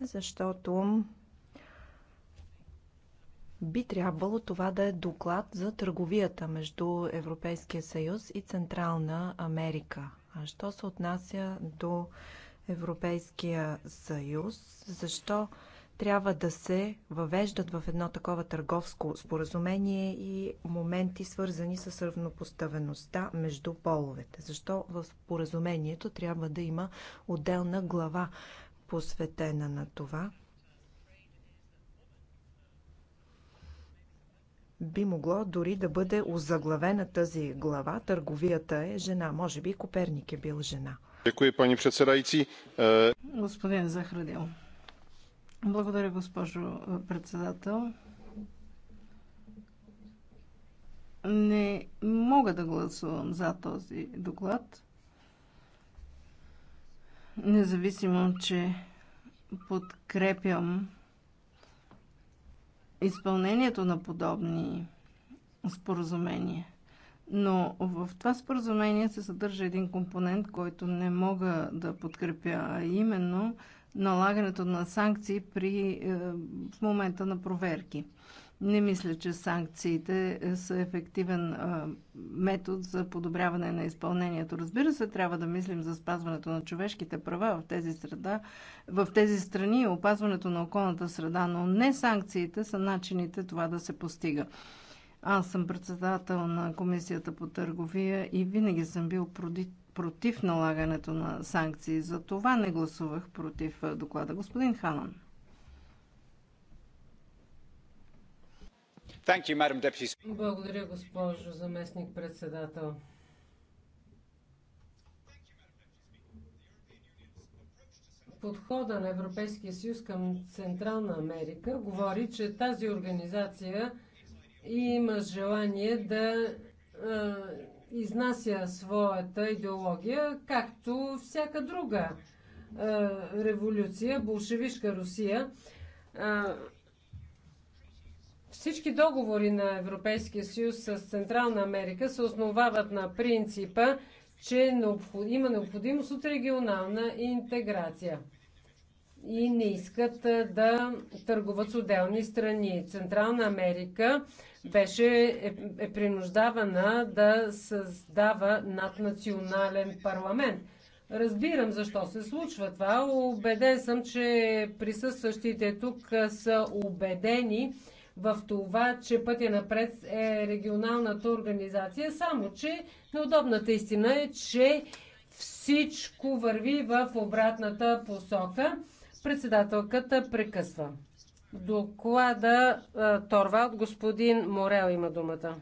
Speaker 4: защото би трябвало това да е доклад за търговията между Европейския съюз и Централна Америка. А що се отнася до Европейския съюз, защо трябва да се въвеждат в едно такова търговско споразумение и моменти свързани с равнопоставеността между половете? Защо в споразумението трябва да има отделна глава посветена на това? би могло дори да бъде озаглавена тази глава. Търговията е жена. Може би Коперник е бил жена.
Speaker 7: Děkuji, пани předsedající. Е,
Speaker 4: Господин Захрадил. Благодаря, госпожо председател.
Speaker 7: Не мога да гласувам за този доклад. Независимо, че подкрепям изпълнението на подобни споразумения. Но в това споразумение се съдържа един компонент, който не мога да подкрепя, а именно налагането на санкции при, е, в момента на проверки. Не мисля, че санкциите е, са ефективен метод за подобряване на изпълнението. Разбира се, трябва да мислим за спазването на човешките права в тези, среда, в тези страни и опазването на околната среда, но не санкциите са начините това да се постига. Аз съм председател на Комисията по търговия и винаги съм бил против налагането на санкции. За това не гласувах против доклада. Господин Ханан.
Speaker 6: Благодаря, госпожо заместник-председател. Подхода на Европейския съюз към Централна Америка говори, че тази организация има желание да изнася своята идеология, както всяка друга революция, болшевишка Русия всички договори на Европейския съюз с Централна Америка се основават на принципа, че има необходимост от регионална интеграция и не искат да търгуват с отделни страни. Централна Америка беше е, е принуждавана да създава наднационален парламент. Разбирам защо се случва това. Обеден съм, че присъстващите тук са убедени, в това, че пътя напред е регионалната организация, само че неудобната истина е, че всичко върви в обратната посока. Председателката прекъсва. Доклада Торва от господин Морел има думата.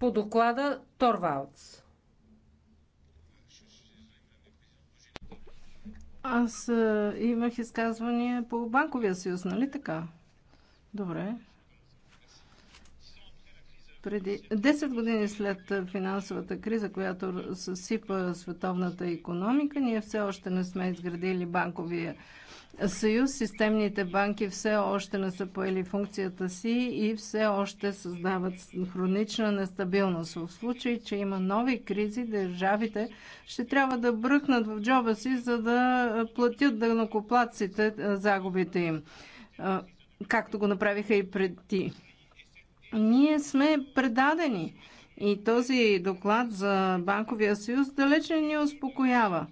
Speaker 6: По доклада Торвалц.
Speaker 7: Аз е, имах изказвания по Банковия съюз, нали така? Добре. Преди 10 години след е, финансовата криза, която съсипа световната економика, ние все още не сме изградили банковия съюз системните банки все още не са поели функцията си и все още създават хронична нестабилност. В случай, че има нови кризи, държавите ще трябва да бръкнат в джоба си, за да платят дънокоплатците загубите им, както го направиха и преди. Ние сме предадени и този доклад за Банковия съюз далеч не ни успокоява.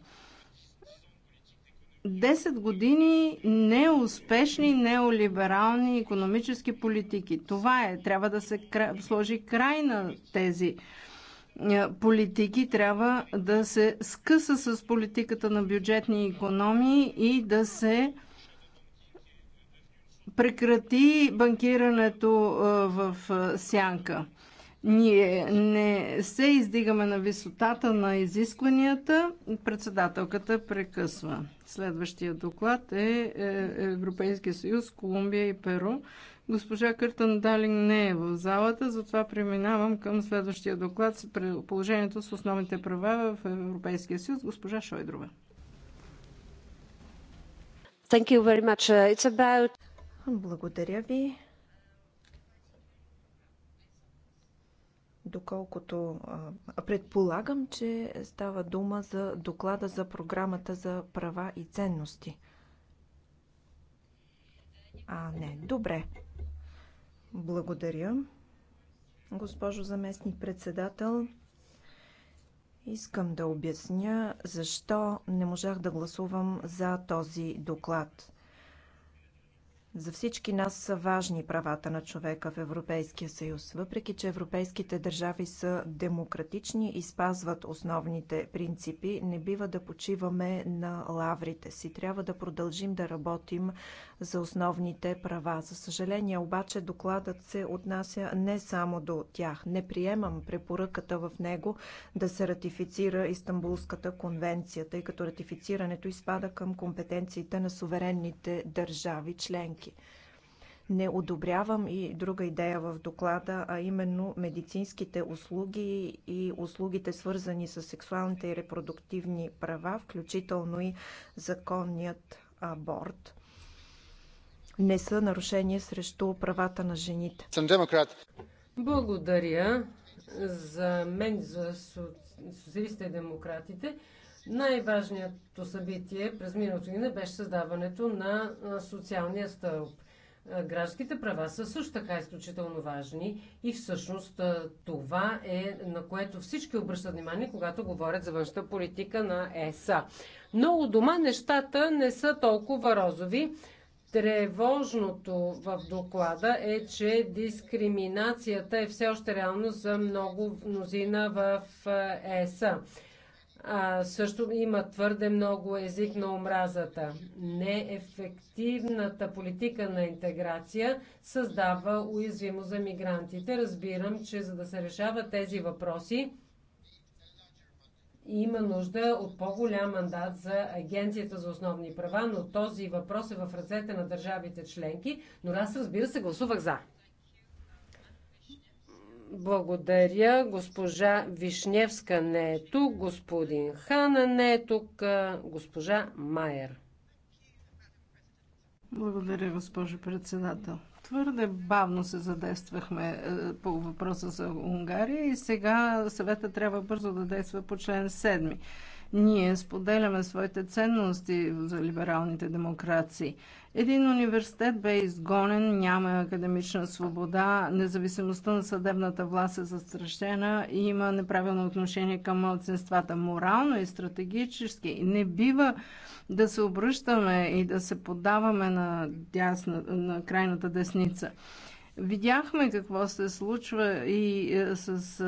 Speaker 7: 10 години неуспешни неолиберални економически политики. Това е. Трябва да се сложи край на тези е, политики. Трябва да се скъса с политиката на бюджетни економии и да се прекрати банкирането е, в е, сянка. Ние не се издигаме на висотата на изискванията. Председателката прекъсва. Следващия доклад е, е Европейския съюз, Колумбия и Перу. Госпожа Къртън Далин не е в залата, затова преминавам към следващия доклад с положението с основните права в Европейския съюз. Госпожа Шойдрова.
Speaker 4: About... Благодаря ви. доколкото предполагам, че става дума за доклада за програмата за права и ценности. А, не, добре. Благодаря. Госпожо заместник председател, искам да обясня защо не можах да гласувам за този доклад. За всички нас са важни правата на човека в Европейския съюз. Въпреки, че европейските държави са демократични и спазват основните принципи, не бива да почиваме на лаврите си. Трябва да продължим да работим за основните права. За съжаление, обаче, докладът се отнася не само до тях. Не приемам препоръката в него да се ратифицира Истанбулската конвенция, тъй като ратифицирането изпада към компетенциите на суверенните държави членки членки. Не одобрявам и друга идея в доклада, а именно медицинските услуги и услугите свързани с сексуалните и репродуктивни права, включително и законният аборт не са нарушение срещу правата на жените. Съм демократ. Благодаря
Speaker 6: за мен, за социалистите и демократите. Най-важното събитие през миналото година беше създаването на социалния стълб. Гражданските права са също така изключително важни и всъщност това е на което всички обръщат внимание, когато говорят за външната политика на ЕСА. Но у дома нещата не са толкова розови. Тревожното в доклада е, че дискриминацията е все още реално за много мнозина в ЕСА а, също има твърде много език на омразата. Неефективната политика на интеграция създава уязвимо за мигрантите. Разбирам, че за да се решават тези въпроси, има нужда от по-голям мандат за Агенцията за основни права, но този въпрос е в ръцете на държавите членки, но аз разбира се гласувах за. Благодаря. Госпожа Вишневска не е тук, господин Хана не е тук, госпожа Майер.
Speaker 7: Благодаря, госпожо председател. Твърде бавно се задействахме е, по въпроса за Унгария и сега съвета трябва бързо да действа по член 7. Ние споделяме своите ценности за либералните демокрации. Един университет бе изгонен, няма академична свобода, независимостта на съдебната власт е застрашена и има неправилно отношение към младсинствата. Морално и стратегически не бива да се обръщаме и да се поддаваме на, дясна, на крайната десница. Видяхме какво се случва и е, с,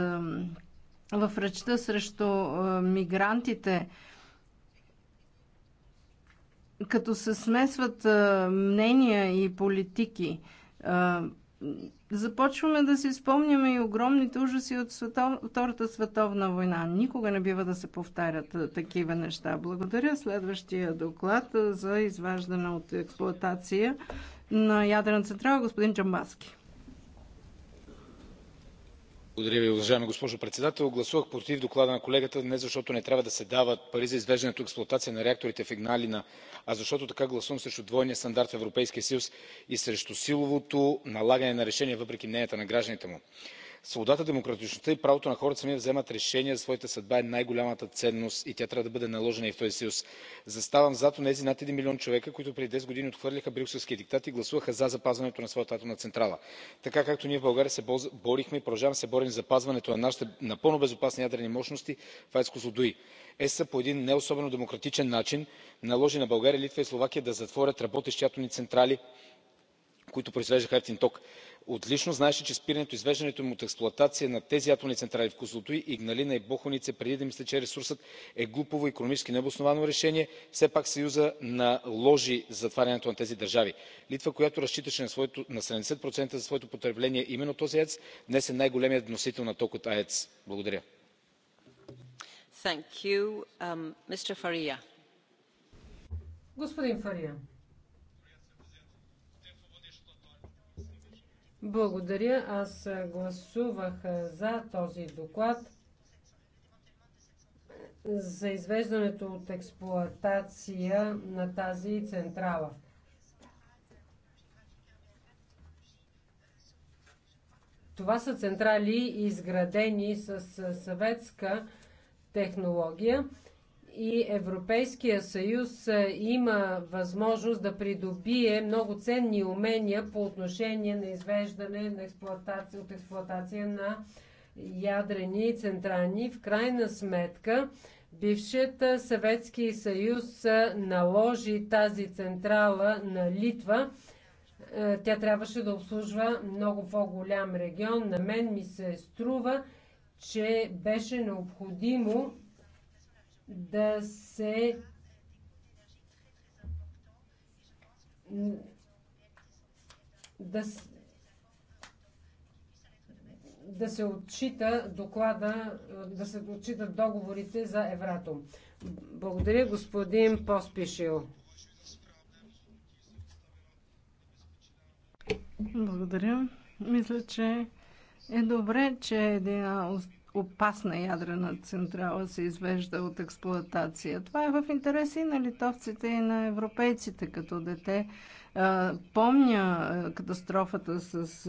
Speaker 7: в речта срещу е, мигрантите – като се смесват мнения и политики. Започваме да си спомняме и огромните ужаси от светов... Втората световна война. Никога не бива да се повтарят такива неща. Благодаря. Следващия доклад за изваждане от експлоатация на ядрена централа, господин Джамбаски.
Speaker 5: Благодаря ви, уважаема госпожо председател. гласувах против доклада на колегата не защото не трябва да се дават пари за извеждането от експлоатация на реакторите в игналина а защото така гласувам срещу двойния стандарт в европейския съюз и срещу силовото налагане на решения въпреки мненията на гражданите му свободата демократичността и правото на хората сами да вземат решения за своята съдба е най голямата ценност и тя трябва да бъде наложена и в този съюз. заставам зад онези над един милион човека които преди десет години отхвърлиха брюкселския диктат и гласуваха за запазването на своята атомна централа. така както ние в българия се борихме и продължаваме да се борим за запазването на нашите напълно безопасни ядрени мощности в аец козлодуй европейският по един не особено демократичен начин наложи на българя литва и словакия да затворят работещи атомни централи които произвеждаха евтин ток. отлично знаеше че спирането и извеждането им от експлоатация на тези атомни централи в козлодуй игналина и бохоница, преди да им изтече ресурсът е глупаво и икономически необосновано решение. все пак съюзът наложи затварянето на тези държави. литва която разчиташе на седемдесет за своето потребление именно от този аец днес е най големият вносител на ток от аец. благодаря.
Speaker 4: Um,
Speaker 6: господин фария Благодаря. Аз гласувах за този доклад за извеждането от експлоатация на тази централа. Това са централи, изградени с съветска технология и Европейския съюз е, има възможност да придобие много ценни умения по отношение на извеждане на експлуатация, от експлуатация на ядрени централи. В крайна сметка, бившият Съветски съюз е, наложи тази централа на Литва. Е, тя трябваше да обслужва много по-голям регион. На мен ми се струва, че беше необходимо да се да, да се отчита доклада, да се отчитат договорите за Евратом. Благодаря, господин Поспишил.
Speaker 7: Благодаря. Мисля, че е добре, че една опасна ядрена централа се извежда от експлоатация. Това е в интерес и на литовците, и на европейците. Като дете помня катастрофата с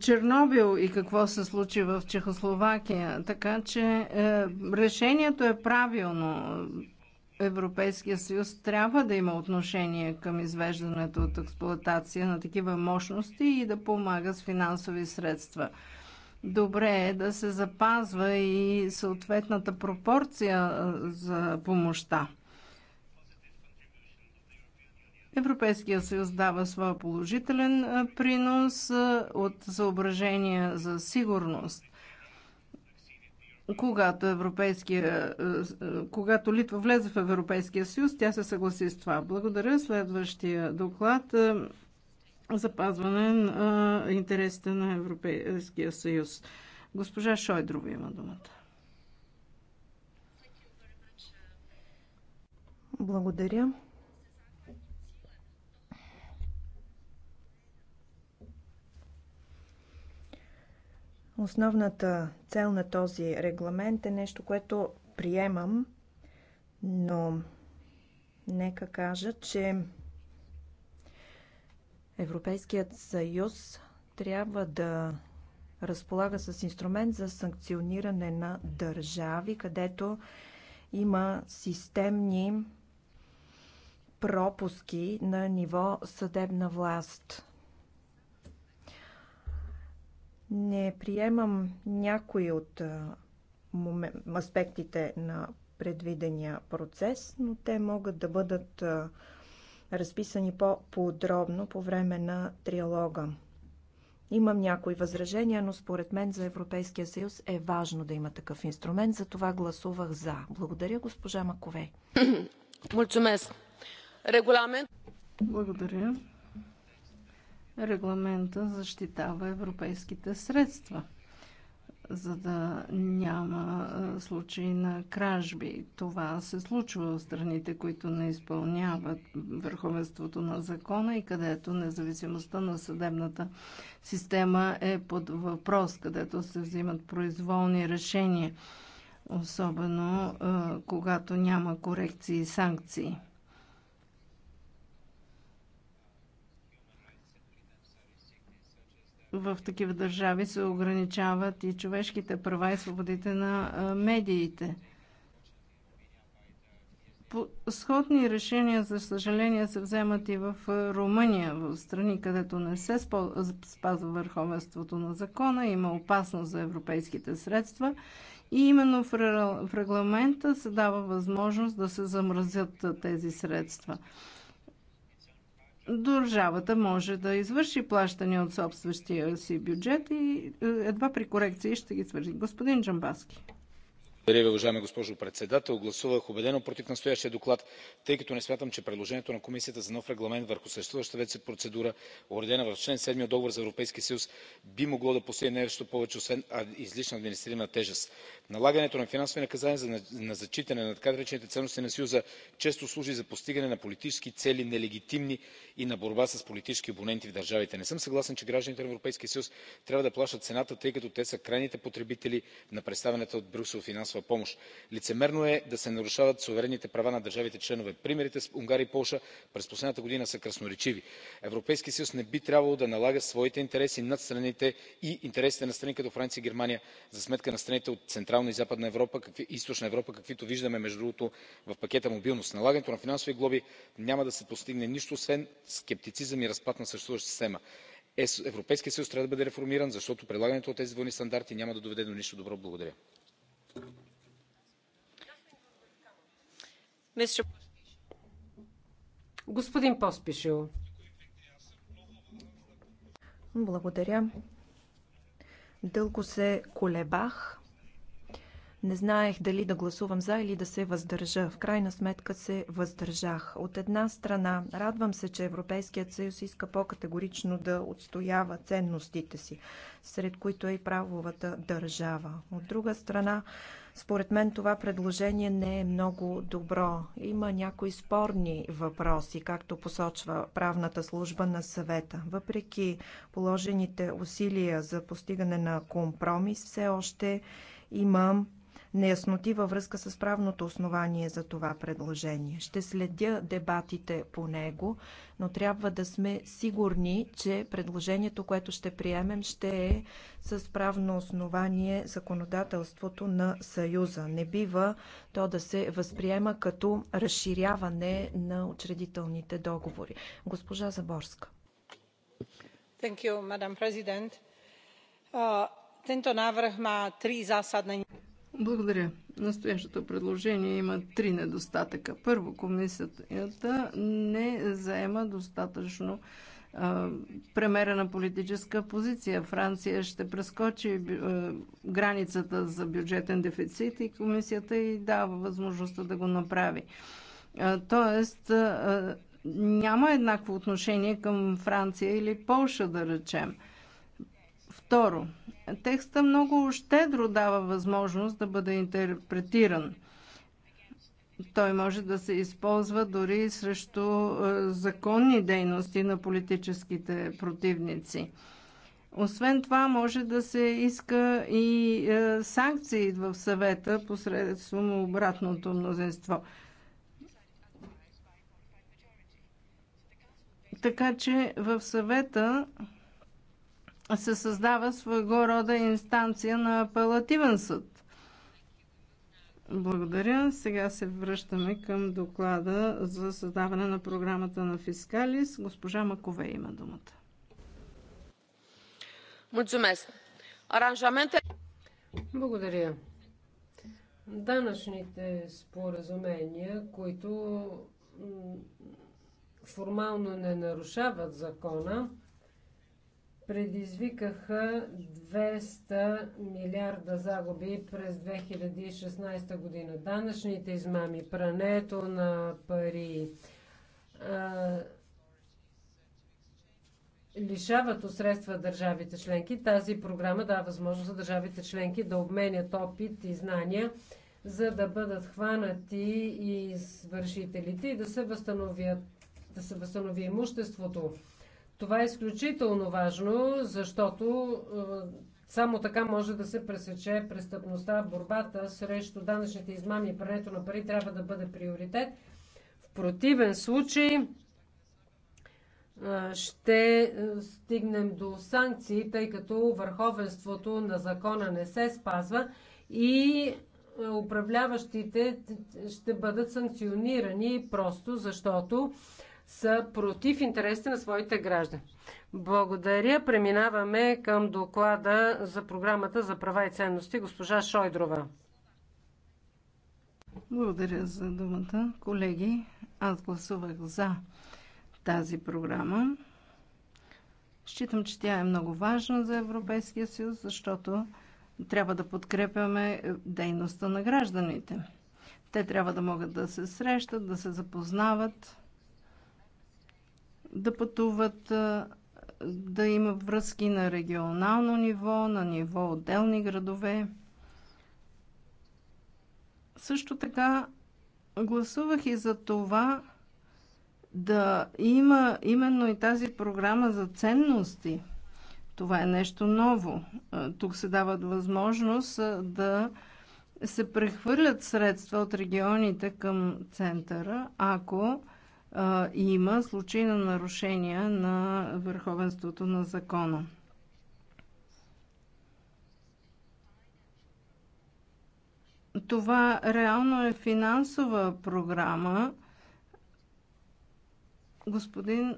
Speaker 7: Чернобил и какво се случи в Чехословакия. Така че е, решението е правилно. Европейския съюз трябва да има отношение към извеждането от експлоатация на такива мощности и да помага с финансови средства добре е да се запазва и съответната пропорция за помощта. Европейския съюз дава своя положителен принос от съображения за сигурност. Когато, Европейския, когато Литва влезе в Европейския съюз, тя се съгласи с това. Благодаря. Следващия доклад запазване на интересите на Европейския съюз. Госпожа Шойдрова има думата.
Speaker 4: Благодаря. Основната цел на този регламент е нещо, което приемам, но нека кажа, че Европейският съюз трябва да разполага с инструмент за санкциониране на държави, където има системни пропуски на ниво съдебна власт. Не приемам някои от аспектите на предвидения процес, но те могат да бъдат разписани по-подробно по време на триалога. Имам някои възражения, но според мен за Европейския съюз е важно да има такъв инструмент, затова гласувах за. Благодаря, госпожа Макове. [clears throat] Мулцумес. Регламент. Благодаря.
Speaker 7: Регламента защитава европейските средства – за да няма случаи на кражби. Това се случва в страните, които не изпълняват върховенството на закона и където независимостта на съдебната система е под въпрос, където се взимат произволни решения, особено когато няма корекции и санкции. в такива държави се ограничават и човешките права и свободите на медиите. Сходни решения, за съжаление, се вземат и в Румъния, в страни, където не се спазва върховенството на закона, има опасност за европейските средства и именно в регламента се дава възможност да се замразят тези средства държавата може да извърши плащане от собствения си бюджет и е, едва при корекции ще ги свържи. Господин Джамбаски
Speaker 5: уважаема госпожо председател. гласувах убедено против настоящия доклад тъй като не смятам че предложението на комисията за нов регламент върху съществуващата вече процедура уредена в член 7 от договора за европейския съюз би могло да постигне нещо повече освен излишна административна тежест. налагането на финансови наказания за зачитане на така наречените ценности на съюза често служи за постигане на политически цели нелегитимни и на борба с политически опоненти в държавите. не съм съгласен че гражданите на европейския съюз трябва да плащат цената тъй като те са крайните потребители на представената от брюксел финансова финансова помощ. лицемерно е да се нарушават суверенните права на държавите членки. примерите с унгария и полша през последната година са красноречиви. европейският съюз не би трябвало да налага своите интереси над страните и интересите на страни като франция и германия за сметка на страните от централна и западна и източна европа каквито виждаме между другото в пакета мобилност. с налагането на финансови глоби няма да се постигне нищо освен скептицизъм и разпад на съществуващата система. Е, европейският съюз трябва да бъде реформиран защото прилагането на тези двойни стандарти няма да доведе до нищо добро. благодаря.
Speaker 6: Господин Поспишил.
Speaker 4: Благодаря. Дълго се колебах. Не знаех дали да гласувам за или да се въздържа. В крайна сметка се въздържах. От една страна, радвам се, че Европейският съюз иска по-категорично да отстоява ценностите си, сред които е и правовата държава. От друга страна, според мен това предложение не е много добро. Има някои спорни въпроси, както посочва правната служба на съвета. Въпреки положените усилия за постигане на компромис, все още има неясноти във връзка с правното основание за това предложение. Ще следя дебатите по него, но трябва да сме сигурни, че предложението, което ще приемем, ще е с правно основание законодателството на Съюза. Не бива то да се възприема като разширяване на учредителните договори. Госпожа Заборска.
Speaker 6: Thank you, Madam President. Uh, tento návrh má zásadné
Speaker 7: благодаря. Настоящото предложение има три недостатъка. Първо, комисията не заема достатъчно премерена политическа позиция. Франция ще прескочи границата за бюджетен дефицит и комисията й дава възможността да го направи. тоест, няма еднакво отношение към Франция или Полша, да речем. Второ, текста много щедро дава възможност да бъде интерпретиран. Той може да се използва дори срещу е, законни дейности на политическите противници. Освен това, може да се иска и е, санкции в съвета посредством обратното мнозинство. Така че в съвета се създава своего рода инстанция на апелативен съд. Благодаря. Сега се връщаме към доклада за създаване на програмата на Фискалис. Госпожа Макове има думата.
Speaker 2: Мулцумес. Аранжамента...
Speaker 6: Благодаря. Данъчните споразумения, които формално не нарушават закона, предизвикаха 200 милиарда загуби през 2016 година. Данъчните измами, прането на пари, а, лишават от средства държавите членки. Тази програма дава възможност за държавите членки да обменят опит и знания, за да бъдат хванати и извършителите и да се възстановят да се възстанови имуществото. Това е изключително важно, защото е, само така може да се пресече престъпността. Борбата срещу данъчните измами и прането на пари трябва да бъде приоритет. В противен случай е, ще е, стигнем до санкции, тъй като върховенството на закона не се спазва и управляващите ще бъдат санкционирани просто защото са против интересите на своите граждани. Благодаря. Преминаваме към доклада за програмата за права и ценности. Госпожа Шойдрова.
Speaker 7: Благодаря за думата. Колеги, аз гласувах за тази програма. Считам, че тя е много важна за Европейския съюз, защото трябва да подкрепяме дейността на гражданите. Те трябва да могат да се срещат, да се запознават да пътуват, да има връзки на регионално ниво, на ниво отделни градове. Също така гласувах и за това да има именно и тази програма за ценности. Това е нещо ново. Тук се дават възможност да се прехвърлят средства от регионите към центъра, ако има случаи на нарушения на върховенството на закона. Това реално е финансова програма. Господин,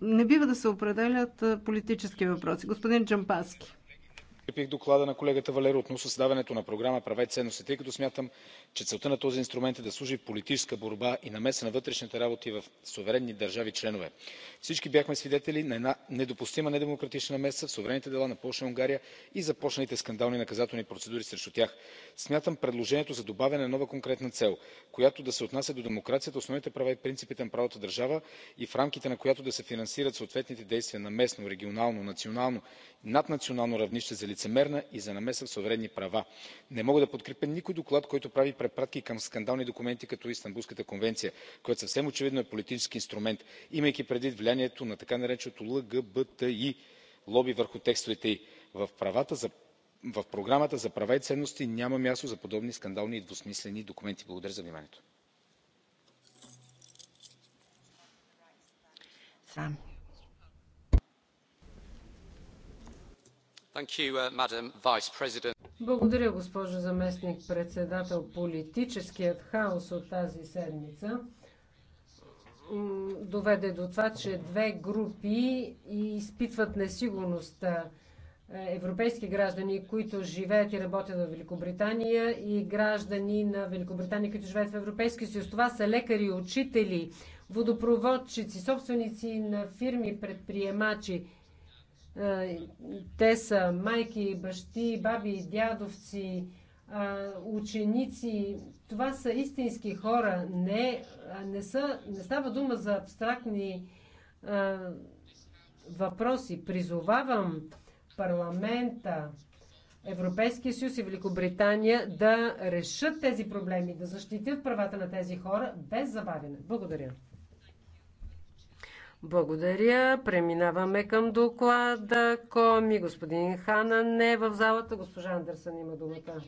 Speaker 7: не бива да се определят политически въпроси. Господин Джампаски
Speaker 5: подкрепих доклада на колегата валеро относно създаването на програма права и ценности тъй като смятам че целта на този инструмент е да служи в политическа борба и намеса на вътрешните работи в суверенни държави членки. всички бяхме свидетели на една недопустима недемократична намеса в суверенните дела на полша и унгария и започналите скандални наказателни процедури срещу тях. смятам предложението за добавяне на нова конкретна цел която да се отнася до демокрацията основните права и принципите на правовата държава и в рамките на която да се финансират съответните действия на местно регионално национално и наднационално равнище лицемерна и за намеса в суверенни права. не мога да подкрепя никой доклад който прави препратки към скандални документи като истанбулската конвенция която съвсем очевидно е политически инструмент имайки предвид влиянието на така нареченото лгбти лоби върху текстовете ѝ. в програмата за права и ценности няма място за подобни скандални и двусмислени документи. благодаря за вниманието.
Speaker 2: Uh,
Speaker 6: Благодаря, госпожо заместник председател. Политическият хаос от тази седмица доведе до това, че две групи изпитват несигурност. Е, европейски граждани, които живеят и работят в Великобритания и граждани на Великобритания, които живеят в Европейския съюз. Това са лекари, учители, водопроводчици, собственици на фирми, предприемачи – е, те са майки, бащи, баби, дядовци, е, ученици. Това са истински хора. Не, не, са, не става дума за абстрактни е, въпроси. Призовавам парламента, Европейския съюз и Великобритания да решат тези проблеми, да защитят правата на тези хора без забавяне. Благодаря. Благодаря. Преминаваме към доклада. Коми, господин Хана не е в залата. Госпожа Андерсън има думата.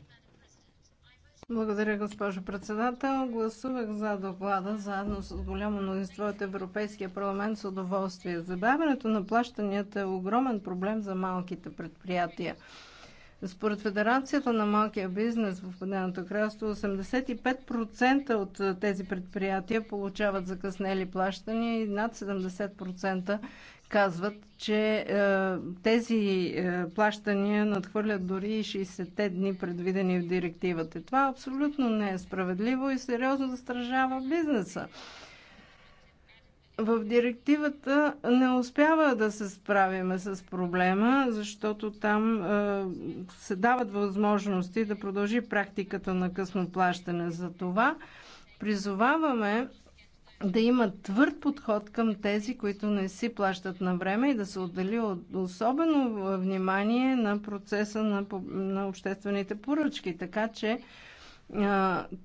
Speaker 7: Благодаря, госпожо председател. Гласувах за доклада заедно с голямо мнозинство от Европейския парламент с удоволствие. Забавянето на плащанията е огромен проблем за малките предприятия. Според Федерацията на малкия бизнес в Обединеното кралство, 85% от тези предприятия получават закъснели плащания и над 70% казват, че е, тези е, плащания надхвърлят дори 60-те дни, предвидени в директивата. Това абсолютно не е справедливо и сериозно застражава бизнеса в директивата не успява да се справиме с проблема, защото там е, се дават възможности да продължи практиката на късно плащане. За това призоваваме да има твърд подход към тези, които не си плащат на време и да се отдели от особено внимание на процеса на, на обществените поръчки. Така че е,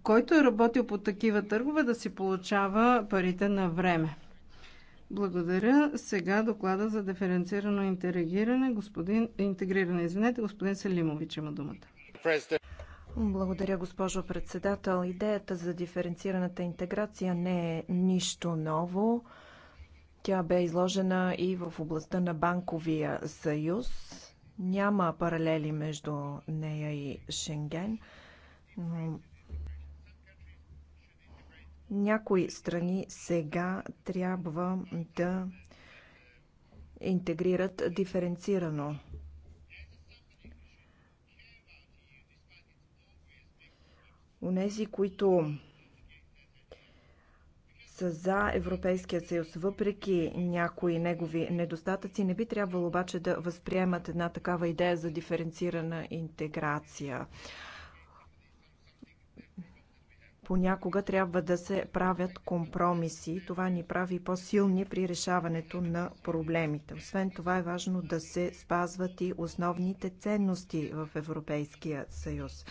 Speaker 7: който е работил по такива търгове, да си получава парите на време. Благодаря. Сега доклада за диференцирано интегриране, господин, интегриране, извинете, господин Селимович има думата.
Speaker 4: Благодаря, госпожо председател. Идеята за диференцираната интеграция не е нищо ново. Тя бе изложена и в областта на банковия съюз. Няма паралели между нея и Шенген. Някои страни сега трябва да интегрират диференцирано. Унези, които са за Европейския съюз, въпреки някои негови недостатъци, не би трябвало обаче да възприемат една такава идея за диференцирана интеграция. Понякога трябва да се правят компромиси. Това ни прави по-силни при решаването на проблемите. Освен това е важно да се спазват и основните ценности в Европейския съюз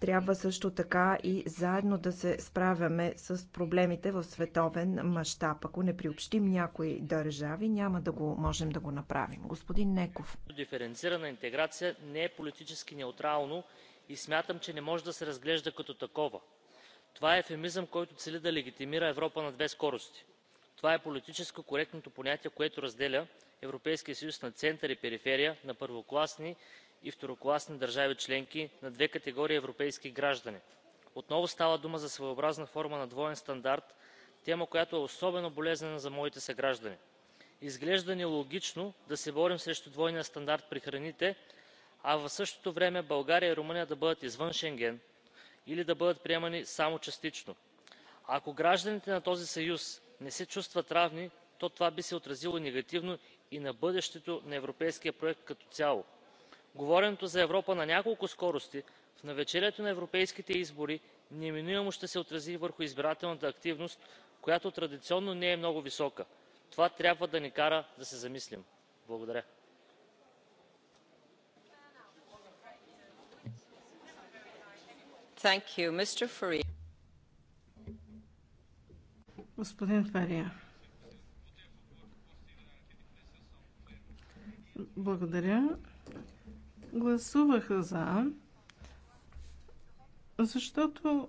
Speaker 4: трябва също така и заедно да се справяме с проблемите в световен мащаб. Ако не приобщим някои държави, няма да го можем да го направим. Господин Неков.
Speaker 9: Диференцирана интеграция не е политически неутрално и смятам, че не може да се разглежда като такова това е евфемизъм който цели да легитимира европа на две скорости. това е политически коректното понятие което разделя европейския съюз на център и периферия на първокласни и второкласни държави членки на две категории европейски граждани. отново става дума за своеобразна форма на двоен стандарт тема която е особено болезнена за моите съграждани. изглежда нелогично да се борим срещу двойния стандарт при храните а в същото време българя и румъния да бъдат извън шенген или да бъдат приемани само частично. ако гражданите на този съюз не се чувстват равни то това би се отразило негативно и на бъдещето на европейския проект като цяло. говоренето за европа на няколко скорости в навечерието на европейските избори неминуемо ще се отрази върху избирателната активност която традиционно не е много висока. това трябва да ни кара да се замислим. благодаря.
Speaker 7: Господин Фария. Благодаря. Гласувах за, защото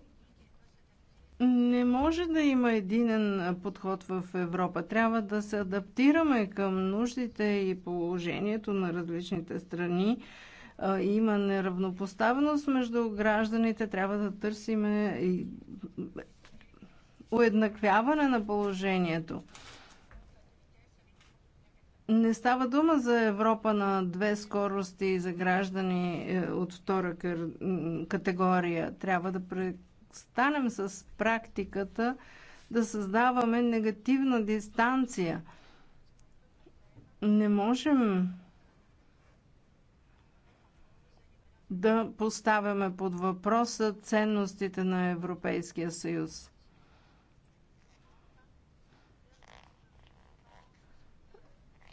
Speaker 7: не може да има единен подход в Европа. Трябва да се адаптираме към нуждите и положението на различните страни има неравнопоставеност между гражданите, трябва да търсиме уеднаквяване на положението. Не става дума за Европа на две скорости за граждани е, от втора категория. Трябва да престанем с практиката да създаваме негативна дистанция. Не можем да поставяме под въпроса ценностите на Европейския съюз.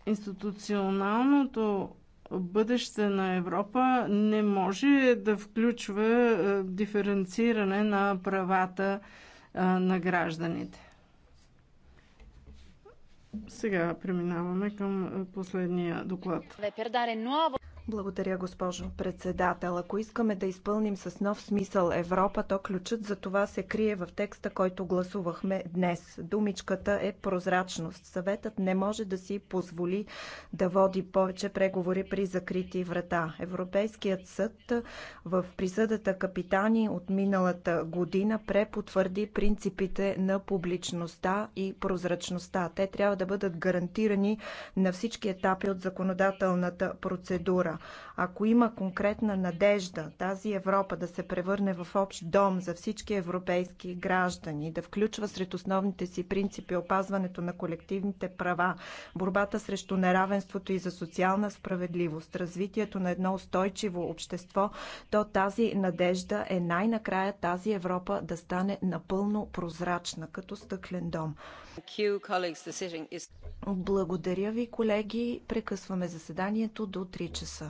Speaker 7: Институционалното бъдеще на Европа не може да включва е, диференциране на правата е, на гражданите. Сега преминаваме към е, последния доклад.
Speaker 4: Благодаря, госпожо председател. Ако искаме да изпълним с нов смисъл Европа, то ключът за това се крие в текста, който гласувахме днес. Думичката е прозрачност. Съветът не може да си позволи да води повече преговори при закрити врата. Европейският съд в присъдата Капитани от миналата година препотвърди принципите на публичността и прозрачността. Те трябва да бъдат гарантирани на всички етапи от законодателната процедура ако има конкретна надежда тази Европа да се превърне в общ дом за всички европейски граждани, да включва сред основните си принципи опазването на колективните права, борбата срещу неравенството и за социална справедливост, развитието на едно устойчиво общество, то тази надежда е най-накрая тази Европа да стане напълно прозрачна, като стъклен дом. Благодаря ви, колеги. Прекъсваме заседанието до 3 часа.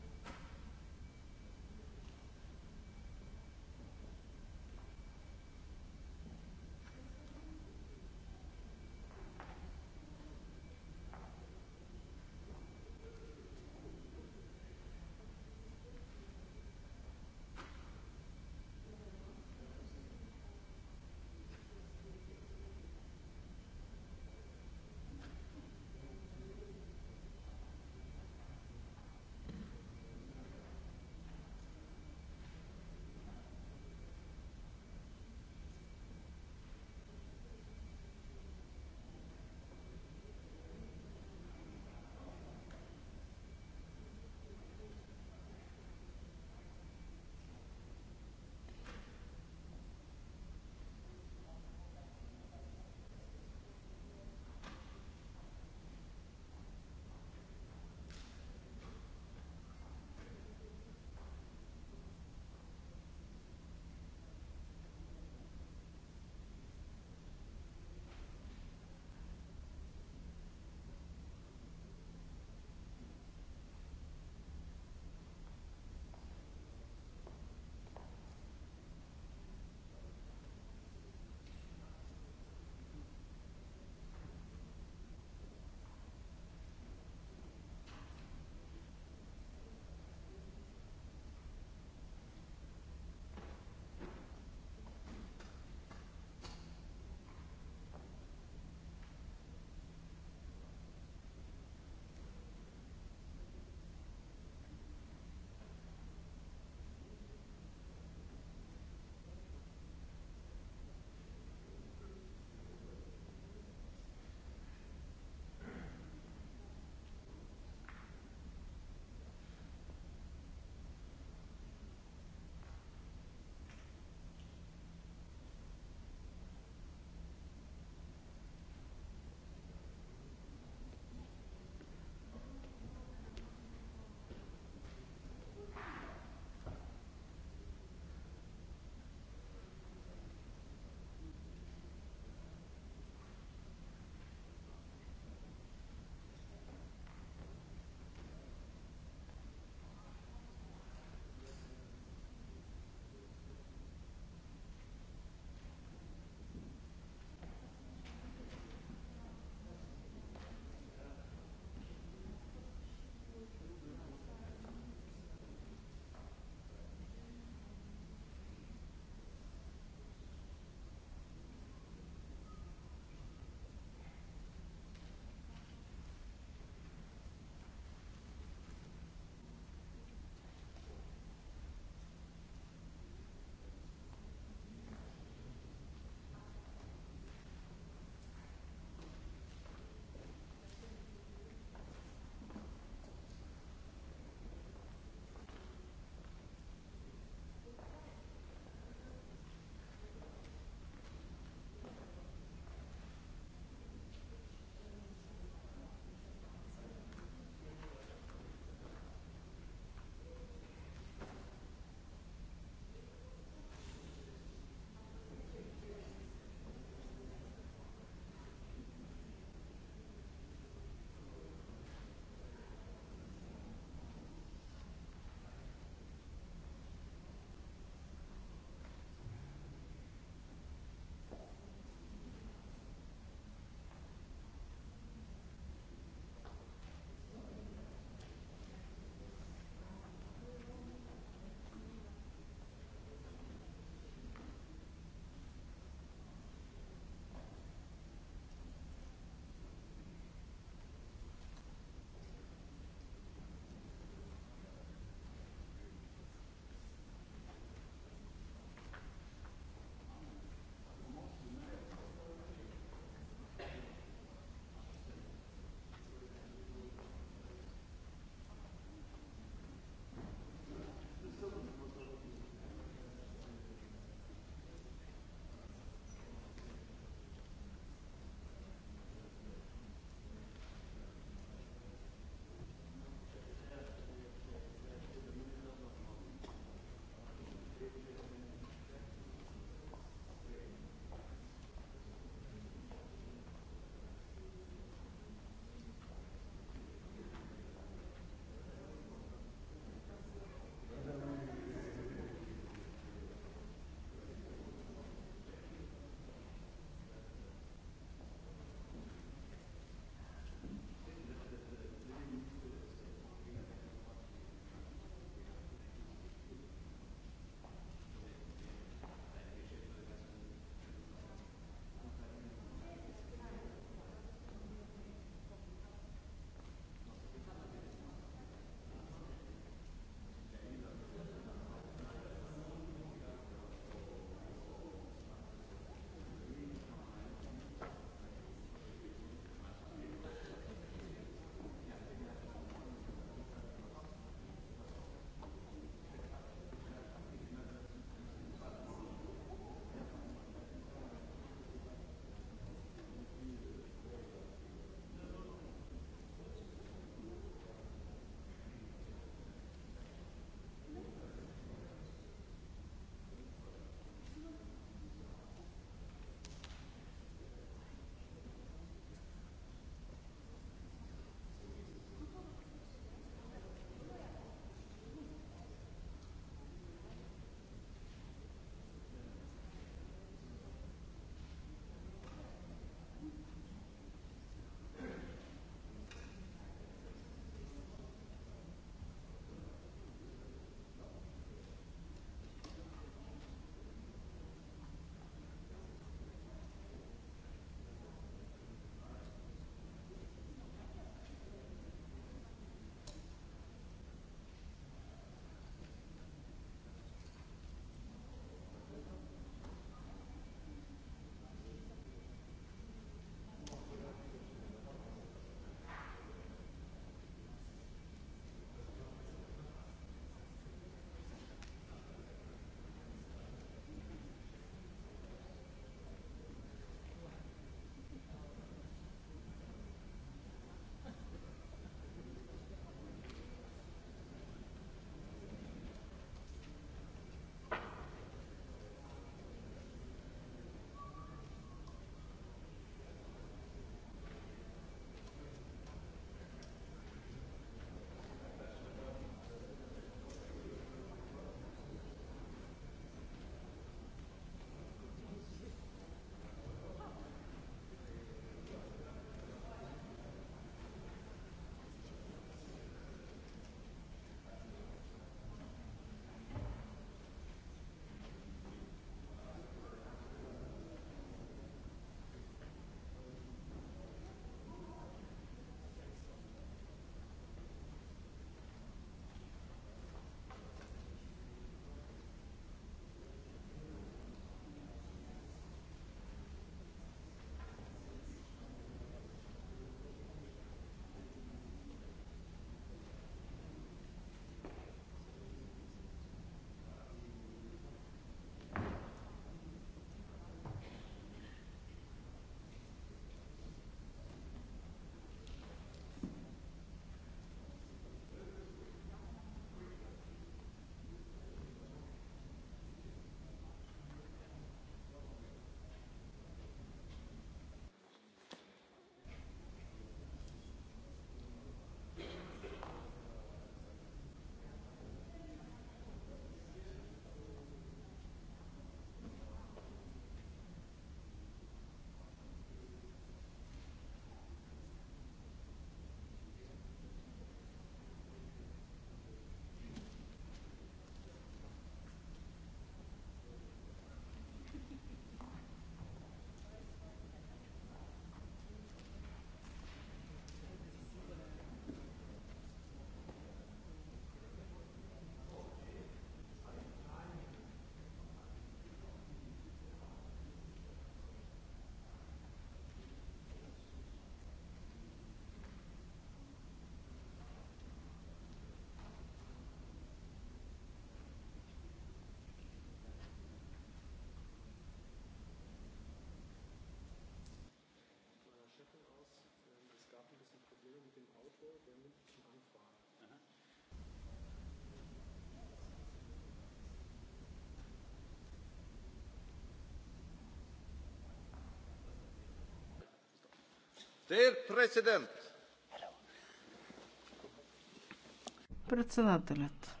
Speaker 4: Председателят.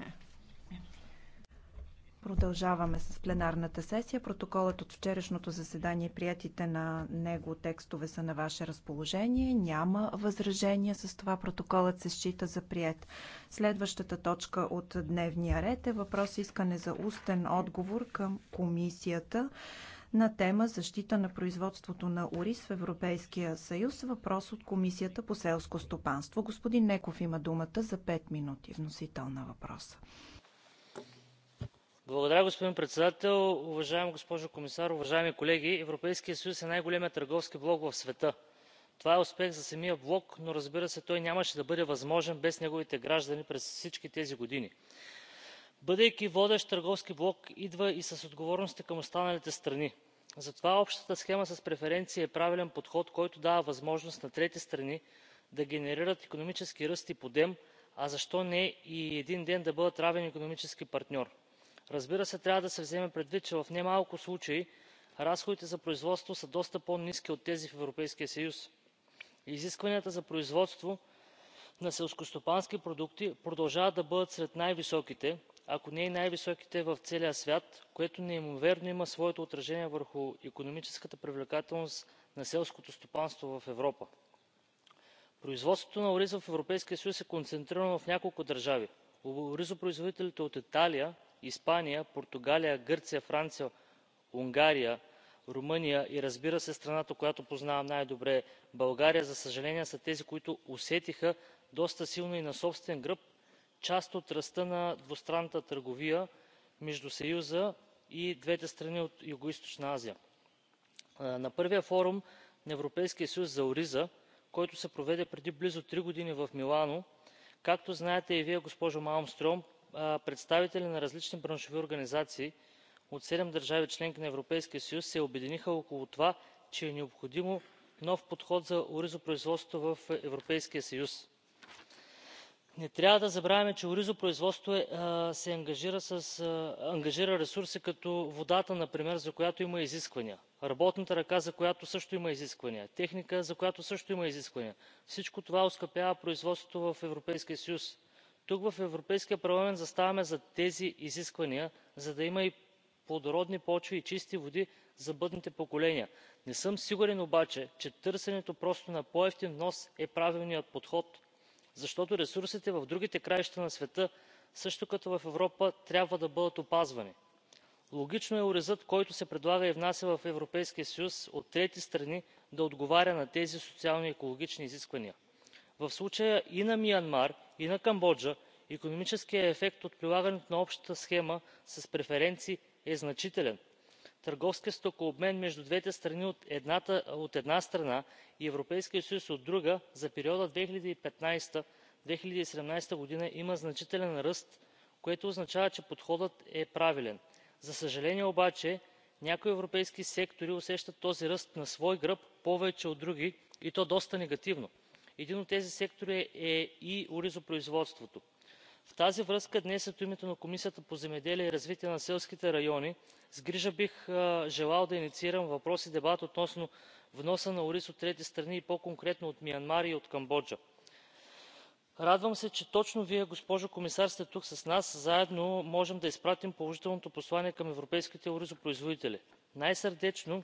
Speaker 4: Е, е. Продължаваме с пленарната сесия. Протоколът от вчерашното заседание и приятите на него текстове са на ваше разположение. Няма възражения. С това протоколът се счита за прият. Следващата точка от дневния ред е въпрос искане за устен отговор към комисията на тема защита на производството на ориз в Европейския съюз. Въпрос от Комисията по селско стопанство. Господин Неков има думата за 5 минути. Вносител на въпроса.
Speaker 9: Благодаря, господин председател. Уважаема госпожо комисар, уважаеми колеги! Европейския съюз е най-големият търговски блок в света. Това е успех за самия блок, но разбира се, той нямаше да бъде възможен без неговите граждани през всички тези години. Бъдейки водещ търговски блок, идва и с отговорности към останалите страни затова общата схема с преференции е правилен подход който дава възможност на трети страни да генерират икономически ръст и подем а защо не и един ден да бъдат равен икономически партньор. разбира се трябва да се вземе предвид че в немалко случаи разходите за производство са доста по ниски от тези в европейския съюз. изискванията за производство на селскостопански продукти продължават да бъдат сред най високите ако не и най високите в целия свят което неимоверно има своето отражение върху икономическата привлекателност на селското стопанство в европа. производството на ориз в европейския съюз е концентрирано в няколко държави. оризопроизводителите от италия испания португалия гърция франция унгария румъния и разбира се страната която познавам най добре българя за съжаление са тези които усетиха доста силно и на собствен гръб част от ръста на двустранната търговия между съюза и двете страни от югоизточна азия. на първия форум на европейския съюз за ориза който се проведе преди близо три години в милано както знаете и вие госпожо малмстром представители на различни браншови организации от седем държави членки на европейския съюз се обединиха около това че е необходим нов подход за оризопроизводството в европейския съюз. Не трябва да забравяме, че оризопроизводството е, ангажира ресурси като водата например, за която има изисквания, работната ръка, за която също има изисквания, техника, за която също има изисквания. Всичко това оскъпява производството в Европейския съюз. Тук, в Европейския парламент, заставаме зад тези изисквания, за да има и плодородни почви и чисти води за бъдните поколения. Не съм сигурен обаче, че търсенето просто на по-евтин внос е правилният подход защото ресурсите в другите краища на света също като в европа трябва да бъдат опазвани. логично е оризът който се предлага и внася в европейския съюз от трети страни да отговаря на тези социални и екологични изисквания. в случая и на мианмар и на камбоджа икономическият ефект от прилагането на общата схема с преференции е значителен търговският стокообмен между двете страни от една страна и европейския съюз от друга за периода 2015 2017 г. има значителен ръст което означава че подходът е правилен. за съжаление обаче някои европейски сектори усещат този ръст на свой гръб повече от други и то доста негативно. един от тези сектори е и оризопроизводството в тази връзка днес от името на комисията по земеделие и развитие на селските райони с грижа бих желал да инициирам въпрос и дебат относно вноса на ориз от трети страни и по конкретно от мианмар и от камбоджа. радвам се че точно вие госпожо комисар сте тук с нас. заедно можем да изпратим положителното послание към европейските оризопроизводители. най сърдечно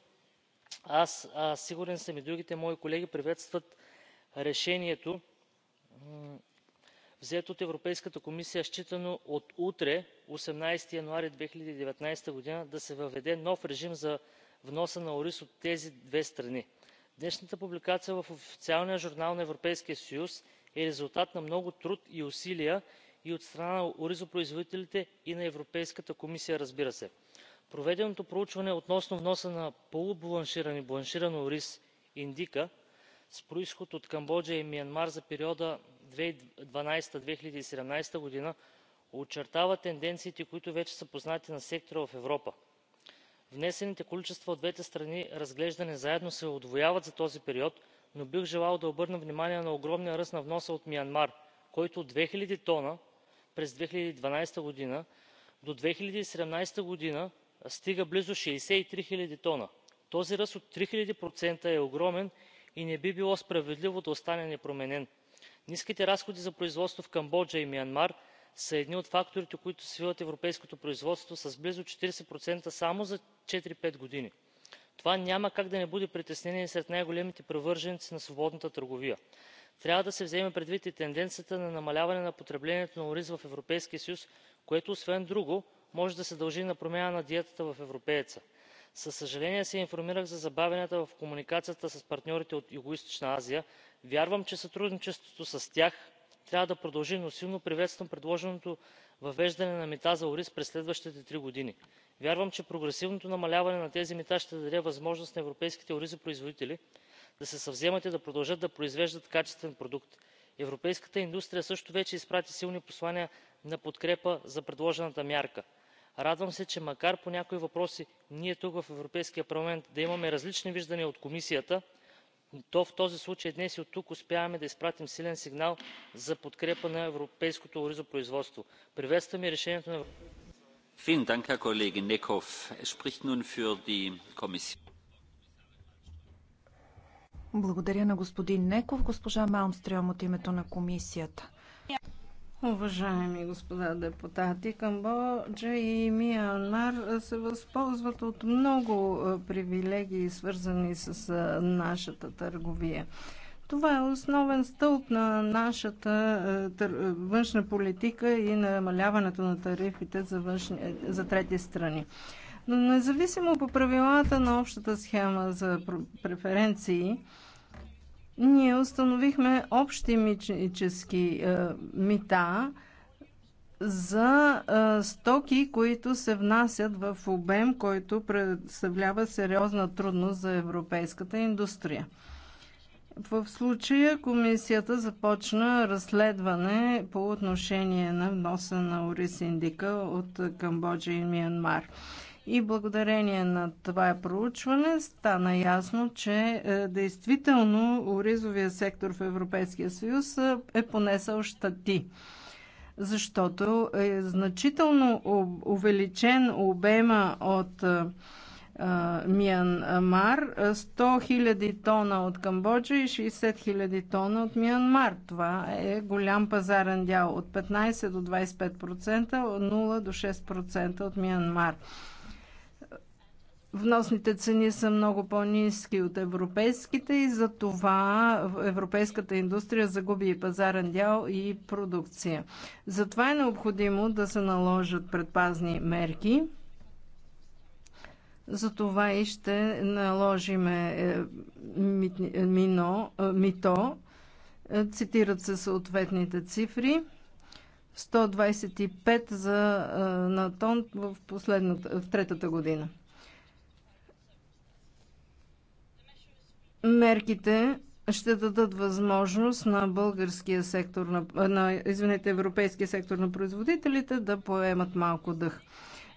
Speaker 9: аз а сигурен съм и другите мои колеги приветстват решението взето от европейската комисия считано от утре осемнадесети януари две хиляди и деветнадесета година да се въведе нов режим за вноса на ориз от тези две страни. днешната публикация в официалния журнал на европейския съюз е резултат на много труд и усилия и от страна на оризопроизводителите и на европейската комисия разбира се. проведеното проучване относно вноса на полубаланширан и бланширан ориз индика с произход от камбоджа и мианмар за периода 2012-2017 г. очертава тенденциите които вече са познати на сектора в европа. внесените количества от двете страни разглеждани заедно се удвояват за този период но бих желал да обърна внимание на огромния ръст на вноса от Миянмар, който от 2000 тона през 2012 г. до 2017 г. стига близо 63 000 тона. този ръст от 3000% е огромен и не би било справедливо да остане непроменен ниските разходи за производство в камбоджа и Миянмар са едни от факторите които свиват европейското производство с близо 40% само за четири пет години. това няма как да не буди притеснение сред най големите привърженици на свободната търговия. трябва да се вземе предвид и тенденцията на намаляване на потреблението на ориз в европейския съюз което освен друго може да се дължи на промяна на диетата в европееца. със съжаление се информирах за забавянията в комуникацията с партньорите от югоизточна азия вярвам че сътрудничеството с тях трябва да продължи но силно приветствам предложеното въвеждане на мита за ориз през следващите три години. вярвам че прогресивното намаляване на тези мита ще даде възможност на европейските оризопроизводители да се съвземат и да продължат да произвеждат качествен продукт. европейската индустрия също вече изпрати силни послания на подкрепа за предложената мярка. радвам се че макар по някои въпроси ние тук в европейския парламент да имаме различни виждания от комисията то в този случай днес и оттук успяваме да изпратим силен сигнал за подкрепа на европейското оризопроизводство. приветствам и решението на er
Speaker 4: благодаря на господин Неков. Госпожа Малмстрм от името на комисията.
Speaker 7: Уважаеми господа депутати, Камбоджа и Миянмар се възползват от много е, привилегии, свързани с е, нашата търговия. Това е основен стълб на нашата е, външна политика и намаляването на тарифите за, външни, за трети страни. Но независимо по правилата на общата схема за преференции, ние установихме общи митнически е, мита за е, стоки, които се внасят в обем, който представлява сериозна трудност за европейската индустрия. В случая комисията започна разследване по отношение на вноса на ориз индика от Камбоджа и Миянмар. И благодарение на това проучване стана ясно, че е, действително оризовия сектор в Европейския съюз е, е понесъл щати защото е значително увеличен обема от е, Миянмар, 100 000 тона от Камбоджа и 60 000 тона от Миянмар. Това е голям пазарен дял от 15 до 25%, от 0 до 6% от Миянмар. Вносните цени са много по-низки от европейските и за това европейската индустрия загуби и пазарен дял и продукция. Затова е необходимо да се наложат предпазни мерки. Затова и ще наложиме е, мино, е, мито. Цитират се съответните цифри. 125 за, е, на тон в, в третата година. Мерките ще дадат възможност на българския сектор, на, на извинете, европейския сектор на производителите да поемат малко дъх.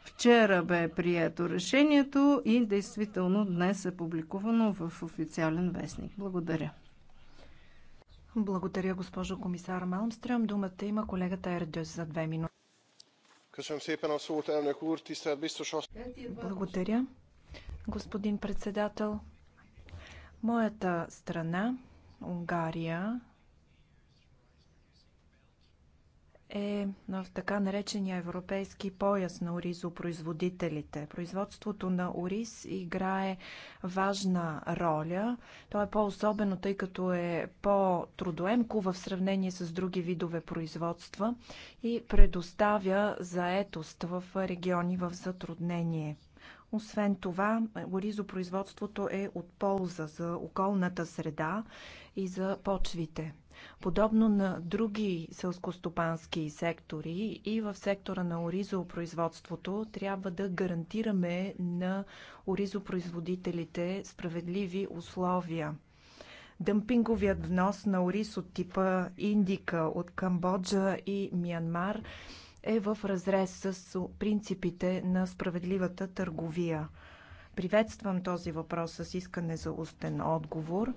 Speaker 7: Вчера бе прието решението и действително днес е публикувано в официален вестник. Благодаря.
Speaker 4: Благодаря, госпожо комисар Малмстрем. Думата има колегата Ердес за две минути. Благодаря, господин председател, Моята страна, Унгария, е в така наречения европейски пояс на оризопроизводителите. Производството на ориз играе важна роля. То е по-особено, тъй като е по-трудоемко в сравнение с други видове производства и предоставя заетост в региони в затруднение. Освен това, оризопроизводството е от полза за околната среда и за почвите. Подобно на други селскостопански сектори и в сектора на оризопроизводството трябва да гарантираме на оризопроизводителите справедливи условия. Дъмпинговият внос на ориз от типа Индика от Камбоджа и Миянмар е в разрез с принципите на справедливата търговия. Приветствам този въпрос с искане за устен отговор.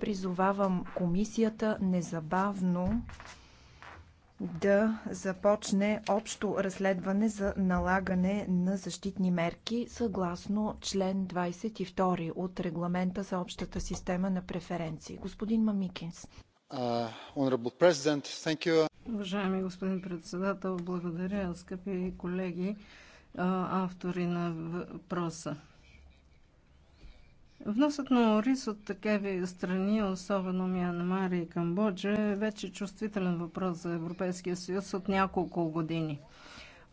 Speaker 4: Призовавам комисията незабавно да започне общо разследване за налагане на защитни мерки съгласно член 22 от регламента за общата система на преференции. Господин Мамикинс.
Speaker 9: Uh, Уважаеми
Speaker 7: господин председател, благодаря, скъпи колеги, автори на въпроса. Вносът на рис от такива страни, особено Миянмар и Камбоджа, е вече чувствителен въпрос за Европейския съюз от няколко години.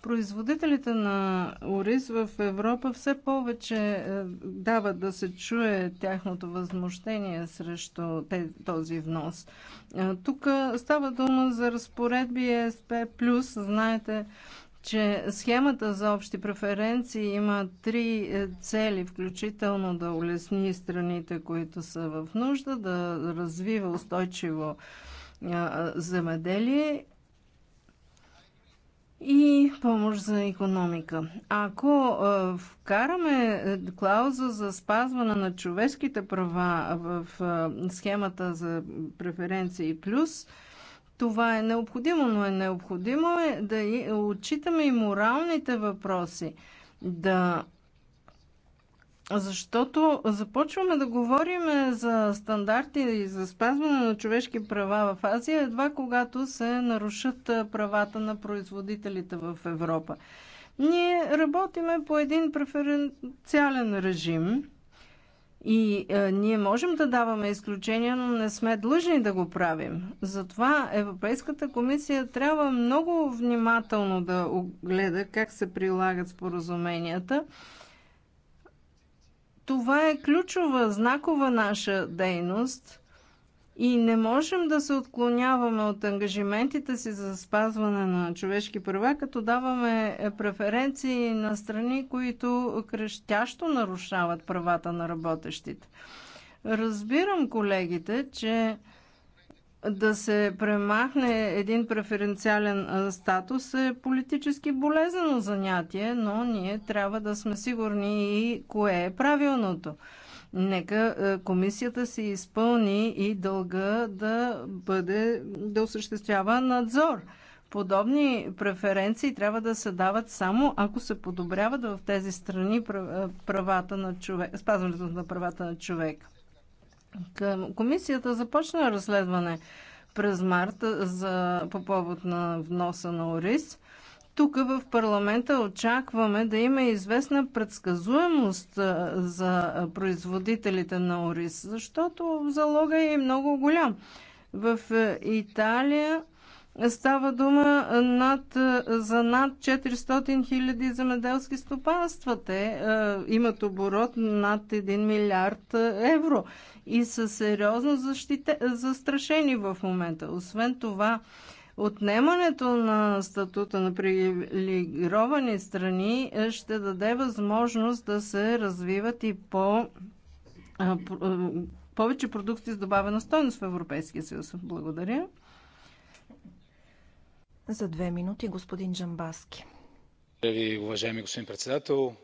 Speaker 7: Производителите на ориз в Европа все повече е, дават да се чуе тяхното възмущение срещу този внос. Е, тук става дума за разпоредби ЕСП+. Знаете, че схемата за общи преференции има три е, цели, включително да улесни страните, които са в нужда, да развива устойчиво земеделие и помощ за економика. Ако вкараме е, клауза за спазване на човешките права в схемата за преференции плюс, това е необходимо, но е необходимо е да отчитаме и моралните въпроси. Да защото започваме да говорим за стандарти и за спазване на човешки права в Азия, едва когато се нарушат правата на производителите в Европа. Ние работиме по един преференциален режим и е, ние можем да даваме изключения, но не сме длъжни да го правим. Затова Европейската комисия трябва много внимателно да огледа как се прилагат споразуменията това е ключова, знакова наша дейност и не можем да се отклоняваме от ангажиментите си за спазване на човешки права, като даваме преференции на страни, които крещящо нарушават правата на работещите. Разбирам колегите, че да се премахне един преференциален статус е политически болезнено занятие, но ние трябва да сме сигурни и кое е правилното. Нека комисията се изпълни и дълга да бъде да осъществява надзор. Подобни преференции трябва да се дават само ако се подобряват в тези страни правата на човек, спазването на правата на човека. Комисията започна разследване през март за, по повод на вноса на ориз. Тук в парламента очакваме да има известна предсказуемост за производителите на Орис, защото залога е много голям. В Италия става дума над, за над 400 хиляди земеделски стопанства. Те е, имат оборот над 1 милиард евро и са сериозно защите, застрашени в момента. Освен това, Отнемането на статута на привилегировани страни е, ще даде възможност да се развиват и по повече продукти с добавена стойност в Европейския съюз. Благодаря. За
Speaker 4: две минути господин Джамбаски.
Speaker 5: Благодаря ви, уважаеми господин председател,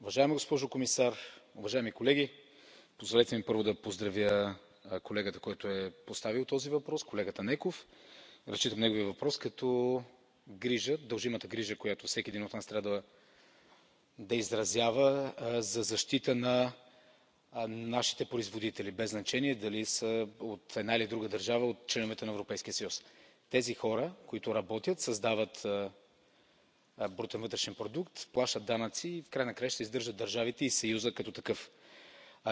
Speaker 5: уважаема госпожо комисар, уважаеми колеги позволете ми първо да поздравя колегата който е поставил този въпрос колегата неков. разчитам неговия въпрос като грижа, дължимата грижа която всеки един от нас трябва да изразява за защита на нашите производители без значение дали са от една или друга държава от членовете на европейския съюз. тези хора които работят създават брутен вътрешен продукт плащат данъци и в края на краищата издържат държавите и съюза като такъв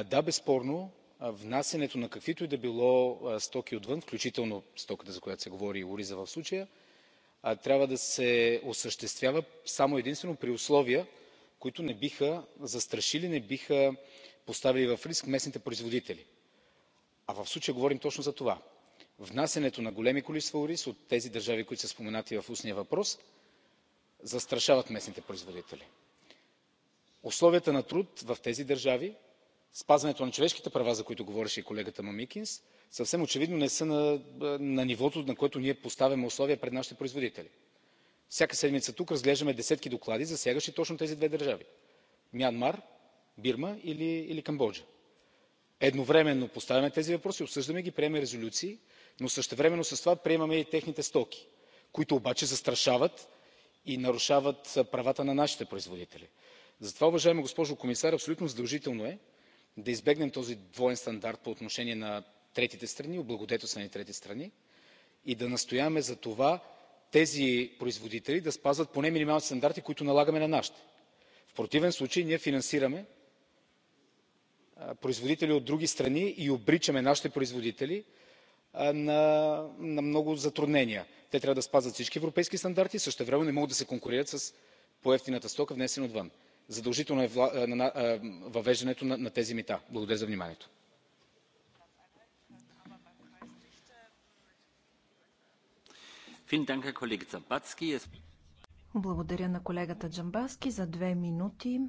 Speaker 5: да безспорно внасянето на каквито и да било стоки отвън включително стоката за която се говори ориза в случая трябва да се осъществява само и единствено при условия които не биха застрашили не биха поставили в риск местните производители. а в случая говорим точно за това внасянето на големи количества ориз от тези държави които са споменати в устния въпрос застрашават местните производители. условията на труд в тези държави спазването на човешките права за които говореше и колегата мамикинс съвсем очевидно не са на нивото на което ние поставяме условия пред нашите производители. всяка седмица тук разглеждаме десетки доклади засягащи точно тези две държави мянмар бирма или камбоджа. едновременно поставяме тези въпроси обсъждаме ги приемаме резолюции но същевременно с това приемаме и техните стоки които обаче застрашават и нарушават правата на нашите производители. затова уважаема госпожо комисар абсолютно задължително е да избегнем този двоен стандарт по отношение на третите страни облагодетелствани трети страни и да настояваме за това тези производители да спазват поне минималните стандарти които налагаме на нашите. в противен случай ние финансираме производители от други страни и обричаме нашите производители на много затруднения. те трябва да спазват всички европейски стандарти и същевременно не могат да се конкурират с по евтината стока внесена отвън задължително е, е, е въвеждането на тези мита. благодаря за вниманието.
Speaker 4: Благодаря на колегата Джамбаски за две минути.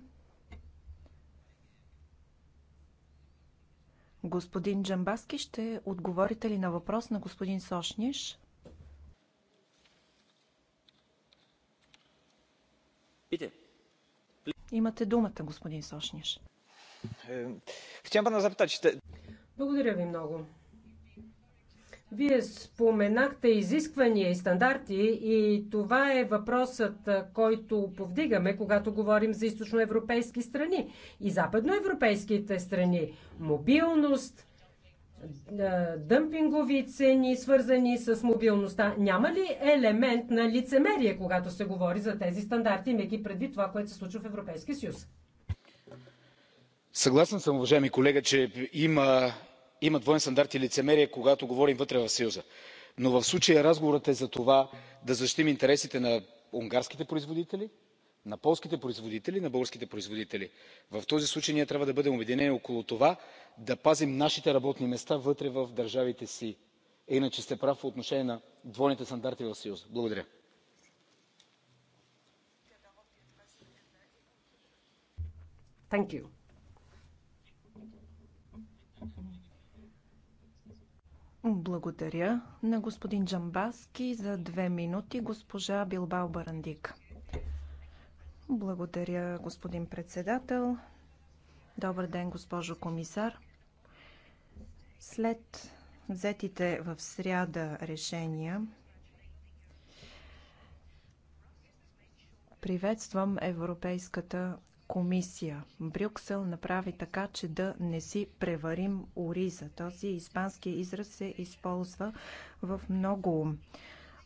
Speaker 4: Господин Джамбаски, ще отговорите ли на въпрос на господин Сошниш? Питайте. Имате думата, господин Сошниш. Хотям пана Благодаря
Speaker 6: ви много. Вие споменахте изисквания и стандарти и това е въпросът, който повдигаме, когато говорим за източноевропейски страни и западноевропейските страни. Мобилност, е, дъмпингови цени, свързани с мобилността. Няма ли елемент на лицемерие, когато се говори за тези стандарти, имайки предвид това, което се случва в Европейския съюз?
Speaker 5: Съгласен съм, уважаеми колега, че има, има двоен стандарт и лицемерие, когато говорим вътре в Съюза. Но в случая разговорът е за това да защитим интересите на унгарските производители, на полските производители, на българските производители. В този случай ние трябва да бъдем обединени около това да пазим нашите работни места вътре в държавите си. Е, иначе сте прав по отношение на двойните стандарти в Съюза. Благодаря.
Speaker 4: Thank you. Благодаря на господин Джамбаски за две минути. Госпожа Билбао Барандик. Благодаря, господин председател. Добър ден, госпожо комисар. След взетите в сряда решения, приветствам Европейската комисия. Брюксел направи така, че да не си преварим ориза. Този испански израз се използва в много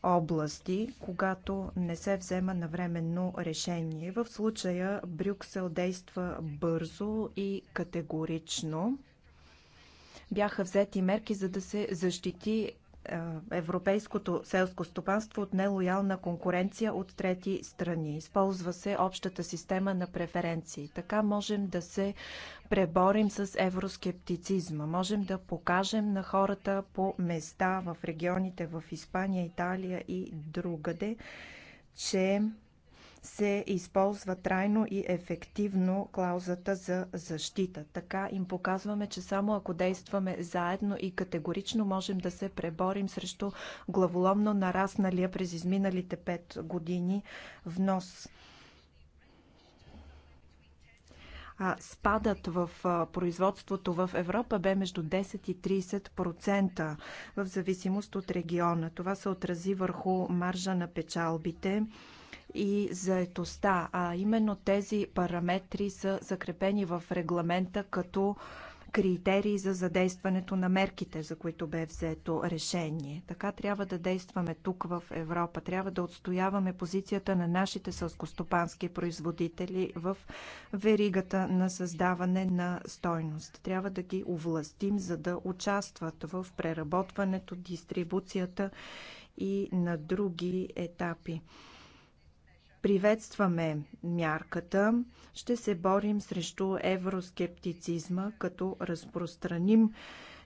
Speaker 4: области, когато не се взема навременно решение. В случая Брюксел действа бързо и категорично бяха взети мерки за да се защити е, европейското селско стопанство от нелоялна конкуренция от трети страни. Използва се общата система на преференции. Така можем да се преборим с евроскептицизма. Можем да покажем на хората по места в регионите в Испания, Италия и другаде, че се използва трайно и ефективно клаузата за защита. Така им показваме, че само ако действаме заедно и категорично можем да се преборим срещу главоломно нарасналия през изминалите пет години внос. а, спадът в производството в Европа бе между 10 и 30% в зависимост от региона. Това се отрази върху маржа на печалбите и заетостта, а именно тези параметри са закрепени в регламента като критерии за задействането на мерките, за които бе взето решение. Така трябва да действаме тук в Европа. Трябва да отстояваме позицията на нашите сълскостопански производители в веригата на създаване на стойност. Трябва да ги овластим, за да участват в преработването, дистрибуцията и на други етапи. Приветстваме мярката. Ще се борим срещу евроскептицизма, като разпространим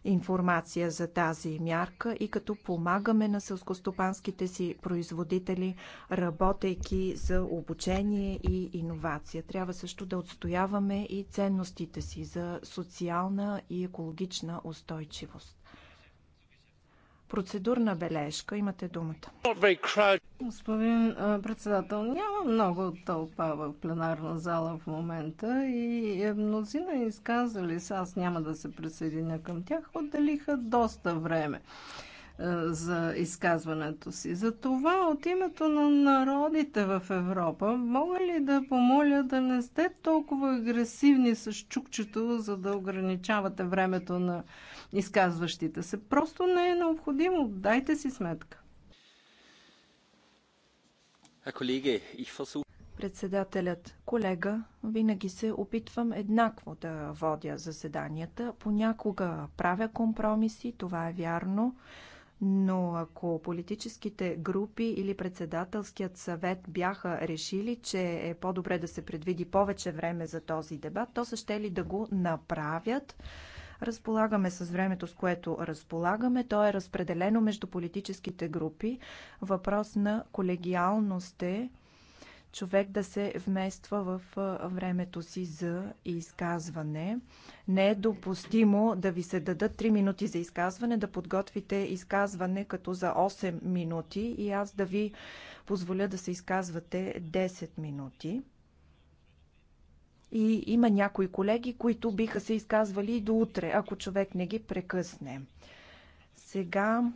Speaker 4: информация за тази мярка и като помагаме на селскостопанските си производители, работейки за обучение и иновация. Трябва също да отстояваме и ценностите си за социална и екологична устойчивост. Процедурна бележка. Имате
Speaker 9: думата.
Speaker 7: Господин председател, няма много тълпа в пленарна зала в момента и е, мнозина изказали се, аз няма да се присъединя към тях, отделиха доста време е, за изказването си. За това от името на народите в Европа мога ли да помоля да не сте толкова агресивни с чукчето, за да ограничавате времето на изказващите се. Просто не е необходимо. Дайте си сметка.
Speaker 4: Председателят, колега, винаги се опитвам еднакво да водя заседанията. Понякога правя компромиси, това е вярно, но ако политическите групи или председателският съвет бяха решили, че е по-добре да се предвиди повече време за този дебат, то са ще ли да го направят? Разполагаме с времето, с което разполагаме. То е разпределено между политическите групи. Въпрос на колегиалност е човек да се вмества в времето си за изказване. Не е допустимо да ви се дадат 3 минути за изказване, да подготвите изказване като за 8 минути и аз да ви позволя да се изказвате 10 минути. И има някои колеги, които биха се изказвали и до утре, ако човек не ги прекъсне. Сега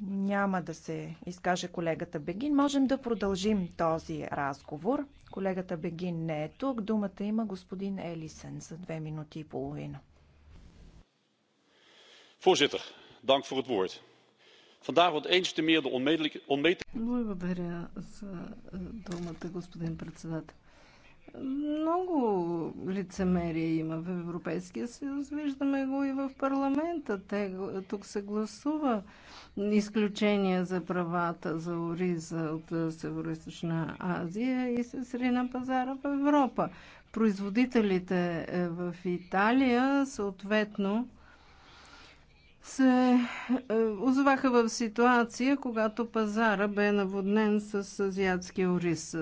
Speaker 4: няма да се изкаже колегата Бегин. Можем да продължим този разговор. Колегата Бегин не е тук. Думата има господин Елисен за две минути и половина.
Speaker 3: Voorzitter, dank voor het woord. Vandaag wordt eens te meer de onmetelijke...
Speaker 4: Благодаря
Speaker 7: за е, думата, господин председател. Много лицемерие има в Европейския съюз. Виждаме го и в парламента. Те, тук се гласува изключение за правата за ориза от е, Североизточна Азия и се сри на пазара в Европа. Производителите е, в Италия съответно се е, озоваха в ситуация, когато пазара бе наводнен с азиатския ориз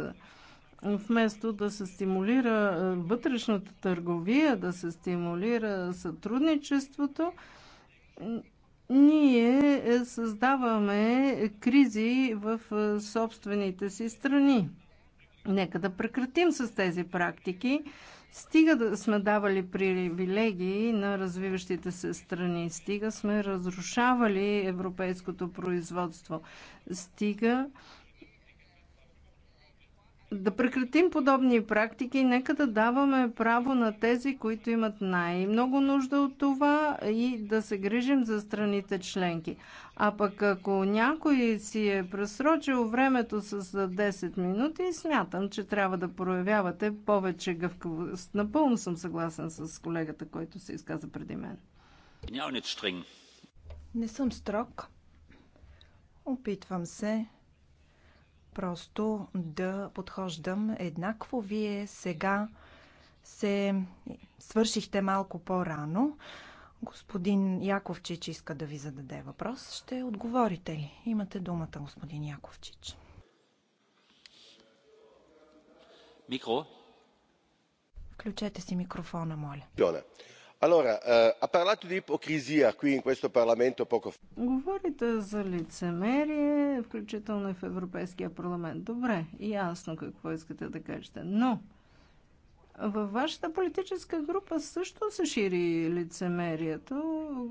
Speaker 7: вместо да се стимулира е, вътрешната търговия, да се стимулира сътрудничеството, ние е, създаваме кризи в е, собствените си страни. Нека да прекратим с тези практики. Стига да сме давали привилегии на развиващите се страни, стига сме разрушавали европейското производство, стига да прекратим подобни практики и нека да даваме право на тези, които имат най-много нужда от това и да се грижим за страните членки. А пък ако някой си е пресрочил времето с 10 минути, смятам, че трябва да проявявате повече гъвкавост. Напълно съм съгласен с колегата, който се изказа преди мен.
Speaker 4: Не съм строг. Опитвам се просто да подхождам еднакво. Вие сега се свършихте малко по-рано. Господин Яковчич иска да ви зададе въпрос. Ще отговорите ли? Имате думата, господин Яковчич. Микро. Включете си микрофона, моля.
Speaker 7: Говорите за лицемерие, включително и в Европейския парламент. Добре, ясно какво искате да кажете. Но във вашата политическа група също се шири лицемерието.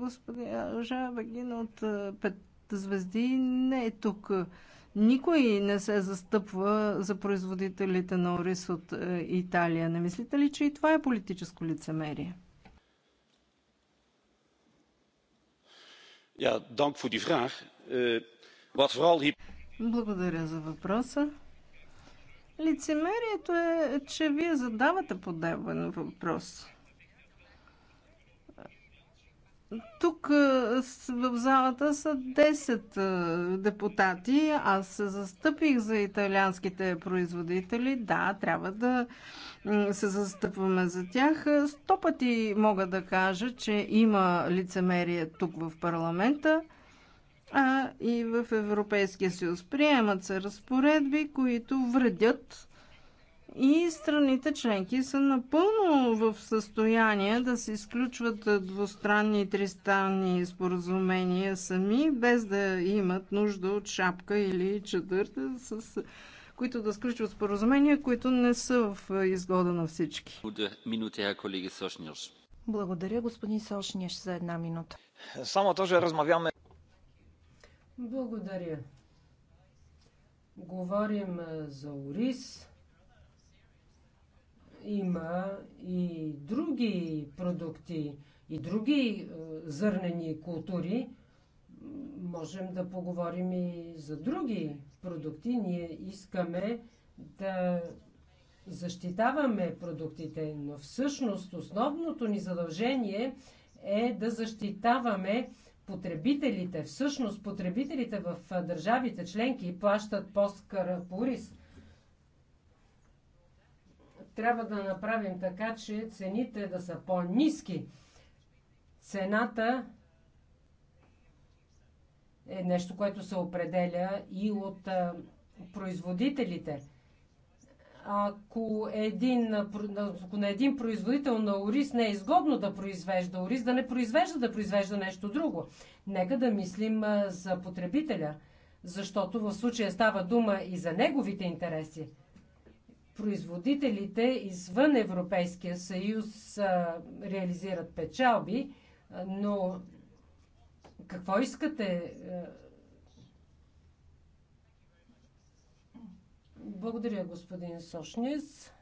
Speaker 7: Господа Багин от Пет звезди не е тук. Никой не се застъпва за производителите на Орис от е, Италия. Не мислите ли, че и това е политическо лицемерие? Eh, Благодаря за въпроса. Лицемерието е, е, че вие задавате подобен въпрос. Тук е, в залата са 10 е, депутати. Аз се застъпих за италианските производители. Да, трябва да се застъпваме за тях. Сто пъти мога да кажа, че има лицемерие тук в парламента, а и в Европейския съюз. Приемат се разпоредби, които вредят и страните членки са напълно в състояние да се изключват двустранни и тристранни споразумения сами, без да имат нужда от шапка или чадър с които да сключват споразумения, които не са в изгода на всички.
Speaker 4: Благодаря, господин Сошниш, за една минута.
Speaker 9: Само тоже
Speaker 1: размавяме.
Speaker 6: Благодаря. Говорим е, за Орис. Има и други продукти, и други е, зърнени култури. Можем да поговорим и за други продукти. Ние искаме да защитаваме продуктите, но всъщност основното ни задължение е да защитаваме потребителите. Всъщност потребителите в държавите членки плащат по-скър по риск трябва да направим така, че цените да са по-низки. Цената е нещо, което се определя и от производителите. Ако, един, ако на един производител на ориз не е изгодно да произвежда ориз, да не произвежда, да произвежда нещо друго. Нека да мислим за потребителя, защото в случая става дума и за неговите интереси. Производителите извън Европейския съюз реализират печалби, но какво искате? Е, благодаря, господин Сошнис.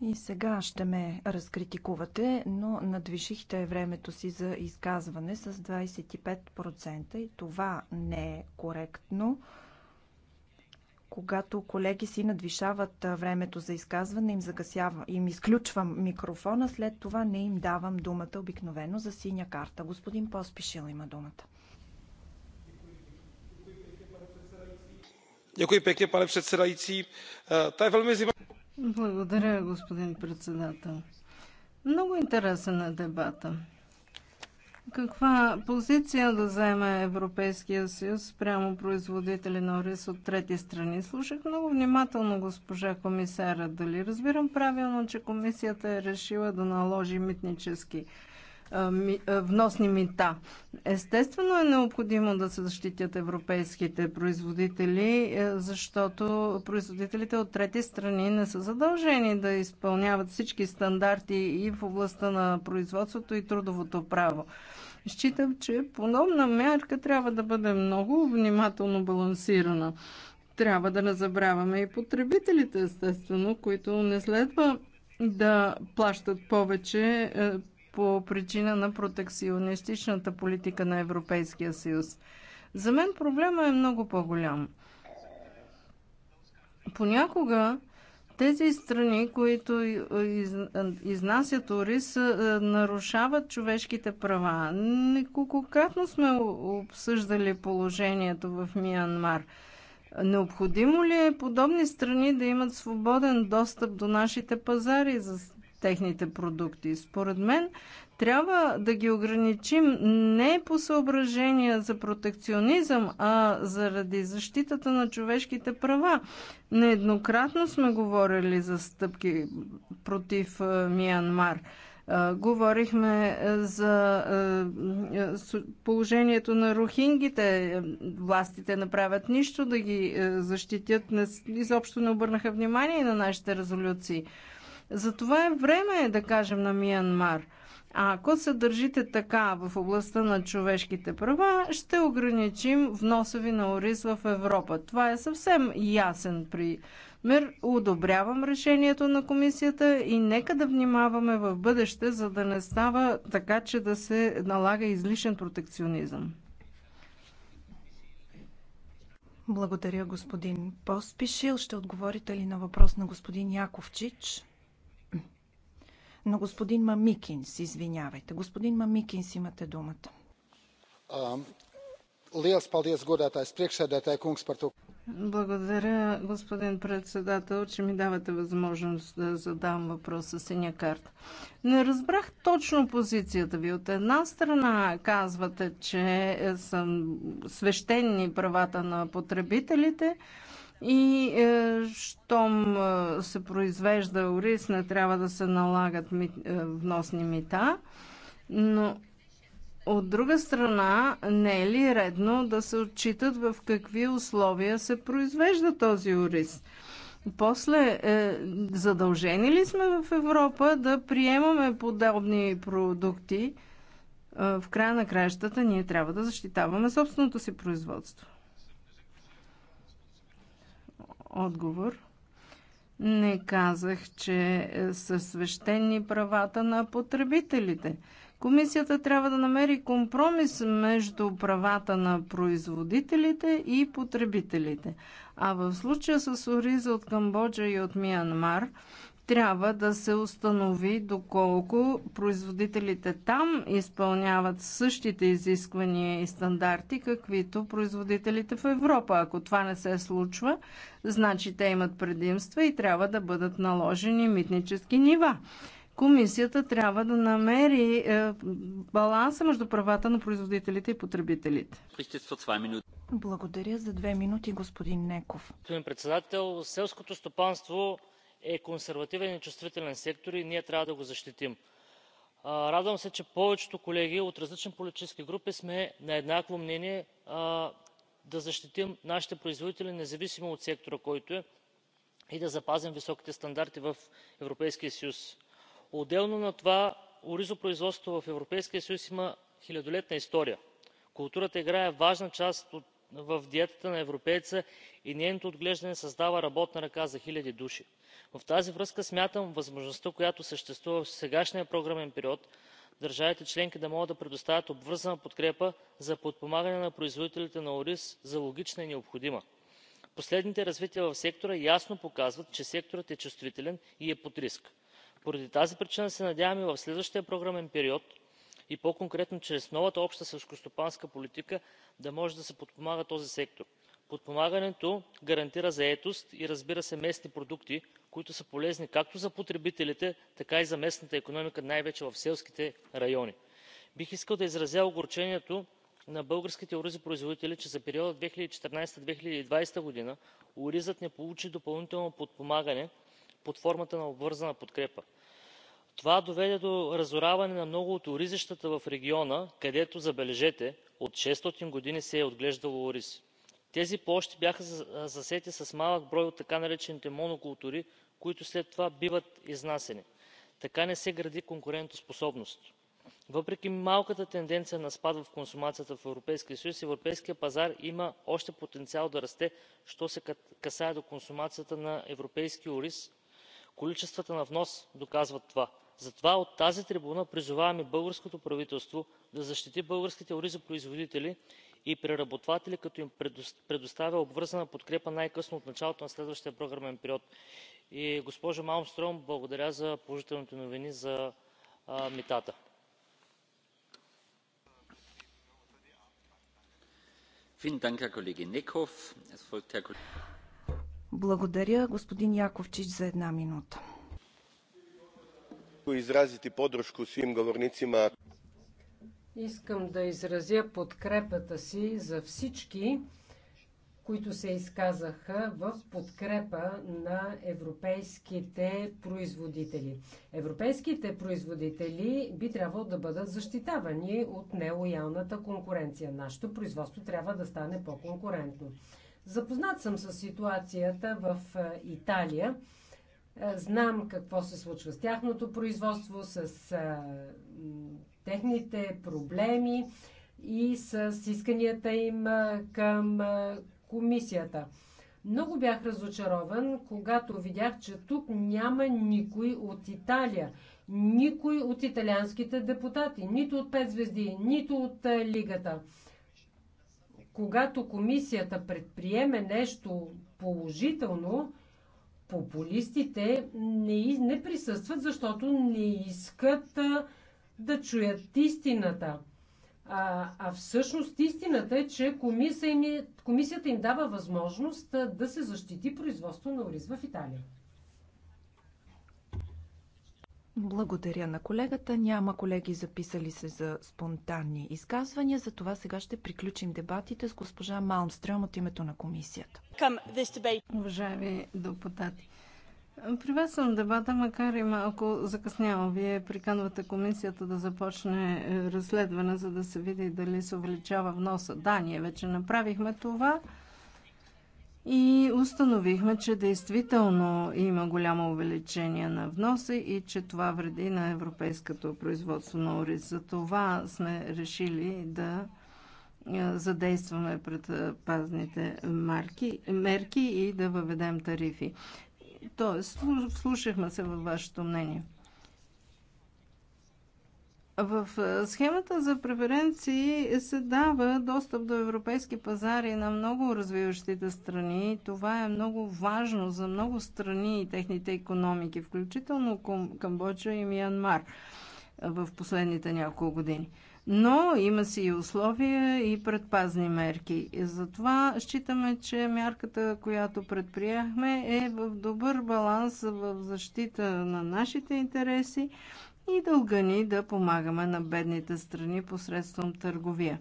Speaker 4: И сега ще ме разкритикувате, но надвишихте времето си за изказване с 25% и това не е коректно когато колеги си надвишават времето за изказване, им, загасява, им изключвам микрофона, след това не им давам думата обикновено за синя карта. Господин Поспишил има думата. Е Благодаря, господин
Speaker 7: председател. Много интересен е дебата. Каква позиция да вземе Европейския съюз прямо производители на рис от трети страни? Слушах много внимателно госпожа комисара. Дали разбирам правилно, че комисията е решила да наложи митнически вносни мита. Естествено е необходимо да се защитят европейските производители, е, защото производителите от трети страни не са задължени да изпълняват всички стандарти и в областта на производството и трудовото право. Считам, че подобна мярка трябва да бъде много внимателно балансирана. Трябва да не забравяме и потребителите, естествено, които не следва да плащат повече е, по причина на протекционистичната политика на Европейския съюз. За мен проблема е много по-голям. Понякога тези страни, които изнасят ориз, нарушават човешките права. Неколкократно сме обсъждали положението в Миянмар. Необходимо ли е подобни страни да имат свободен достъп до нашите пазари за техните продукти? Според мен трябва да ги ограничим не по съображения за протекционизъм, а заради защитата на човешките права. Нееднократно сме говорили за стъпки против Миянмар. Говорихме за положението на рухингите. Властите направят нищо да ги защитят. Изобщо не обърнаха внимание на нашите резолюции. Затова е време да кажем на Миянмар – а Ако се държите така в областта на човешките права, ще ограничим ви на ориз в Европа. Това е съвсем ясен при Мир, одобрявам решението на комисията и нека да внимаваме в бъдеще, за да не става така, че да се налага излишен протекционизъм.
Speaker 4: Благодаря, господин Поспишил. Ще отговорите ли на въпрос на господин Яковчич? на господин Мамикинс, извинявайте. Господин Мамикинс, имате думата.
Speaker 5: Е
Speaker 7: Благодаря, господин председател, че ми давате възможност да задам въпроса синя карта. Не разбрах точно позицията ви. От една страна казвате, че е, са свещени правата на потребителите, и е, щом е, се произвежда ориз, не трябва да се налагат ми, е, вносни мита. Но от друга страна, не е ли редно да се отчитат в какви условия се произвежда този ориз? После, е, задължени ли сме в Европа да приемаме подобни продукти? Е, в края на краищата ние трябва да защитаваме собственото си производство отговор. Не казах, че са свещени правата на потребителите. Комисията трябва да намери компромис между правата на производителите и потребителите. А в случая с ориза от Камбоджа и от Миянмар, трябва да се установи доколко производителите там изпълняват същите изисквания и стандарти, каквито производителите в Европа. Ако това не се случва, значи те имат предимства и трябва да бъдат наложени митнически нива. Комисията трябва да намери е, баланса между правата на
Speaker 9: производителите и потребителите.
Speaker 4: Благодаря за две минути, господин
Speaker 9: Неков. Господин председател, селското стопанство е консервативен и чувствителен сектор и ние трябва да го защитим. радвам се че повечето колеги от различни политически групи сме на еднакво мнение да защитим нашите производители независимо от сектора който е и да запазим високите стандарти в европейския съюз. отделно на това оризопроизводството в европейския съюз има хилядолетна история. културата играе важна част от в диетата на европейца и нейното отглеждане създава работна ръка за хиляди души. в тази връзка смятам възможността която съществува в сегашния програмен период държавите членки да могат да предоставят обвързана подкрепа за подпомагане на производителите на ориз за логична и необходима. последните развития в сектора ясно показват че секторът е чувствителен и е под риск. поради тази причина се надявам и в следващия програмен период и по конкретно чрез новата обща селскостопанска политика да може да се подпомага този сектор. подпомагането гарантира заетост и разбира се местни продукти които са полезни както за потребителите така и за местната икономика най вече в селските райони. бих искал да изразя огорчението на българските оризопроизводители че за периода две хиляди и четиринадесет две хиляди и двадесета г. оризът не получи допълнително подпомагане под формата на обвързана подкрепа това доведе до разораване на много от оризищата в региона където забележете от шестстотин години се е отглеждало ориз. тези площи бяха засети с малък брой от така наречените монокултури които след това биват изнасяни. така не се гради конкурентоспособност. въпреки малката тенденция на спад в консумацията в европейския съюз европейският пазар има още потенциал да расте що се касае до консумацията на европейски ориз. количествата на внос доказват това затова от тази трибуна призоваваме българското правителство да защити българските оризопроизводители и преработватели като им предоставя обвързана подкрепа най късно от началото на следващия програмен период. госпожо малмстром благодаря за положителните новини за митата.
Speaker 4: Благодаря, господин Яковчич, за една минута
Speaker 10: kratko izraziti podršku svim govornicima.
Speaker 4: Искам да
Speaker 6: изразя подкрепата си за всички, които се изказаха в подкрепа на европейските производители. Европейските производители би трябвало да бъдат защитавани от нелоялната конкуренция. Нашето производство трябва да стане по-конкурентно. Запознат съм с ситуацията в е, Италия. Е, знам какво се случва с тяхното производство, с е, техните проблеми и с исканията им е, към комисията. Много бях разочарован, когато видях, че тук няма никой от Италия, никой от италианските депутати, нито от пет звезди, нито от лигата. Когато комисията предприеме нещо положително, популистите не, не присъстват, защото не искат а, да чуят истината. А, а всъщност истината е, че комисия им, е- комисията им дава възможност да се защити производство на ориз в Италия.
Speaker 4: Благодаря на колегата. Няма колеги записали се за спонтанни изказвания, затова сега ще приключим дебатите с госпожа Малмстрем от името на комисията. Уважаеми
Speaker 7: депутати, при вас съм дебата, макар и малко закъсняло. Вие приканвате комисията да започне е, разследване, за да се види дали се увеличава вноса. Да, ние вече направихме това и установихме, че действително има голямо увеличение на вноса и че това вреди на европейското производство на ориз. За това сме решили да задействаме предпазните марки, мерки и да въведем тарифи. Тоест, вслушахме се във вашето мнение. В е, схемата за преференции се дава достъп до европейски пазари на много развиващите страни. Това е много важно за много страни и техните економики, включително Камбоджа и Миянмар е, в последните няколко години. Но има си и условия и предпазни мерки. И затова считаме, че мярката, която предприехме, е в добър баланс в защита на нашите интереси и дълга ни да помагаме на бедните страни посредством търговия.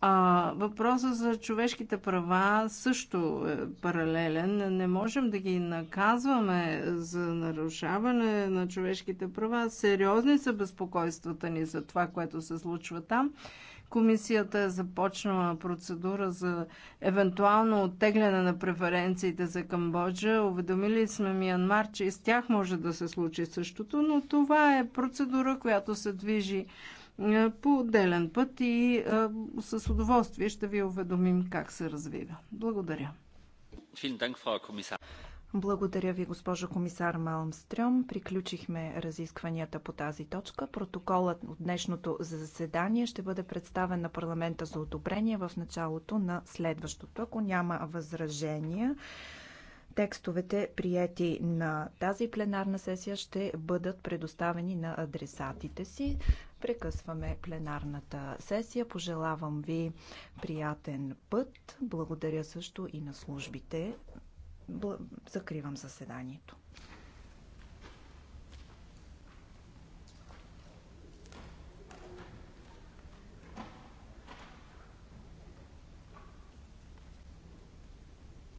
Speaker 7: А, въпросът за човешките права също е паралелен. Не можем да ги наказваме за нарушаване на човешките права. Сериозни са безпокойствата ни за това, което се случва там. Комисията е започнала процедура за евентуално оттегляне на преференциите за Камбоджа. Уведомили сме Миянмар, че и с тях може да се случи същото, но това е процедура, която се движи е, по отделен път и е, с удоволствие ще ви уведомим как се развива.
Speaker 4: Благодаря. Благодаря ви, госпожо комисар Малмстрем. Приключихме разискванията по тази точка. Протоколът от днешното заседание ще бъде представен на парламента за одобрение в началото на следващото. Ако няма възражения, текстовете, приети на тази пленарна сесия, ще бъдат предоставени на адресатите си. Прекъсваме пленарната сесия. Пожелавам ви приятен път. Благодаря също и на службите Закривам заседанието.